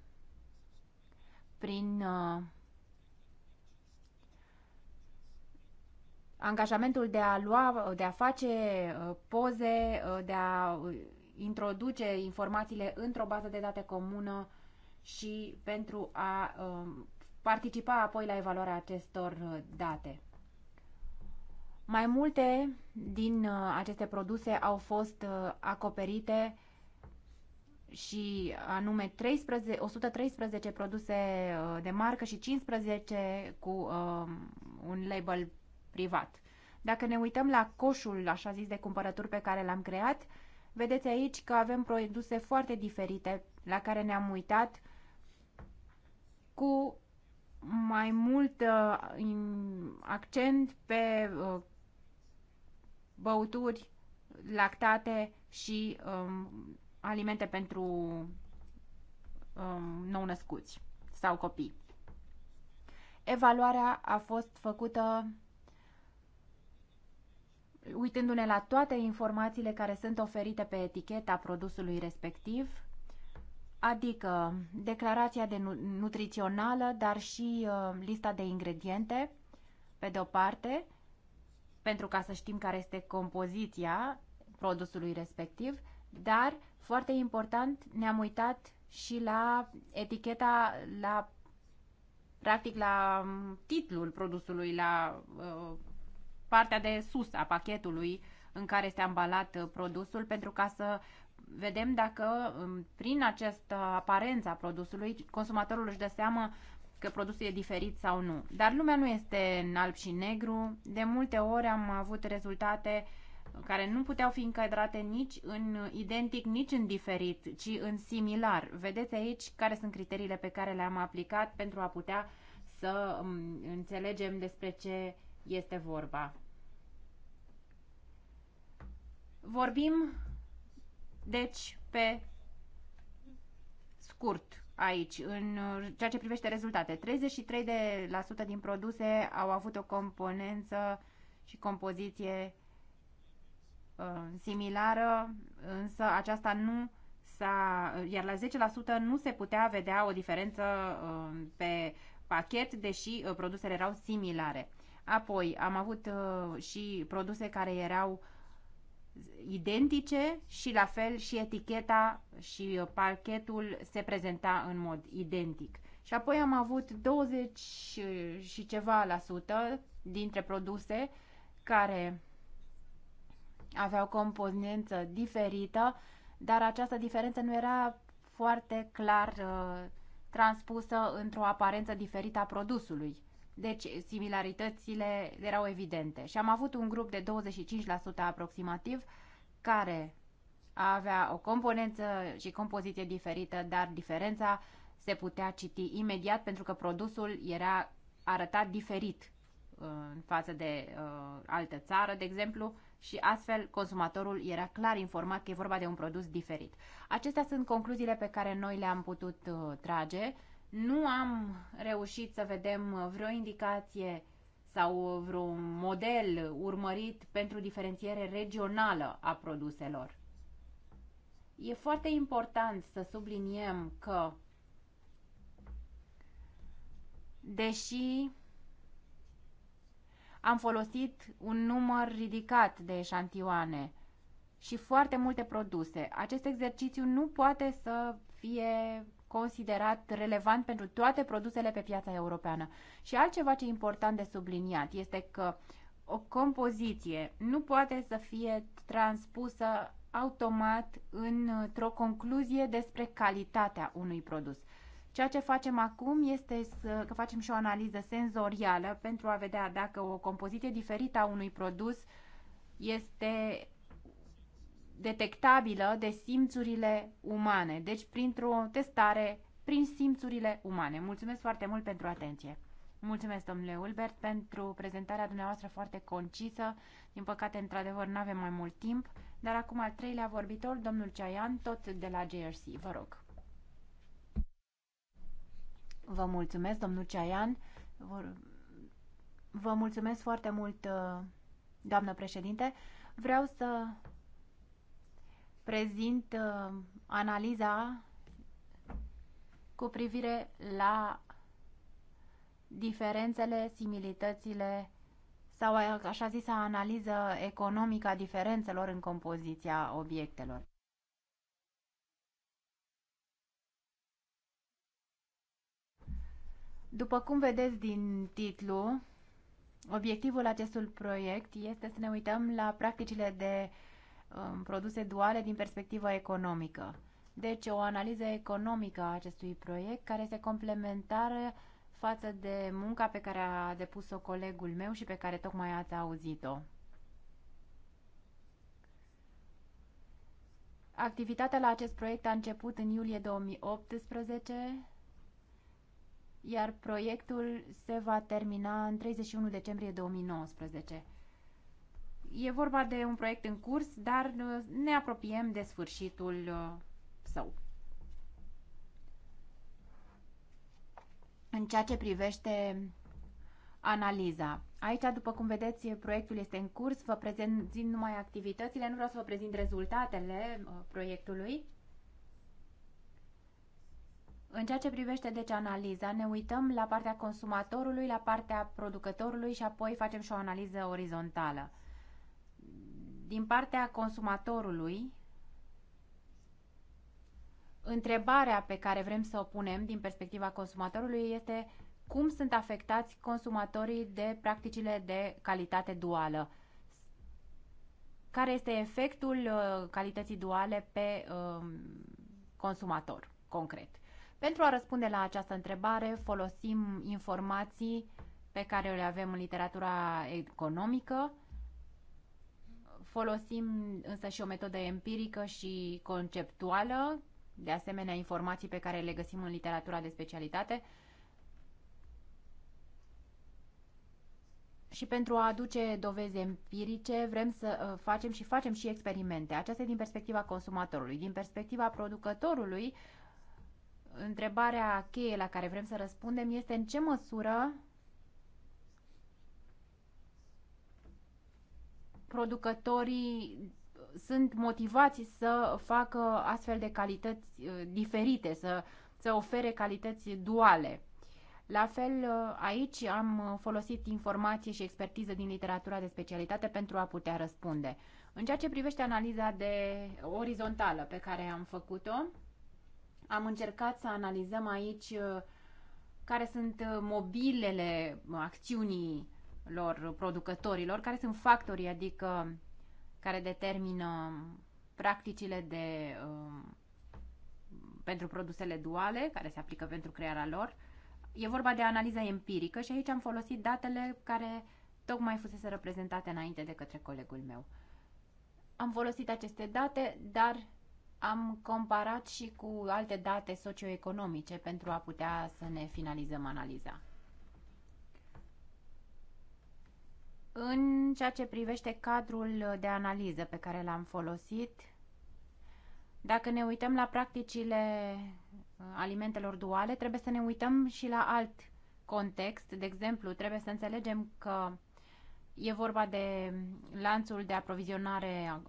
prin uh, angajamentul de a lua, de a face uh, poze, uh, de a uh, introduce informațiile într-o bază de date comună și pentru a participa apoi la evaluarea acestor date. Mai multe din uh, aceste produse au fost uh, acoperite și anume 13, 113 produse uh, de marcă și 15 cu uh, un label privat. Dacă ne uităm la coșul, așa zis, de cumpărături pe care l-am creat, vedeți aici că avem produse foarte diferite la care ne-am uitat cu mai mult uh, accent pe uh, băuturi, lactate și um, alimente pentru um, nou-născuți sau copii. Evaluarea a fost făcută uitându-ne la toate informațiile care sunt oferite pe eticheta produsului respectiv, adică declarația de nutrițională, dar și uh, lista de ingrediente, pe de o parte, pentru ca să știm care este compoziția produsului respectiv, dar foarte important ne-am uitat și la eticheta, la practic la mm, titlul produsului, la ă, partea de sus a pachetului în care este ambalat ă, produsul pentru ca să vedem dacă mm, prin această aparență a produsului consumatorul își dă seama că produsul e diferit sau nu. Dar lumea nu este în alb și negru. De multe ori am avut rezultate care nu puteau fi încadrate nici în identic, nici în diferit, ci în similar. Vedeți aici care sunt criteriile pe care le-am aplicat pentru a putea să um, înțelegem despre ce este vorba. Vorbim, deci, pe scurt aici. În uh, ceea ce privește rezultate, 33% din produse au avut o componență și compoziție uh, similară, însă aceasta nu s-a, iar la 10% nu se putea vedea o diferență uh, pe pachet, deși produsele erau similare. Apoi am avut și produse care erau identice și la fel și eticheta și uh, parchetul se prezenta în mod identic. Și apoi am avut 20 și ceva la sută dintre produse care aveau componență diferită, dar această diferență nu era foarte clar uh, transpusă într-o aparență diferită a produsului. Deci similaritățile erau evidente și am avut un grup de 25% aproximativ care avea o componență și compoziție diferită, dar diferența se putea citi imediat pentru că produsul era arătat diferit uh, în față de uh, altă țară, de exemplu, și astfel consumatorul era clar informat că e vorba de un produs diferit. Acestea sunt concluziile pe care noi le-am putut uh, trage nu am reușit să vedem vreo indicație sau vreun model urmărit pentru diferențiere regională a produselor. E foarte important să subliniem că deși am folosit un număr ridicat de eșantioane și foarte multe produse, acest exercițiu nu poate să fie considerat relevant pentru toate produsele pe piața europeană. Și altceva ce e important de subliniat este că o compoziție nu poate să fie transpusă automat într-o concluzie despre calitatea unui produs. Ceea ce facem acum este să, că facem și o analiză senzorială pentru a vedea dacă o compoziție diferită a unui produs este detectabilă de simțurile umane, deci printr-o testare prin simțurile umane. Mulțumesc foarte mult pentru atenție! Mulțumesc, domnule Ulbert, pentru prezentarea dumneavoastră foarte concisă. Din păcate, într-adevăr, nu avem mai mult timp, dar acum al treilea vorbitor, domnul Ceaian, tot de la JRC. Vă rog. Vă mulțumesc, domnul Ceaian. Vă mulțumesc foarte mult, uh, doamnă președinte. Vreau să prezint uh, analiza cu privire la diferențele, similitățile sau așa zisă analiză economică a diferențelor în compoziția obiectelor. După cum vedeți din titlu, obiectivul acestui proiect este să ne uităm la practicile de uh, Um, produse duale din perspectivă economică. Deci o analiză economică a acestui proiect care este complementară față de munca pe care a depus-o colegul meu și pe care tocmai ați auzit-o. Activitatea la acest proiect a început în iulie 2018, iar proiectul se va termina în 31 decembrie 2019. E vorba de un proiect în curs, dar uh, ne apropiem de sfârșitul uh, său. În ceea ce privește analiza. Aici, după cum vedeți, proiectul este în curs, vă prezint numai activitățile, nu vreau să vă prezint rezultatele uh, proiectului. În ceea ce privește deci analiza, ne uităm la partea consumatorului, la partea producătorului și apoi facem și o analiză orizontală din partea consumatorului, întrebarea pe care vrem să o punem din perspectiva consumatorului este cum sunt afectați consumatorii de practicile de calitate duală? Care este efectul uh, calității duale pe um, consumator, concret? Pentru a răspunde la această întrebare, folosim informații pe care le avem în literatura economică, Folosim însă și o metodă empirică și conceptuală, de asemenea informații pe care le găsim în literatura de specialitate, și pentru a aduce dovezi empirice vrem să uh, facem și facem și experimente. Aceasta e din perspectiva consumatorului. Din perspectiva producătorului, întrebarea cheie la care vrem să răspundem este în ce măsură producătorii sunt motivați să facă astfel de calități uh, diferite, să, să ofere calități duale. La fel, uh, aici am folosit informații și expertiză din literatura de specialitate pentru a putea răspunde. În ceea ce privește analiza de orizontală pe care am făcut-o, am încercat să analizăm aici uh, care sunt mobilele acțiunii lor, producătorilor, care sunt factorii, adică care determină practicile de, um, pentru produsele duale, care se aplică pentru crearea lor. E vorba de analiza empirică și aici am folosit datele care tocmai fusese reprezentate înainte de către colegul meu. Am folosit aceste date, dar am comparat și cu alte date socioeconomice pentru a putea să ne finalizăm analiza. În ceea ce privește cadrul de analiză pe care l-am folosit, dacă ne uităm la practicile uh, alimentelor duale, trebuie să ne uităm și la alt context. De exemplu, trebuie să înțelegem că e vorba de lanțul de aprovizionare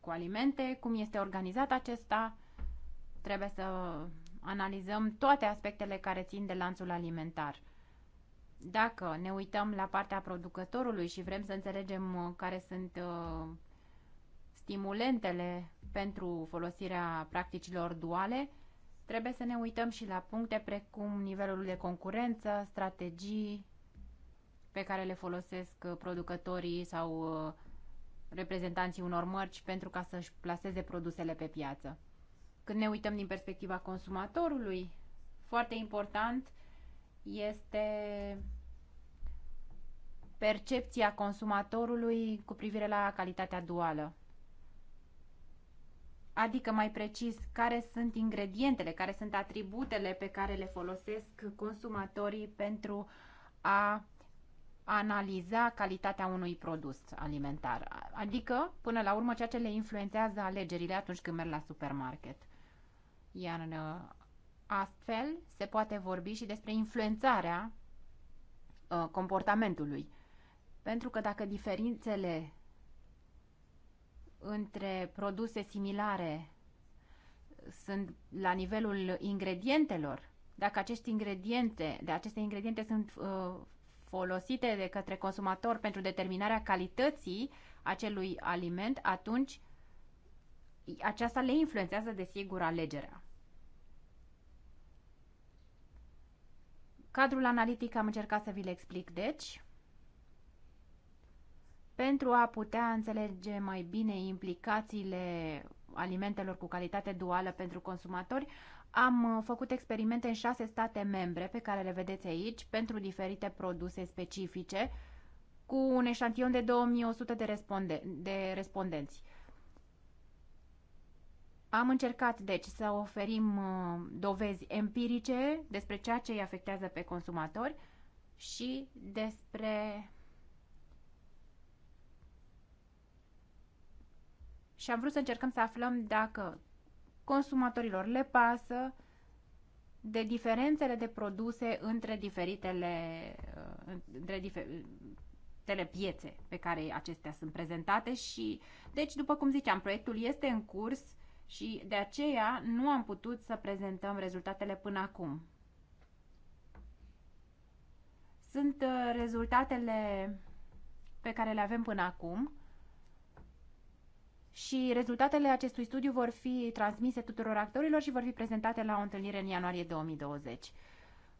cu alimente, cum este organizat acesta. Trebuie să analizăm toate aspectele care țin de lanțul alimentar. Dacă ne uităm la partea producătorului și vrem să înțelegem uh, care sunt uh, stimulentele pentru folosirea practicilor duale, trebuie să ne uităm și la puncte precum nivelul de concurență, strategii pe care le folosesc uh, producătorii sau reprezentanții unor mărci pentru ca să-și plaseze produsele pe piață. Când ne uităm din perspectiva consumatorului, foarte important este percepția consumatorului cu privire la calitatea duală. Adică, mai precis, care sunt ingredientele, care sunt atributele pe care le folosesc consumatorii pentru a analiza calitatea unui produs alimentar. Adică, până la urmă, ceea ce le influențează alegerile atunci când merg la supermarket. Iar uh, Astfel, se poate vorbi și despre influențarea uh, comportamentului. Pentru că dacă diferențele între produse similare sunt la nivelul ingredientelor, dacă aceste ingrediente, de aceste ingrediente sunt uh, folosite de către consumator pentru determinarea calității acelui aliment, atunci aceasta le influențează desigur alegerea. Cadrul analitic am încercat să vi le explic, deci, pentru a putea înțelege mai bine implicațiile alimentelor cu calitate duală pentru consumatori, am uh, făcut experimente în șase state membre, pe care le vedeți aici, pentru diferite produse specifice, cu un eșantion de 2100 de, responde- de respondenți. Am încercat, deci, să oferim uh, dovezi empirice despre ceea ce îi afectează pe consumatori și despre și am vrut să încercăm să aflăm dacă consumatorilor le pasă de diferențele de produse între diferitele, uh, între diferitele piețe pe care acestea sunt prezentate și, deci, după cum ziceam, proiectul este în curs și de aceea nu am putut să prezentăm rezultatele până acum. Sunt uh, rezultatele pe care le avem până acum și rezultatele acestui studiu vor fi transmise tuturor actorilor și vor fi prezentate la o întâlnire în ianuarie 2020.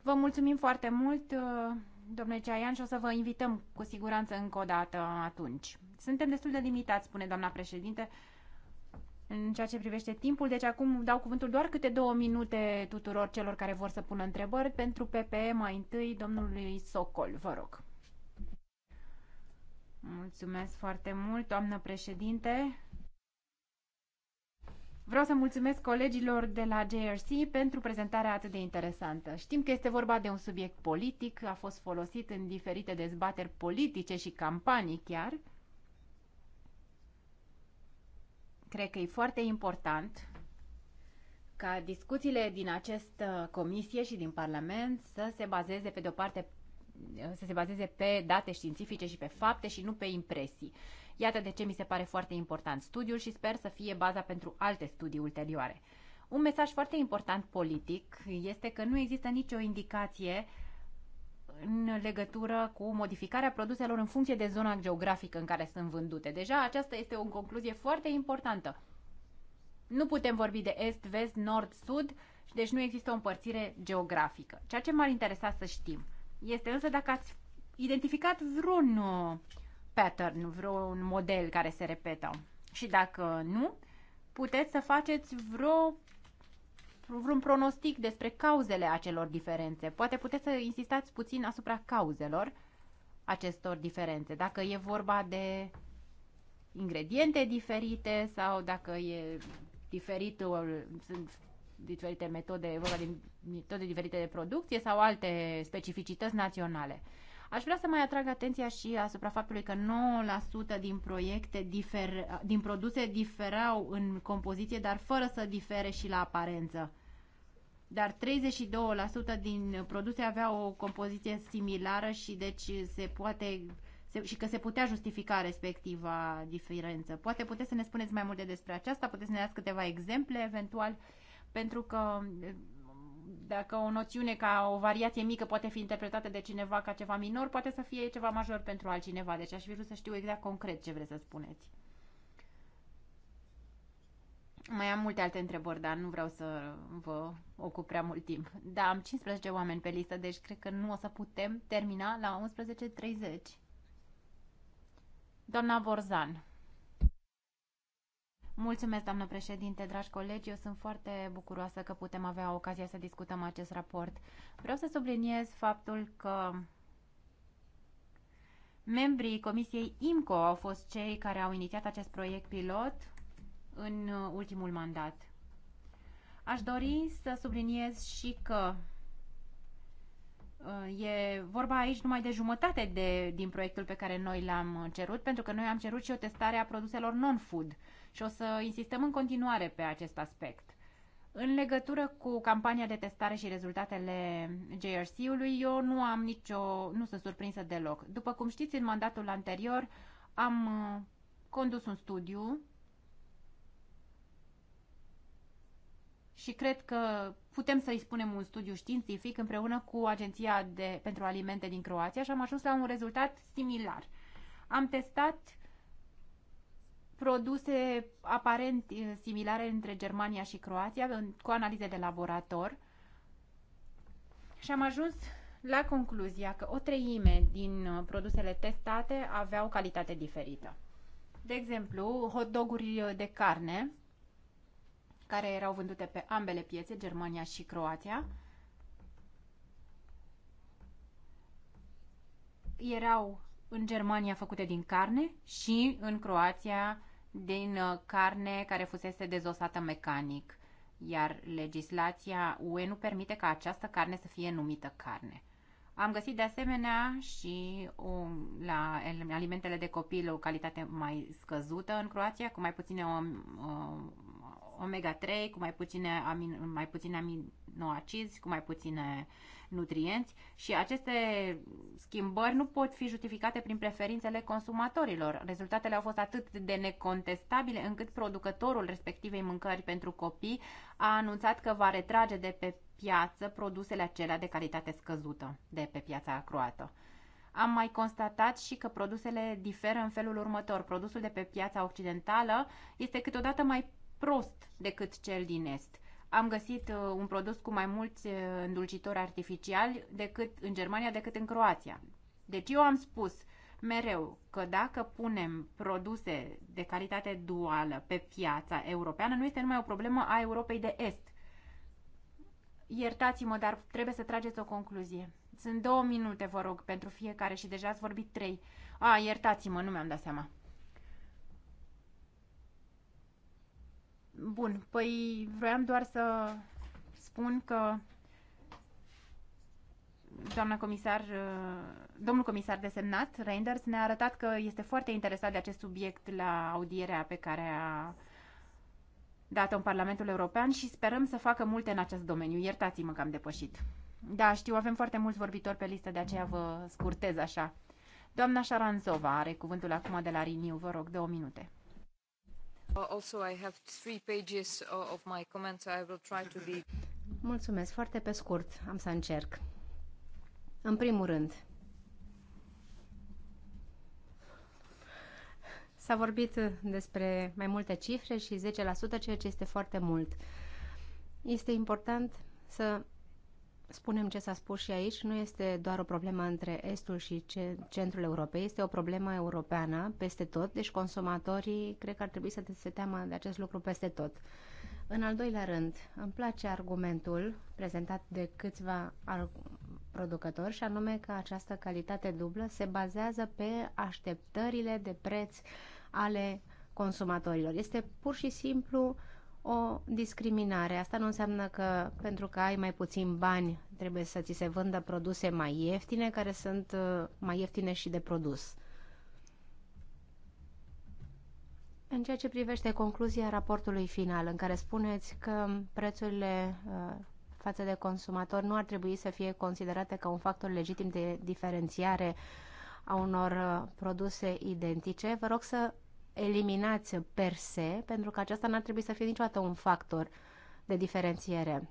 Vă mulțumim foarte mult, uh, domnule Ceaian, și o să vă invităm cu siguranță încă o dată atunci. Suntem destul de limitați, spune doamna președinte, în ceea ce privește timpul. Deci acum dau cuvântul doar câte două minute tuturor celor care vor să pună întrebări. Pentru PPE mai întâi, domnului Socol, vă rog. Mulțumesc foarte mult, doamnă președinte. Vreau să mulțumesc colegilor de la JRC pentru prezentarea atât de interesantă. Știm că este vorba de un subiect politic, a fost folosit în diferite dezbateri politice și campanii chiar, Cred că e foarte important ca discuțiile din această comisie și din Parlament să se bazeze pe de-o parte să se bazeze pe date științifice și pe fapte și nu pe impresii. Iată de ce mi se pare foarte important studiul și sper să fie baza pentru alte studii ulterioare. Un mesaj foarte important politic este că nu există nicio indicație uh, în legătură cu modificarea produselor în funcție de zona geografică în care sunt vândute. Deja aceasta este o concluzie foarte importantă. Nu putem vorbi de est, vest, nord, sud, deci nu există o împărțire geografică. Ceea ce m-ar interesa să știm este însă dacă ați identificat vreun uh, pattern, vreun model care se repetă. Și dacă nu, puteți să faceți vreo vreun pronostic despre cauzele acelor diferențe. Poate puteți să insistați puțin asupra cauzelor acestor diferențe. Dacă e vorba de ingrediente diferite sau dacă e diferit, ă, sunt diferite metode, vorba de metode diferite de producție sau alte specificități naționale. Aș vrea să mai atrag atenția și asupra faptului că 9% din proiecte difer, din produse diferau în compoziție, dar fără să difere și la aparență. Dar 32% din produse aveau o compoziție similară și deci se poate se, și că se putea justifica respectiva diferență. Poate puteți să ne spuneți mai multe despre aceasta, puteți să ne dați câteva exemple eventual, pentru că dacă o noțiune ca o variație mică poate fi interpretată de cineva ca ceva minor, poate să fie ceva major pentru altcineva. Deci aș fi vrut să știu exact concret ce vreți să spuneți. Mai am multe alte întrebări, dar nu vreau să vă ocup prea mult timp. Da, am 15 oameni pe listă, deci cred că nu o să putem termina la 11.30. Doamna Borzan. Mulțumesc, doamnă președinte, dragi colegi. Eu sunt foarte bucuroasă că putem avea ocazia să discutăm acest raport. Vreau să subliniez faptul că membrii Comisiei IMCO au fost cei care au inițiat acest proiect pilot în ultimul mandat. Aș dori să subliniez și că uh, E vorba aici numai de jumătate de, din proiectul pe care noi l-am cerut, pentru că noi am cerut și o testare a produselor non-food și o să insistăm în continuare pe acest aspect. În legătură cu campania de testare și rezultatele JRC-ului, eu nu am nicio, nu sunt surprinsă deloc. După cum știți, în mandatul anterior am uh, condus un studiu și cred că putem să-i spunem un studiu științific împreună cu Agenția de, pentru Alimente din Croația și am ajuns la un rezultat similar. Am testat produse aparent eh, similare între Germania și Croația, cu analize de laborator. Și am ajuns la concluzia că o treime din eh, produsele testate aveau calitate diferită. De exemplu, hot doguri eh, de carne, care erau vândute pe ambele piețe, Germania și Croația, erau în Germania făcute din carne și în Croația din uh, carne care fusese dezosată mecanic, iar legislația UE nu permite ca această carne să fie numită carne. Am găsit de asemenea și um, la alimentele de copil o calitate mai scăzută în Croația, cu mai puține um, omega-3, cu mai puține, amin, mai puține aminoacizi, cu mai puține uh, nutrienți și aceste schimbări nu pot fi justificate prin preferințele consumatorilor. Rezultatele au fost atât de necontestabile încât producătorul respectivei mâncări pentru copii a anunțat că va retrage de pe piață produsele acelea de calitate scăzută de pe piața croată. Am mai constatat și că produsele diferă în felul următor. Produsul de pe piața occidentală este câteodată mai prost decât cel din est am găsit uh, un produs cu mai mulți uh, îndulcitori artificiali decât în Germania decât în Croația. Deci eu am spus mereu că dacă punem produse de calitate duală pe piața europeană, nu este numai o problemă a Europei de Est. Iertați-mă, dar trebuie să trageți o concluzie. Sunt două minute, vă rog, pentru fiecare și deja ați vorbit trei. A, iertați-mă, nu mi-am dat seama. Bun, păi vreau doar să spun că doamna comisar, uh, domnul comisar desemnat, Reinders, ne-a arătat că este foarte interesat de acest subiect la audierea pe care a dat-o în Parlamentul European și sperăm să facă multe în acest domeniu. Iertați-mă că am depășit. Da, știu, avem foarte mulți vorbitori pe listă, de aceea vă scurtez așa. Doamna Șaranzova are cuvântul acum de la Riniu, vă rog, două minute. Mulțumesc, foarte pe scurt, am să încerc. În primul rând, s-a vorbit despre mai multe cifre și 10%, ceea ce este foarte mult. Este important să spunem ce s-a spus și aici, nu este doar o problemă între Estul și Centrul Europei, este o problemă europeană peste tot, deci consumatorii cred că ar trebui să se teamă de acest lucru peste tot. În al doilea rând, îmi place argumentul prezentat de câțiva producători și anume că această calitate dublă se bazează pe așteptările de preț ale consumatorilor. Este pur și simplu uh, o discriminare. Asta nu înseamnă că pentru că ai mai puțin bani trebuie să ți se vândă produse mai ieftine, care sunt uh, mai ieftine și de produs. În ceea ce privește concluzia raportului final, în care spuneți că prețurile uh, față de consumator nu ar trebui să fie considerate ca un factor legitim de diferențiare a unor uh, produse identice, vă rog să eliminați per se, pentru că aceasta n-ar trebui să fie niciodată un factor de diferențiere.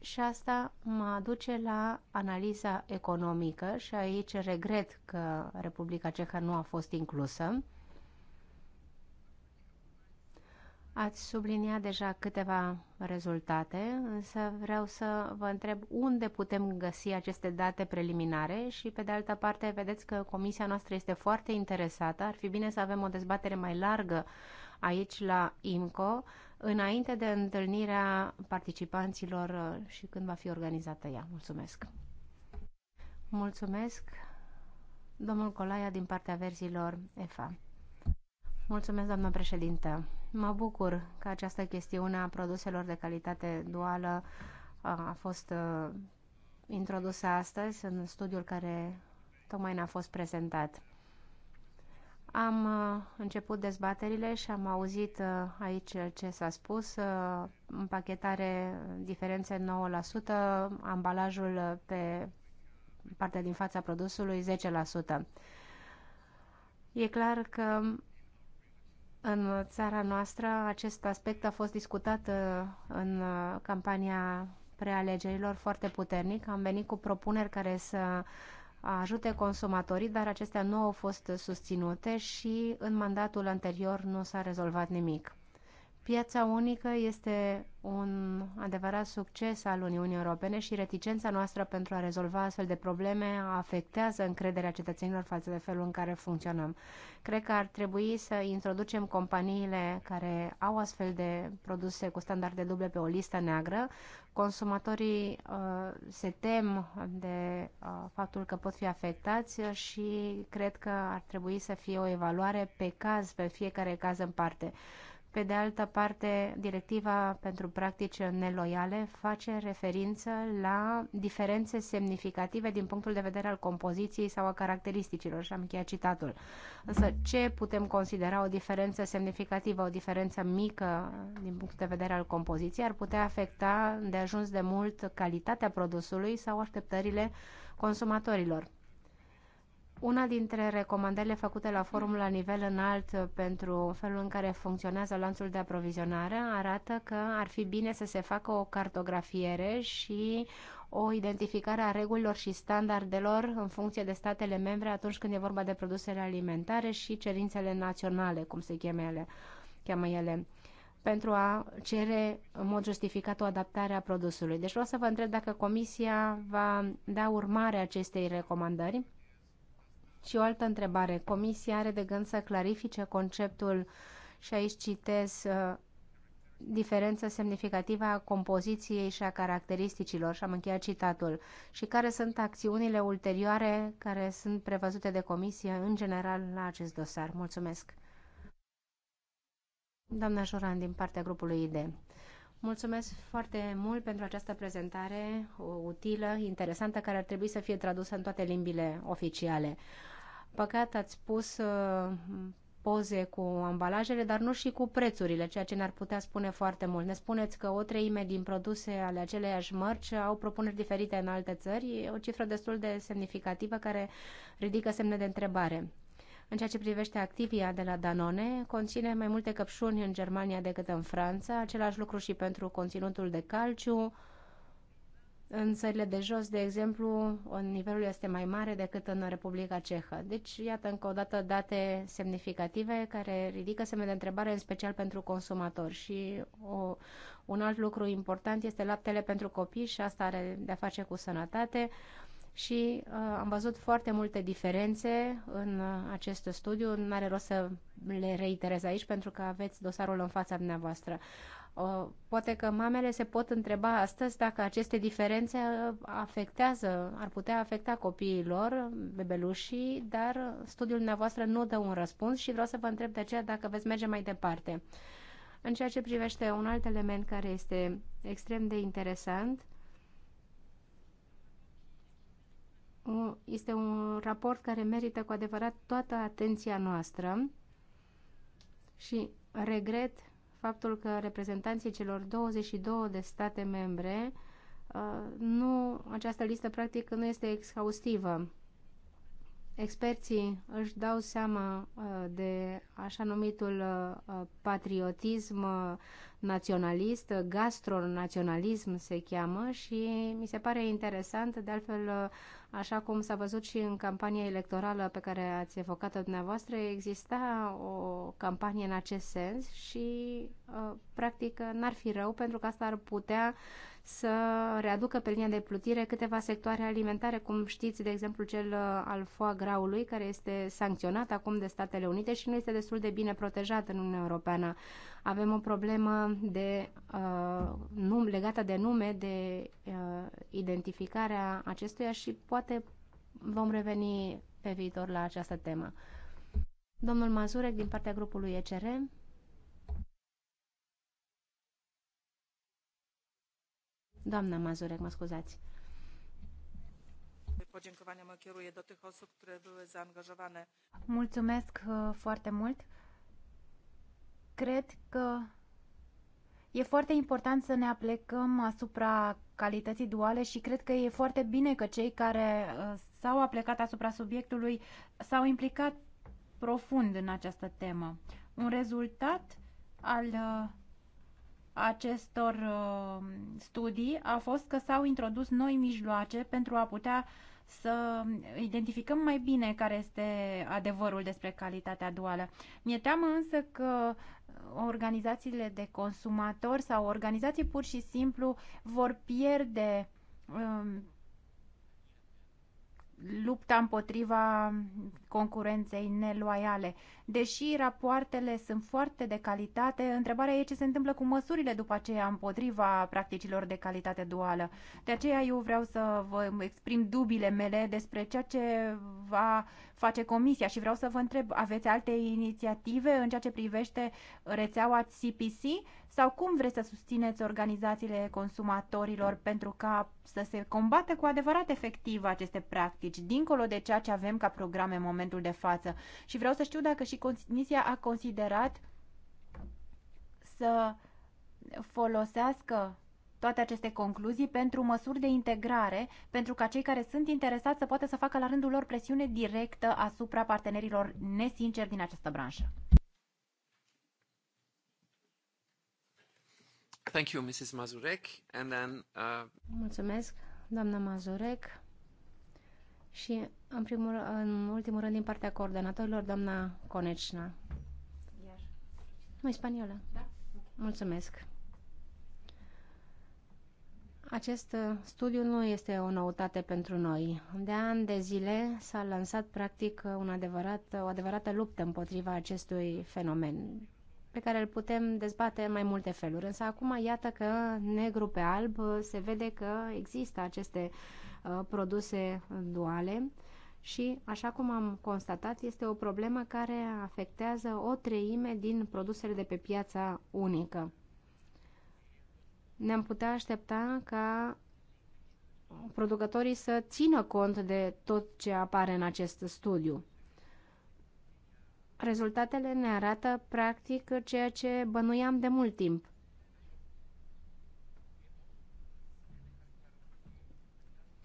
Și asta mă aduce la analiza economică și aici regret că Republica Cehă nu a fost inclusă. Ați subliniat deja câteva rezultate, însă vreau să vă întreb unde putem găsi aceste date preliminare și, pe de altă parte, vedeți că comisia noastră este foarte interesată. Ar fi bine să avem o dezbatere mai largă aici la IMCO, înainte de întâlnirea participanților și când va fi organizată ea. Mulțumesc! Mulțumesc, domnul Colaia, din partea verzilor EFA. Mulțumesc, doamnă președintă! Mă bucur că această chestiune a produselor de calitate duală uh, a fost uh, introdusă astăzi în studiul care tocmai ne-a fost prezentat. Am uh, început dezbaterile și am auzit aici ce s-a spus. Împachetare diferențe 9%, ambalajul pe partea din fața produsului 10%. E clar că în țara noastră acest aspect a fost discutat uh, în uh, campania prealegerilor foarte puternic. Am venit cu propuneri care să ajute consumatorii, dar acestea nu au fost susținute și în mandatul anterior nu s-a rezolvat nimic. Piața unică este un adevărat succes al Uniunii Europene și reticența noastră pentru a rezolva astfel de probleme afectează încrederea cetățenilor față de felul în care funcționăm. Cred că ar trebui să introducem companiile care au astfel de produse cu standarde duble pe o listă neagră. Consumatorii uh, se tem de uh, faptul că pot fi afectați și cred că ar trebui să fie o evaluare pe caz, pe fiecare caz în parte. Uh, pe de altă parte, directiva pentru practici neloiale face referință la diferențe semnificative din punctul de vedere al compoziției sau a caracteristicilor și am încheiat citatul. Însă ce putem considera o diferență semnificativă, o diferență mică din punct de vedere al compoziției ar putea afecta de ajuns de mult calitatea produsului sau așteptările consumatorilor. Una dintre recomandările făcute la forum la nivel înalt pentru felul în care funcționează lanțul de aprovizionare arată că ar fi bine să se facă o cartografiere și o identificare a regulilor și standardelor în funcție de statele membre atunci când e vorba de produsele alimentare și cerințele naționale, cum se cheme ele, cheamă ele pentru a cere în mod justificat o adaptare a produsului. Deci vreau să vă întreb dacă Comisia va da urmare acestei recomandări și o altă întrebare. Comisia are de gând să clarifice conceptul, și aici citez, uh, diferență semnificativă a compoziției și a caracteristicilor, și am încheiat citatul, și care sunt acțiunile ulterioare care sunt prevăzute de comisie în general la acest dosar. Mulțumesc. Doamna Joran, din partea grupului ID. Mulțumesc foarte mult pentru această prezentare utilă, interesantă, care ar trebui să fie tradusă în toate limbile oficiale. Păcat ați pus uh, poze cu ambalajele, dar nu și cu prețurile, ceea ce ne-ar putea spune foarte mult. Ne spuneți că o treime din produse ale aceleiași mărci au propuneri diferite în alte țări. E o cifră destul de semnificativă care ridică semne de întrebare. În ceea ce privește Activia de la Danone, conține mai multe căpșuni în Germania decât în Franța, același lucru și pentru conținutul de calciu, în țările de jos, de exemplu, nivelul este mai mare decât în Republica Cehă. Deci, iată încă o dată date semnificative care ridică semne de întrebare, în special pentru consumatori. Și o, un alt lucru important este laptele pentru copii și asta are de-a face cu sănătate. Și uh, am văzut foarte multe diferențe în uh, acest studiu. Nu are rost să le reiterez aici pentru că aveți dosarul în fața dumneavoastră. Uh, Uh, poate că mamele se pot întreba astăzi dacă aceste diferențe uh, afectează, ar putea afecta copiilor, bebelușii, dar studiul dumneavoastră nu dă un răspuns și vreau să vă întreb de aceea dacă veți merge mai departe. În ceea ce privește un alt element care este extrem de interesant, este un raport care merită cu adevărat toată atenția noastră și regret faptul că reprezentanții celor 22 de state membre uh, nu, această listă practic nu este exhaustivă. Experții își dau seama uh, de așa numitul uh, patriotism naționalist, gastronaționalism se cheamă și mi se pare interesant, de altfel Așa cum s-a văzut și în campania electorală pe care ați evocat-o dumneavoastră, exista o campanie în acest sens și, uh, practic, n-ar fi rău pentru că asta ar putea să readucă pe linia de plutire câteva sectoare alimentare, cum știți, de exemplu, cel uh, al foie graului, care este sancționat acum de Statele Unite și nu este destul de bine protejat în Uniunea Europeană. Avem o problemă de, uh, num, legată de nume, de uh, identificarea acestuia și poate vom reveni pe viitor la această temă. Domnul Mazurek, din partea grupului ECR. Doamna Mazurek, mă scuzați. Mulțumesc foarte mult. Cred că e foarte important să ne aplecăm asupra calității duale și cred că e foarte bine că cei care s-au aplecat asupra subiectului s-au implicat profund în această temă. Un rezultat al acestor uh, studii a fost că s-au introdus noi mijloace pentru a putea să identificăm mai bine care este adevărul despre calitatea duală. Mi-e teamă însă că organizațiile de consumatori sau organizații pur și simplu vor pierde um, lupta împotriva concurenței neloiale. Deși rapoartele sunt foarte de calitate, întrebarea e ce se întâmplă cu măsurile după aceea împotriva practicilor de calitate duală. De aceea eu vreau să vă exprim dubile mele despre ceea ce va face comisia și vreau să vă întreb, aveți alte inițiative în ceea ce privește rețeaua CPC sau cum vreți să susțineți organizațiile consumatorilor pentru ca să se combată cu adevărat efectiv aceste practici, dincolo de ceea ce avem ca programe momentan? momentul de față. Și vreau să știu dacă și Comisia a considerat să folosească toate aceste concluzii pentru măsuri de integrare, pentru ca cei care sunt interesați să poată să facă la rândul lor presiune directă asupra partenerilor nesinceri din această branșă. Thank you, Mrs. Mazurek. And then, uh... Mulțumesc, doamna Mazurek și în, primul, în ultimul rând din partea coordonatorilor, doamna Conecna. Nu, spaniolă. Da? Mulțumesc. Acest uh, studiu nu este o noutate pentru noi. De ani de zile s-a lansat practic uh, un adevărat, uh, o adevărată luptă împotriva acestui fenomen pe care îl putem dezbate în mai multe feluri. Însă acum iată că negru pe alb se vede că există aceste uh, Uh, produse duale și, așa cum am constatat, este o problemă care afectează o treime din produsele de pe piața unică. Ne-am putea aștepta ca producătorii să țină cont de tot ce apare în acest studiu. Rezultatele ne arată practic ceea ce bănuiam de mult timp.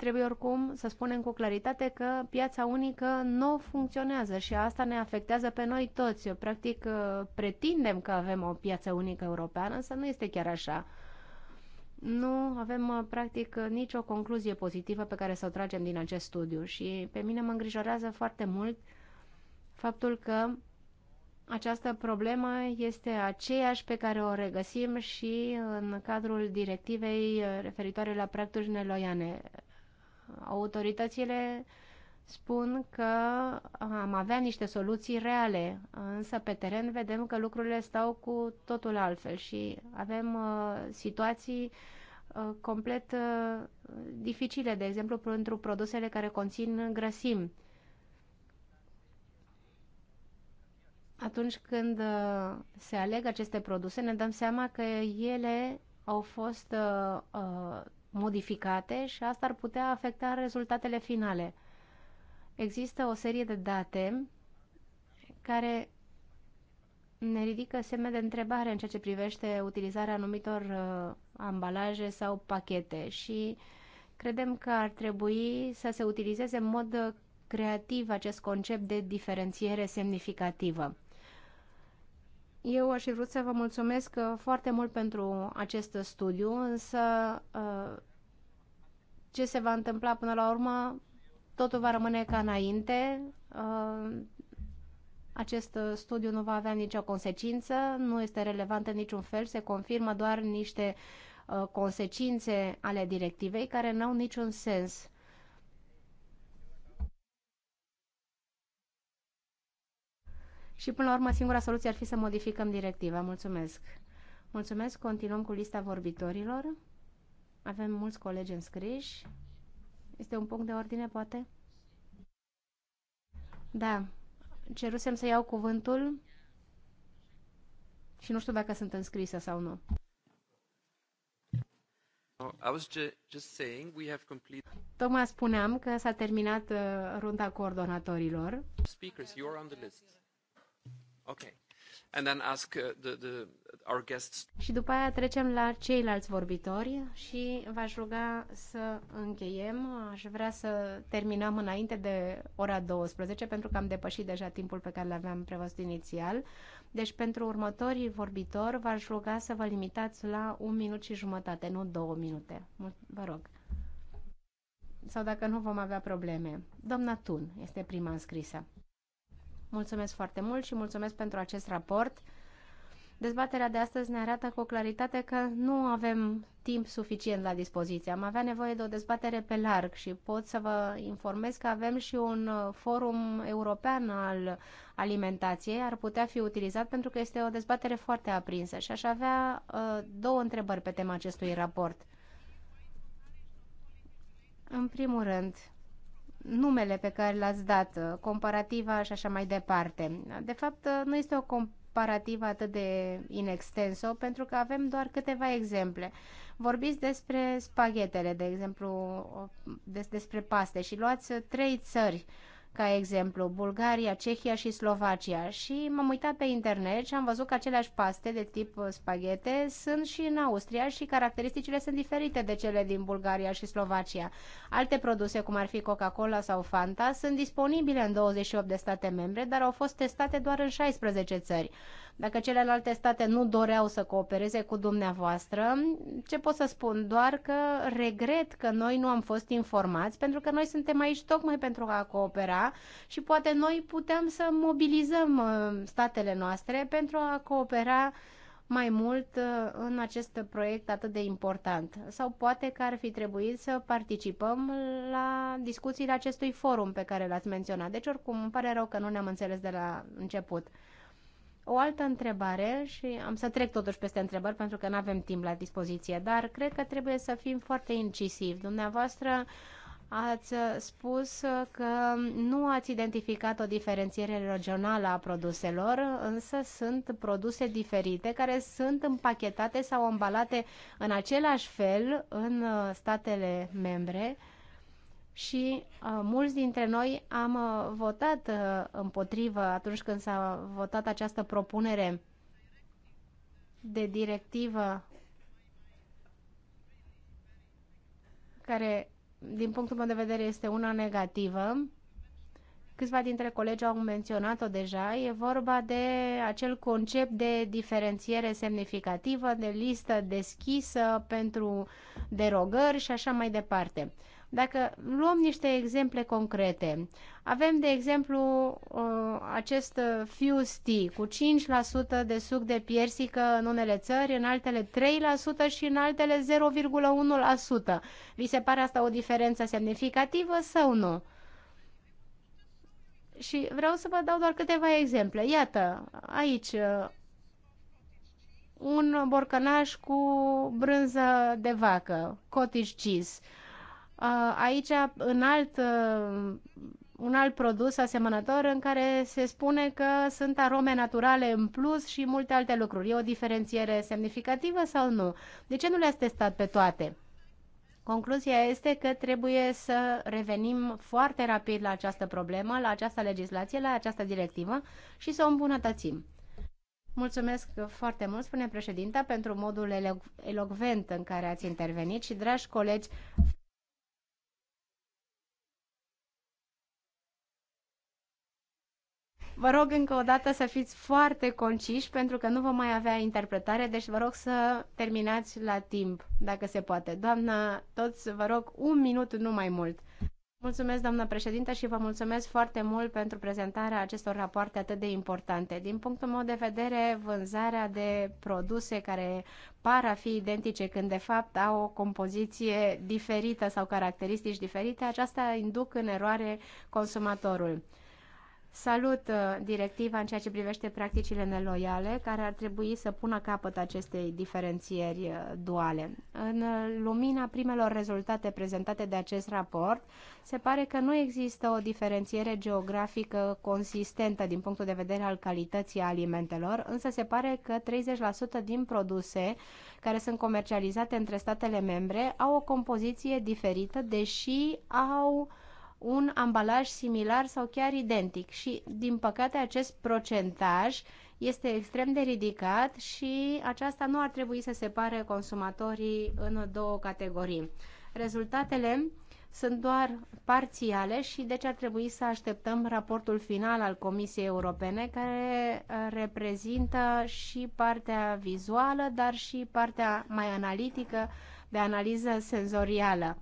Trebuie oricum să spunem cu claritate că piața unică nu funcționează și asta ne afectează pe noi toți. Eu, practic, uh, pretindem că avem o piață unică europeană, însă nu este chiar așa. Nu avem, uh, practic, nicio concluzie pozitivă pe care să o tragem din acest studiu și pe mine mă îngrijorează foarte mult faptul că această problemă este aceeași pe care o regăsim și în cadrul directivei referitoare la practici neloiale, Autoritățile spun că am avea niște soluții reale, însă pe teren vedem că lucrurile stau cu totul altfel și avem uh, situații uh, complet uh, dificile, de exemplu pentru produsele care conțin grăsimi. Atunci când uh, se aleg aceste produse, ne dăm seama că ele au fost uh, uh, modificate și asta ar putea afecta rezultatele finale. Există o serie de date care ne ridică semne de întrebare în ceea ce privește utilizarea anumitor uh, ambalaje sau pachete și credem că ar trebui să se utilizeze în mod creativ acest concept de diferențiere semnificativă. Eu aș fi vrut să vă mulțumesc uh, foarte mult pentru acest studiu, însă uh, ce se va întâmpla până la urmă, totul va rămâne ca înainte. Uh, acest studiu nu va avea nicio consecință, nu este relevant în niciun fel, se confirmă doar niște consecințe ale directivei care n-au niciun sens. Și până la urmă, singura soluție ar fi să modificăm directiva. Mulțumesc. Mulțumesc. Continuăm cu lista vorbitorilor. Avem mulți colegi înscriși. Este un punct de ordine, poate? Da. Cerusem să iau cuvântul și nu știu dacă sunt înscrisă sau nu. Tocmai spuneam că s-a terminat uh, runda coordonatorilor. Speakers, you're on the list. Ok. And then ask uh, the, the, our guests. Și după aia trecem la ceilalți vorbitori și v-aș ruga să încheiem. Aș vrea să terminăm înainte de ora 12 pentru că am depășit deja timpul pe care l-aveam prevăzut inițial. Deci pentru următorii vorbitori v-aș ruga să vă limitați la un minut și jumătate, nu două minute. Vă rog. Sau dacă nu vom avea probleme. Doamna Tun este prima înscrisă. Mulțumesc foarte mult și mulțumesc pentru acest raport. Dezbaterea de astăzi ne arată cu claritate că nu avem timp suficient la dispoziție. Am avea nevoie de o dezbatere pe larg și pot să vă informez că avem și un uh, forum european al alimentației. Ar putea fi utilizat pentru că este o dezbatere foarte aprinsă și aș avea uh, două întrebări pe tema acestui raport. În primul rând, numele pe care l-ați dat, uh, comparativa și așa mai departe. De fapt, uh, nu este o comparativă atât de inextenso, pentru că avem doar câteva exemple. Vorbiți despre spaghetele, de exemplu, uh, despre paste și luați trei țări. Uh, ca exemplu, Bulgaria, Cehia și Slovacia și m-am uitat pe internet și am văzut că aceleași paste de tip uh, spaghete sunt și în Austria și caracteristicile sunt diferite de cele din Bulgaria și Slovacia. Alte produse, cum ar fi Coca-Cola sau Fanta, sunt disponibile în 28 de state membre, dar au fost testate doar în 16 țări. Dacă celelalte state nu doreau să coopereze cu dumneavoastră, ce pot să spun? Doar că regret că noi nu am fost informați, pentru că noi suntem aici tocmai pentru a coopera și poate noi putem să mobilizăm uh, statele noastre pentru a coopera mai mult uh, în acest proiect atât de important. Sau poate că ar fi trebuit să participăm la discuțiile acestui forum pe care l-ați menționat. Deci, oricum, îmi pare rău că nu ne-am înțeles de la început. O altă întrebare și am să trec totuși peste întrebări pentru că nu avem timp la dispoziție, dar cred că trebuie să fim foarte incisivi. Dumneavoastră ați spus că nu ați identificat o diferențiere regională a produselor, însă sunt produse diferite care sunt împachetate sau ambalate în același fel în statele membre și uh, mulți dintre noi am uh, votat uh, împotrivă atunci când s-a votat această propunere de directivă care, din punctul meu de vedere, este una negativă. Câțiva dintre colegi au menționat-o deja. E vorba de acel concept de diferențiere semnificativă, de listă deschisă pentru derogări și așa mai departe. Uh, dacă luăm niște exemple concrete, avem, de exemplu, uh, acest fuse tea cu 5% de suc de piersică în unele țări, în altele 3% și în altele 0,1%. Vi se pare asta o diferență semnificativă sau nu? Și vreau să vă dau doar câteva exemple. Iată, aici uh, un borcănaș cu brânză de vacă, cottage cheese, Aici, în alt, un alt produs asemănător în care se spune că sunt arome naturale în plus și multe alte lucruri. E o diferențiere semnificativă sau nu? De ce nu le-ați testat pe toate? Concluzia este că trebuie să revenim foarte rapid la această problemă, la această legislație, la această directivă și să o îmbunătățim. Mulțumesc foarte mult, spune președinta, pentru modul elocvent în care ați intervenit și, dragi colegi, Vă rog încă o dată să fiți foarte conciși pentru că nu vom mai avea interpretare, deci vă rog să terminați la timp, dacă se poate. Doamna, toți vă rog un minut, nu mai mult. Mulțumesc, doamnă președintă, și vă mulțumesc foarte mult pentru prezentarea acestor rapoarte atât de importante. Din punctul meu de vedere, vânzarea de produse care par a fi identice când de fapt au o compoziție diferită sau caracteristici diferite, aceasta induc în eroare consumatorul. Salut uh, directiva în ceea ce privește practicile neloiale, care ar trebui să pună capăt acestei diferențieri uh, duale. În uh, lumina primelor rezultate prezentate de acest raport, se pare că nu există o diferențiere geografică consistentă din punctul de vedere al calității alimentelor, însă se pare că 30% din produse care sunt comercializate între statele membre au o compoziție diferită, deși au uh, un ambalaj similar sau chiar identic și, din păcate, acest procentaj este extrem de ridicat și aceasta nu ar trebui să separe consumatorii în două categorii. Rezultatele sunt doar parțiale și deci ar trebui să așteptăm raportul final al Comisiei Europene care uh, reprezintă și partea vizuală, dar și partea mai analitică de analiză senzorială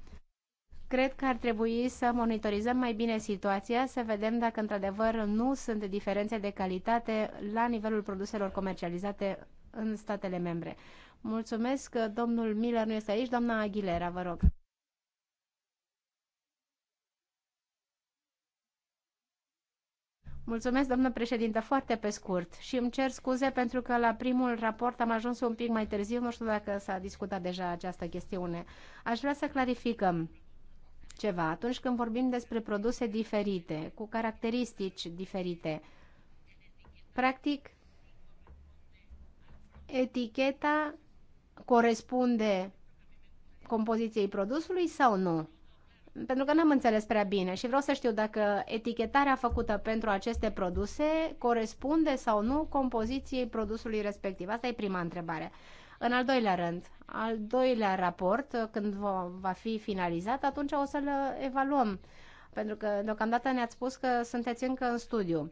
cred că ar trebui să monitorizăm mai bine situația, să vedem dacă într-adevăr nu sunt diferențe de calitate la nivelul produselor comercializate în statele membre. Mulțumesc, domnul Miller nu este aici, doamna Aguilera, vă rog. Mulțumesc, doamnă președintă, foarte pe scurt și îmi cer scuze pentru că la primul raport am ajuns un pic mai târziu, nu știu dacă s-a discutat deja această chestiune. Aș vrea să clarificăm ceva. Atunci când vorbim despre produse diferite, cu caracteristici diferite, practic, eticheta corespunde compoziției produsului sau nu? Pentru că n-am înțeles prea bine și vreau să știu dacă etichetarea făcută pentru aceste produse corespunde sau nu compoziției produsului respectiv. Asta e prima întrebare. În al doilea rând, al doilea raport, când va fi finalizat, atunci o să-l evaluăm, pentru că deocamdată ne-ați spus că sunteți încă în studiu.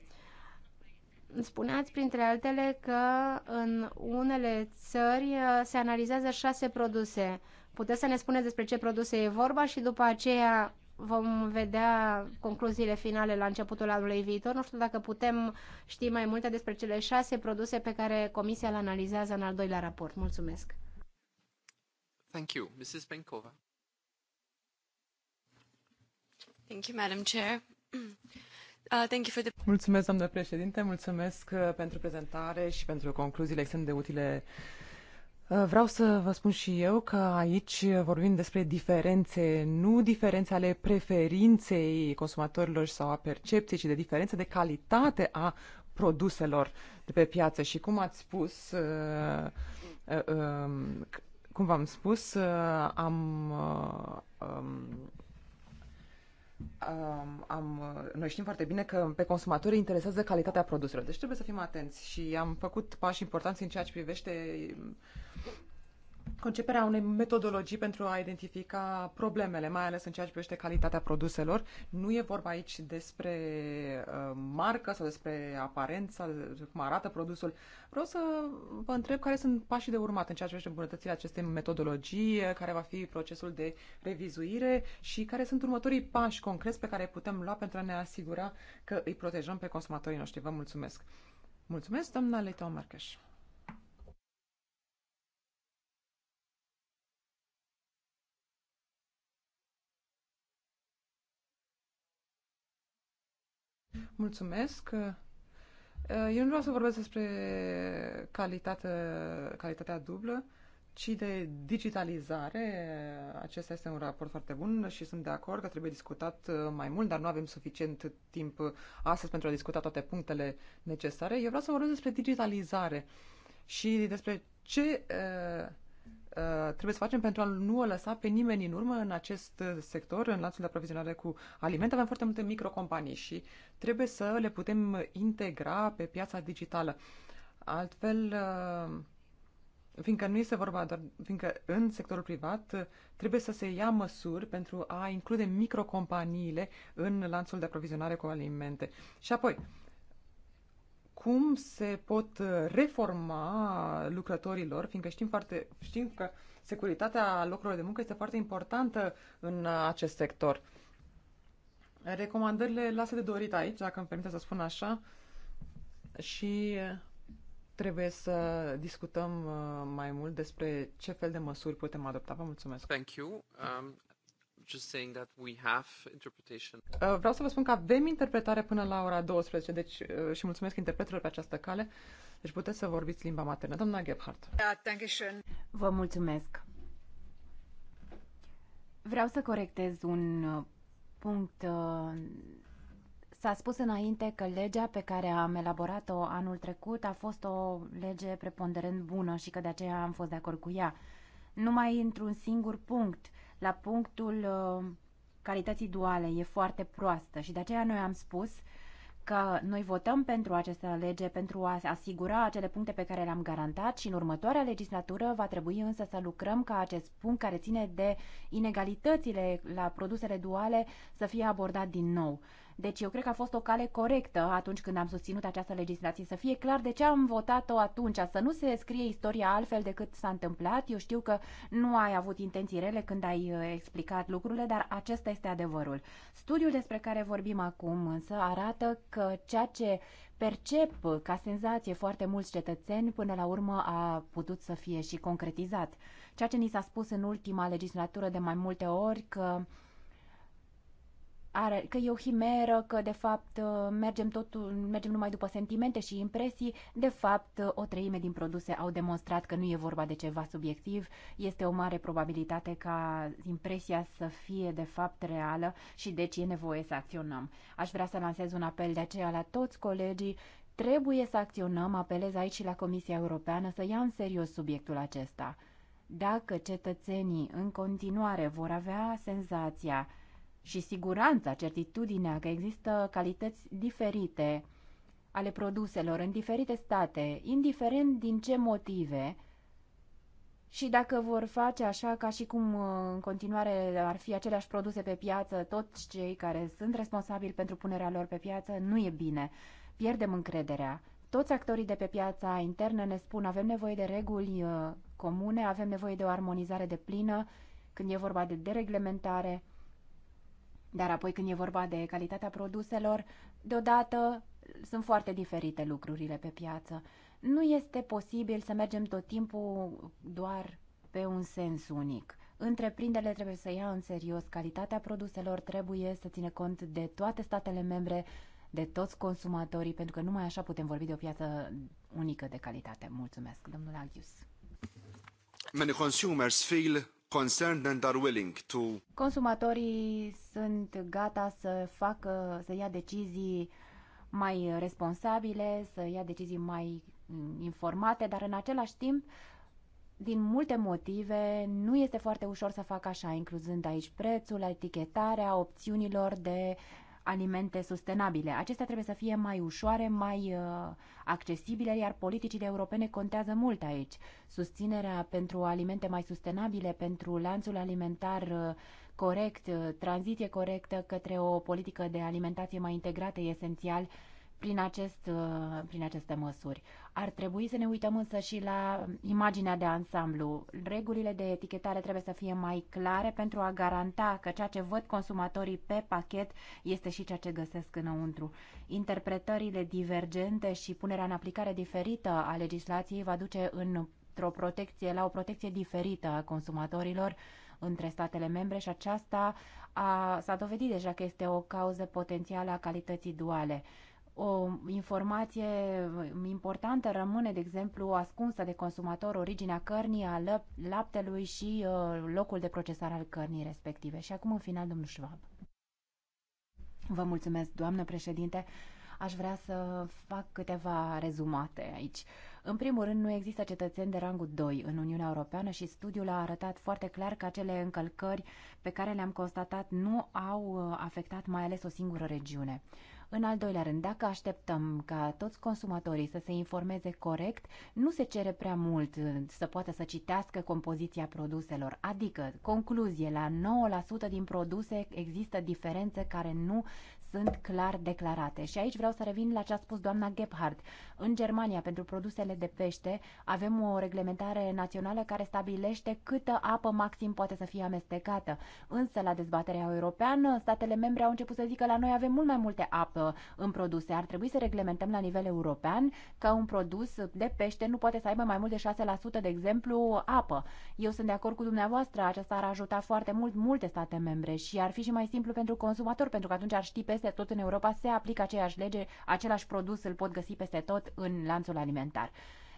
Spuneați, printre altele, că în unele țări uh, se analizează șase produse. Puteți să ne spuneți despre ce produse e vorba și după aceea vom vedea concluziile finale la începutul anului viitor. Nu știu dacă putem ști mai multe despre cele șase produse pe care Comisia le analizează în al doilea raport. Mulțumesc! Thank you. Mrs. Benkova. Thank you, Madam Chair. Uh, mulțumesc, doamnă președinte, mulțumesc uh, pentru prezentare și pentru concluziile extrem de utile Uh, vreau să vă spun și eu că aici vorbim despre diferențe, nu diferențe ale preferinței consumatorilor sau a percepției, ci de diferențe de calitate a produselor de pe piață. Și cum ați spus, uh, uh, um, cum v-am spus, am um, um, am, noi știm foarte bine că pe consumatori interesează calitatea produselor, deci trebuie să fim atenți și am făcut pași importanți în ceea ce privește conceperea unei metodologii pentru a identifica problemele, mai ales în ceea ce privește calitatea produselor. Nu e vorba aici despre uh, marcă sau despre aparența, cum arată produsul. Vreau să vă întreb care sunt pașii de urmat în ceea ce privește îmbunătățirea acestei metodologii, care va fi procesul de revizuire și care sunt următorii pași concreți pe care putem lua pentru a ne asigura că îi protejăm pe consumatorii noștri. Vă mulțumesc! Mulțumesc, doamna Leitao Marcheș! Mulțumesc. Uh, eu nu vreau să vorbesc despre calitate, calitatea dublă, ci de digitalizare. Acesta este un raport foarte bun și sunt de acord că trebuie discutat uh, mai mult, dar nu avem suficient timp astăzi pentru a discuta toate punctele necesare. Eu vreau să vorbesc despre digitalizare și despre ce uh, Uh, trebuie să facem pentru a nu lăsa pe nimeni în urmă în acest sector, în lanțul de aprovizionare cu alimente. Avem foarte multe microcompanii și trebuie să le putem integra pe piața digitală. Altfel, uh, fiindcă nu este vorba doar, fiindcă în sectorul privat uh, trebuie să se ia măsuri pentru a include microcompaniile în lanțul de aprovizionare cu alimente. Și apoi, cum se pot uh, reforma lucrătorilor, fiindcă știm, foarte, știm că securitatea locurilor de muncă este foarte importantă în uh, acest sector. Recomandările lasă de dorit aici, dacă îmi permite să spun așa, și uh, trebuie să discutăm mai mult despre ce fel de măsuri putem adopta. Vă mulțumesc. Thank you. Um, just saying that we have interpretation. Uh, vreau să vă spun că avem interpretare până la ora 12, deci uh, și mulțumesc interpretelor pe această cale. Deci puteți să vorbiți limba maternă. Doamna Gebhardt. Da, vă mulțumesc. Vreau să corectez un uh, punct. S-a spus înainte că legea pe care am elaborat-o anul trecut a fost o lege preponderent bună și că de aceea am fost de acord cu ea. Numai într-un singur punct la punctul uh, calității duale e foarte proastă și de aceea noi am spus că noi votăm pentru această lege pentru a asigura acele puncte pe care le-am garantat și în următoarea legislatură va trebui însă să lucrăm ca acest punct care ține de inegalitățile la produsele duale să fie abordat din nou. Deci eu cred că a fost o cale corectă atunci când am susținut această legislație, să fie clar de ce am votat-o atunci, să nu se scrie istoria altfel decât s-a întâmplat. Eu știu că nu ai avut intenții rele când ai uh, explicat lucrurile, dar acesta este adevărul. Studiul despre care vorbim acum însă arată că ceea ce percep ca senzație foarte mulți cetățeni, până la urmă a putut să fie și concretizat. Ceea ce ni s-a spus în ultima legislatură de mai multe ori că are, că e o himeră, că de fapt uh, mergem, totul, mergem numai după sentimente și impresii, de fapt uh, o treime din produse au demonstrat că nu e vorba de ceva subiectiv, este o mare probabilitate ca impresia să fie de fapt reală și deci e nevoie să acționăm. Aș vrea să lansez un apel de aceea la toți colegii Trebuie să acționăm, apelez aici și la Comisia Europeană să ia în serios subiectul acesta. Dacă cetățenii în continuare vor avea senzația și siguranța, certitudinea că există calități diferite ale produselor în diferite state, indiferent din ce motive, și dacă vor face așa ca și cum uh, în continuare ar fi aceleași produse pe piață, toți cei care sunt responsabili pentru punerea lor pe piață, nu e bine. Pierdem încrederea. Toți actorii de pe piața internă ne spun avem nevoie de reguli uh, comune, avem nevoie de o armonizare de plină când e vorba de dereglementare dar apoi când e vorba de calitatea produselor, deodată sunt foarte diferite lucrurile pe piață. Nu este posibil să mergem tot timpul doar pe un sens unic. Întreprinderile trebuie să ia în serios calitatea produselor, trebuie să ține cont de toate statele membre, de toți consumatorii, pentru că numai așa putem vorbi de o piață unică de calitate. Mulțumesc, domnule Agius. Many consumers feel concerned and are willing to... Consumatorii sunt gata să facă, să ia decizii mai responsabile, să ia decizii mai informate, dar în același timp, din multe motive, nu este foarte ușor să facă așa, incluzând aici prețul, etichetarea opțiunilor de alimente sustenabile. Acestea trebuie să fie mai ușoare, mai uh, accesibile, iar politicile europene contează mult aici. Susținerea pentru alimente mai sustenabile, pentru lanțul alimentar uh, corect, uh, tranziție corectă către o politică de alimentație mai integrată e esențial prin, acest, uh, prin aceste măsuri. Ar trebui să ne uităm însă și la imaginea de ansamblu. Regulile de etichetare trebuie să fie mai clare pentru a garanta că ceea ce văd consumatorii pe pachet este și ceea ce găsesc înăuntru. Interpretările divergente și punerea în aplicare diferită a legislației va duce în o protecție, la o protecție diferită a consumatorilor între statele membre și aceasta s-a dovedit deja că este o cauză potențială a calității duale o informație importantă rămâne, de exemplu, ascunsă de consumator originea cărnii, a laptelui și uh, locul de procesare al cărnii respective. Și acum, în final, domnul Schwab. Vă mulțumesc, doamnă președinte. Aș vrea să fac câteva rezumate aici. În primul rând, nu există cetățeni de rangul 2 în Uniunea Europeană și studiul a arătat foarte clar că acele încălcări pe care le-am constatat nu au uh, afectat mai ales o singură regiune. În al doilea rând, dacă așteptăm ca toți consumatorii să se informeze corect, nu se cere prea mult uh, să poată să citească compoziția produselor. Adică, concluzie, la 9% din produse există diferențe care nu sunt clar declarate. Și aici vreau să revin la ce a spus doamna Gebhardt. În Germania, pentru produsele de pește, avem o reglementare națională care stabilește câtă apă maxim poate să fie amestecată. Însă, la dezbaterea europeană, statele membre au început să zică la noi avem mult mai multe apă în produse. Ar trebui să reglementăm la nivel european că un produs de pește nu poate să aibă mai mult de 6%, de exemplu, apă. Eu sunt de acord cu dumneavoastră, aceasta ar ajuta foarte mult multe state membre și ar fi și mai simplu pentru consumator, pentru că atunci ar ști pe peste tot în Europa se aplică aceeași lege, același produs îl pot găsi peste tot în lanțul alimentar.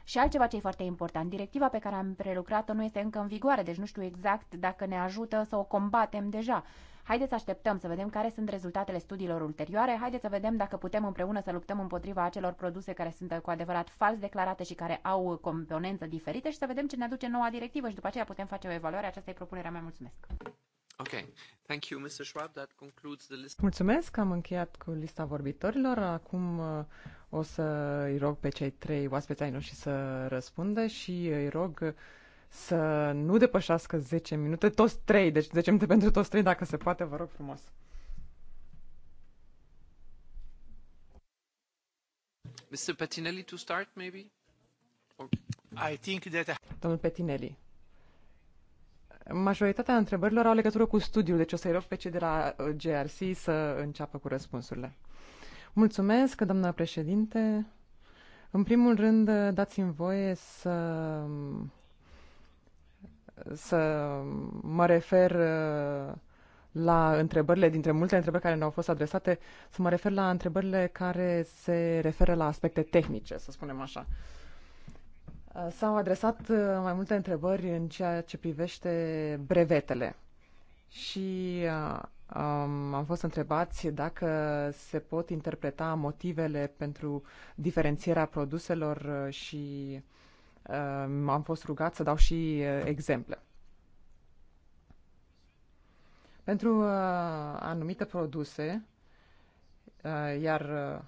Și altceva ce e foarte important, directiva pe care am prelucrat-o nu este încă în vigoare, deci nu știu exact dacă ne ajută să o combatem deja. Haideți să așteptăm să vedem care sunt rezultatele studiilor ulterioare, haideți să vedem dacă putem împreună să luptăm împotriva acelor produse care sunt cu adevărat fals declarate și care au componență diferită și să vedem ce ne aduce noua directivă și după aceea putem face o evaluare. Aceasta e propunerea mea. Mulțumesc! Thank you, Mr. Schwab. That concludes the list. Mulțumesc, am încheiat cu lista vorbitorilor. Acum uh, o să îi rog pe cei trei oaspeți ai noștri să răspundă și îi rog să nu depășească 10 minute, toți trei, deci 10 minute pentru toți trei, dacă se poate, vă rog frumos. Mr. Petinelli to start, maybe? Or... I think that... Domnul Petinelli. Majoritatea întrebărilor au legătură cu studiul, deci o să-i rog pe cei de la uh, GRC să înceapă cu răspunsurile. Mulțumesc, doamna președinte. În primul rând, uh, dați-mi voie să um, să mă refer uh, la întrebările, dintre multe întrebări care ne-au fost adresate, să mă refer la întrebările care se referă la aspecte tehnice, să spunem așa. Uh, Uh, s-au adresat uh, mai multe întrebări în ceea ce privește brevetele și uh, um, am fost întrebați dacă se pot interpreta motivele pentru diferențierea produselor și um, am fost rugat să dau și exemple. Pentru uh, anumite produse, uh, iar uh,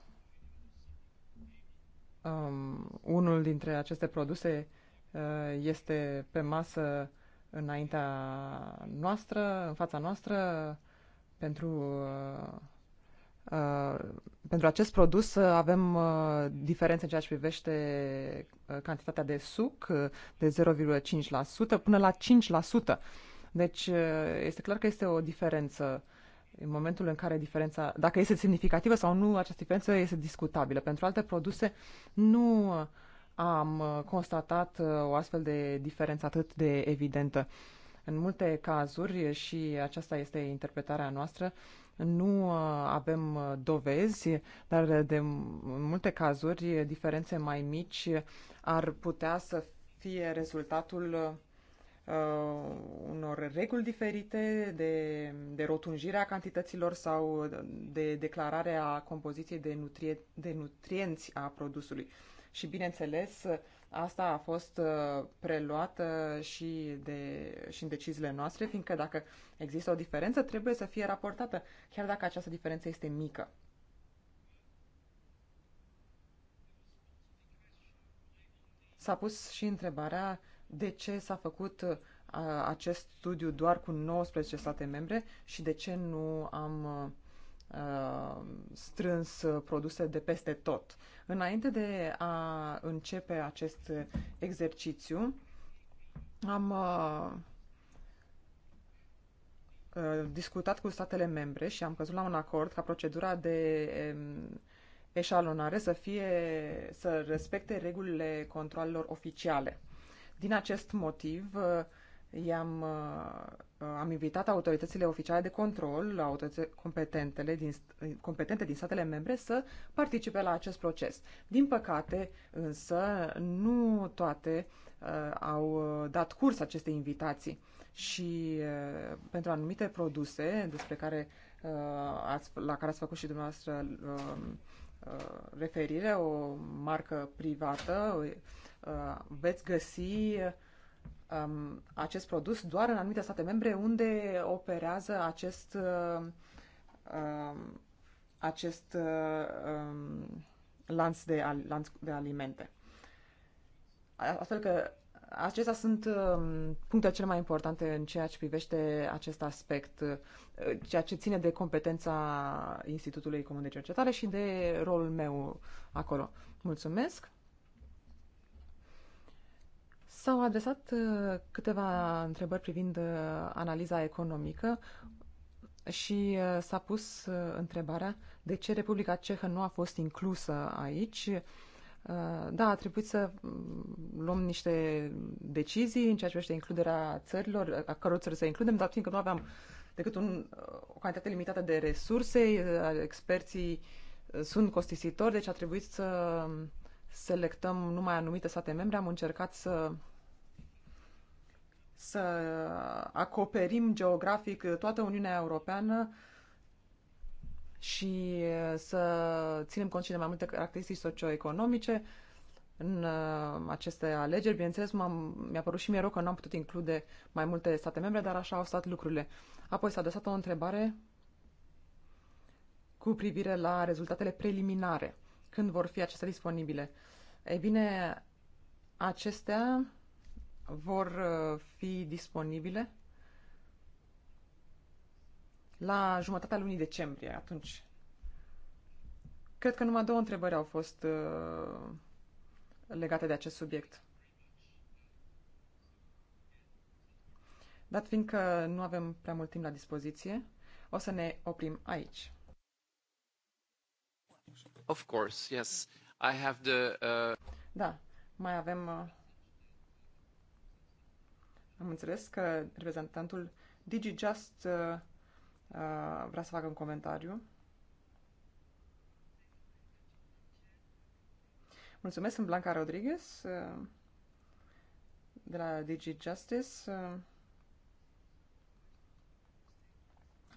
um, unul dintre aceste produse uh, este pe masă înaintea noastră, în fața noastră, pentru, uh, uh, pentru acest produs avem uh, diferențe în ceea ce privește uh, cantitatea de suc uh, de 0,5% până la 5%. Deci uh, este clar că este o diferență în momentul în care diferența, dacă este semnificativă sau nu, această diferență este discutabilă. Pentru alte produse nu am constatat uh, o astfel de diferență atât de evidentă. În multe cazuri, și aceasta este interpretarea noastră, nu uh, avem uh, dovezi, dar de multe cazuri diferențe mai mici ar putea să fie rezultatul uh, unor reguli diferite de, de rotunjire a cantităților sau de declarare a compoziției de, nutrie, de nutrienți a produsului. Și bineînțeles, asta a fost uh, preluată și, de, și în deciziile noastre, fiindcă dacă există o diferență, trebuie să fie raportată, chiar dacă această diferență este mică. S-a pus și întrebarea uh, de ce s-a făcut uh, acest studiu doar cu 19 state membre și de ce nu am uh, strâns uh, produse de peste tot. Înainte de a începe acest exercițiu, am discutat cu statele membre și am căzut la un acord ca procedura de um, eșalonare să fie să respecte regulile controlelor oficiale. Din acest motiv, uh, i-am uh, am invitat autoritățile oficiale de control, autoritățile competentele din, competente din statele membre să participe la acest proces. Din păcate, însă, nu toate uh, au dat curs aceste invitații și pentru anumite produse despre care ați, la care ați făcut și dumneavoastră referire, o marcă privată, Uh, veți găsi um, acest produs doar în anumite state membre unde operează acest, uh, um, acest uh, um, lanț de, lanț de alimente. Astfel că acestea sunt um, punctele cele mai importante în ceea ce privește acest aspect, ceea ce ține de competența Institutului Comun de Cercetare și de rolul meu acolo. Mulțumesc! S-au adresat uh, câteva întrebări privind uh, analiza economică și uh, s-a pus întrebarea de ce Republica Cehă nu a fost inclusă aici. Da, a trebuit să mm, luăm niște decizii în ceea ce privește includerea țărilor, a căror țări să includem, dar fiindcă nu aveam decât un, o cantitate limitată de resurse, experții sunt costisitori, deci a trebuit să mm, selectăm numai anumite state membre. Am încercat să să acoperim geografic toată Uniunea Europeană și să ținem cont și de mai multe caracteristici socioeconomice. În uh, aceste alegeri, bineînțeles, mi-a părut și mie rău că nu am putut include mai multe state membre, dar așa au stat lucrurile. Apoi s-a adresat o întrebare cu privire la rezultatele preliminare. Când vor fi acestea disponibile? Ei bine, acestea vor uh, fi disponibile la jumătatea lunii decembrie, atunci. Cred că numai două întrebări au fost uh, legate de acest subiect. Dat fiindcă nu avem prea mult timp la dispoziție, o să ne oprim aici. Of course, yes. I have the, uh... Da, mai avem uh, am înțeles că reprezentantul DigiJust uh, uh, vrea să facă un comentariu. Mulțumesc, sunt Blanca Rodriguez uh, de la DigiJustice. Uh,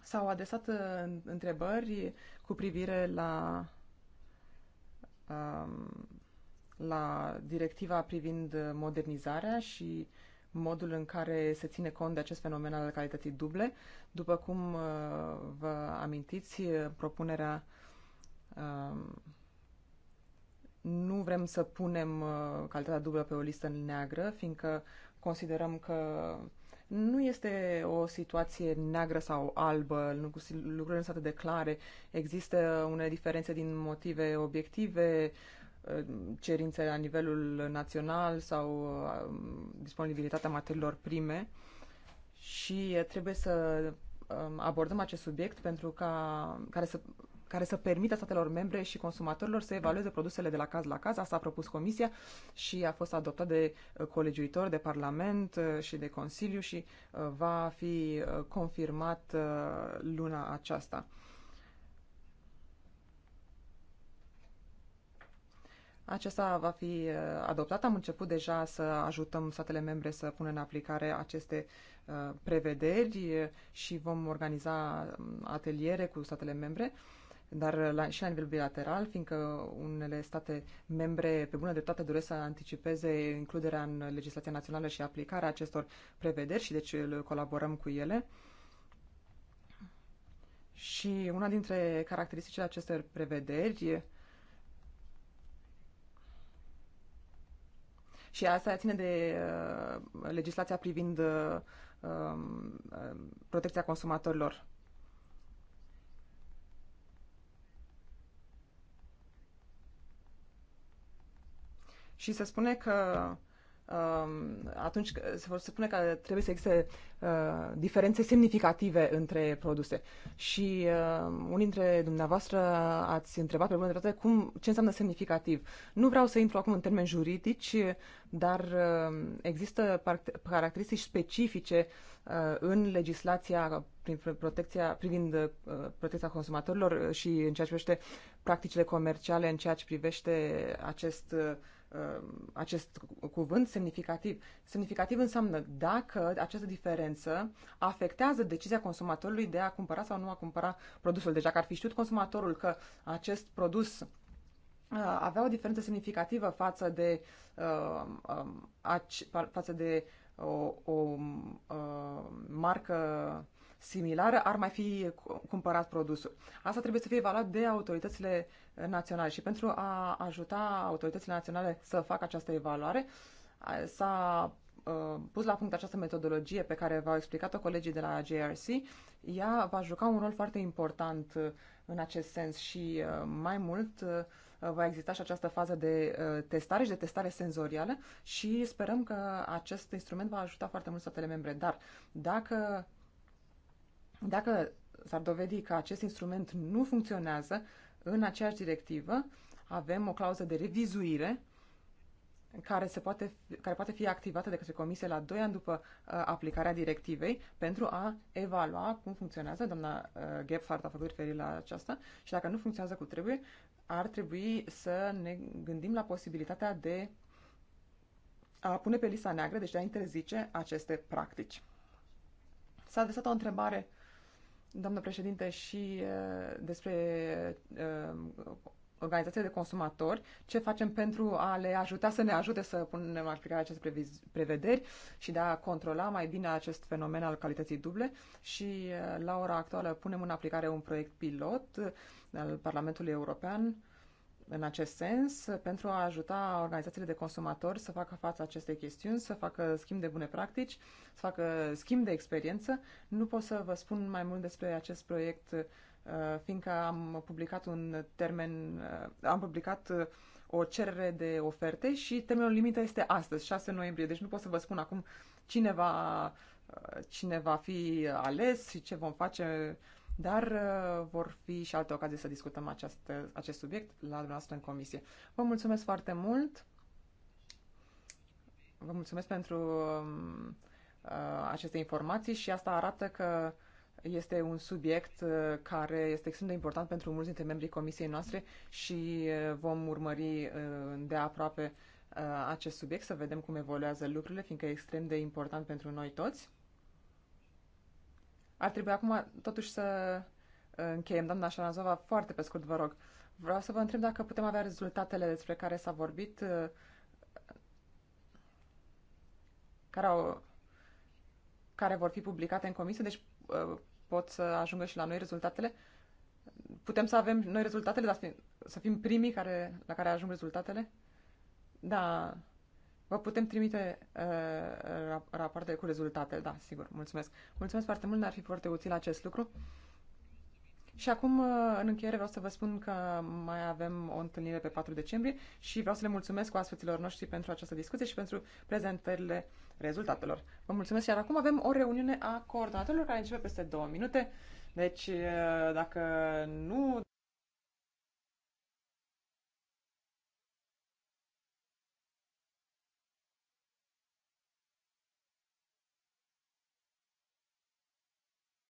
s-au adresat uh, întrebări cu privire la um, la directiva privind modernizarea și modul în care se ține cont de acest fenomen al calității duble. După cum uh, vă amintiți, uh, propunerea um, nu vrem să punem uh, calitatea dublă pe o listă neagră, fiindcă considerăm că nu este o situație neagră sau albă, lucrurile nu sunt atât de clare, există unele diferențe din motive obiective, cerințe la nivelul național sau um, disponibilitatea materiilor prime și eh, trebuie să um, abordăm acest subiect pentru ca, care să care să permită statelor membre și consumatorilor să evalueze produsele de la caz la caz. Asta a propus Comisia și a fost adoptat de eh, colegiuitor, de Parlament eh, și de Consiliu și va fi confirmat luna aceasta. Acesta va fi uh, adoptat. Am început deja să ajutăm statele membre să pună în aplicare aceste uh, prevederi uh, și vom organiza um, ateliere cu statele membre, dar la, și la nivel bilateral, fiindcă unele state membre, pe bună dreptate, doresc să anticipeze includerea în legislația națională și aplicarea acestor prevederi și deci colaborăm cu ele. Și una dintre caracteristicile acestor prevederi și asta ține de uh, legislația privind uh, um, uh, protecția consumatorilor. Și se spune că Um, atunci se vor spune că trebuie să existe uh, diferențe semnificative între produse. Și uh, unii dintre dumneavoastră ați întrebat pe bună dreptate cum, ce înseamnă semnificativ. Nu vreau să intru acum în termeni juridici, dar uh, există caracteristici specifice în legislația prin protecția, privind protecția consumatorilor și în ceea ce privește practicile comerciale, în ceea ce privește acest uh, Um, acest cuvânt semnificativ. Semnificativ înseamnă dacă această diferență afectează decizia consumatorului de a cumpăra sau nu a cumpăra produsul. Deci dacă ar fi știut consumatorul că acest produs uh, avea o diferență semnificativă față de, um, um, față de o, o o uh, marcă similară ar mai fi cumpărat produsul. Asta trebuie să fie evaluat de autoritățile naționale și pentru a ajuta autoritățile naționale să facă această evaluare, s-a ă, pus la punct această metodologie pe care v-au explicat-o colegii de la JRC, ea va juca un rol foarte important ă, în acest sens și ă, mai mult va exista și această fază de testare și de testare senzorială și sperăm că acest instrument va ajuta foarte mult statele membre. Dar dacă dacă s-ar dovedi că acest instrument nu funcționează în aceeași directivă, avem o clauză de revizuire care, se poate, care poate fi activată de către Comisie la 2 ani după uh, aplicarea directivei pentru a evalua cum funcționează. Doamna uh, Gephardt a făcut referire la aceasta și dacă nu funcționează cum trebuie, ar trebui să ne gândim la posibilitatea de a pune pe lista neagră, deci de a interzice aceste practici. S-a adresat o întrebare doamnă președinte, și despre organizațiile de consumatori, ce facem pentru a le ajuta să ne ajute să punem în aplicare aceste prevederi și de a controla mai bine acest fenomen al calității duble și la ora actuală punem în aplicare un proiect pilot al Parlamentului European în acest sens pentru a ajuta organizațiile de consumatori să facă față acestei chestiuni, să facă schimb de bune practici, să facă schimb de experiență. Nu pot să vă spun mai mult despre acest proiect, uh, fiindcă am publicat un termen, uh, am publicat uh, o cerere de oferte și termenul limită este astăzi, 6 noiembrie, deci nu pot să vă spun acum cine va, cine va fi ales și ce vom face dar uh, vor fi și alte ocazii să discutăm acest, acest subiect la dumneavoastră în comisie. Vă mulțumesc foarte mult! Vă mulțumesc pentru um, uh, aceste informații și asta arată că este un subiect uh, care este extrem de important pentru mulți dintre membrii comisiei noastre și uh, vom urmări de aproape acest subiect, să vedem cum evoluează lucrurile, fiindcă e extrem de important pentru noi toți. Ar trebui acum totuși să uh, încheiem, doamna Șanazova, foarte pe scurt, vă rog. Vreau să vă întreb dacă putem avea rezultatele despre care s-a vorbit, uh, care, au, care vor fi publicate în comisie, deci uh, pot să ajungă și la noi rezultatele. Putem să avem noi rezultatele, dar să fim primii care, la care ajung rezultatele? Da, Vă putem trimite uh, rapoarte cu rezultate, da, sigur, mulțumesc. Mulțumesc foarte mult, ar fi foarte util acest lucru. Și acum, uh, în încheiere, vreau să vă spun că mai avem o întâlnire pe 4 decembrie și vreau să le mulțumesc oaspeților noștri pentru această discuție și pentru prezentările rezultatelor. Vă mulțumesc, iar acum avem o reuniune a coordonatorilor care începe peste două minute. Deci, uh, dacă nu...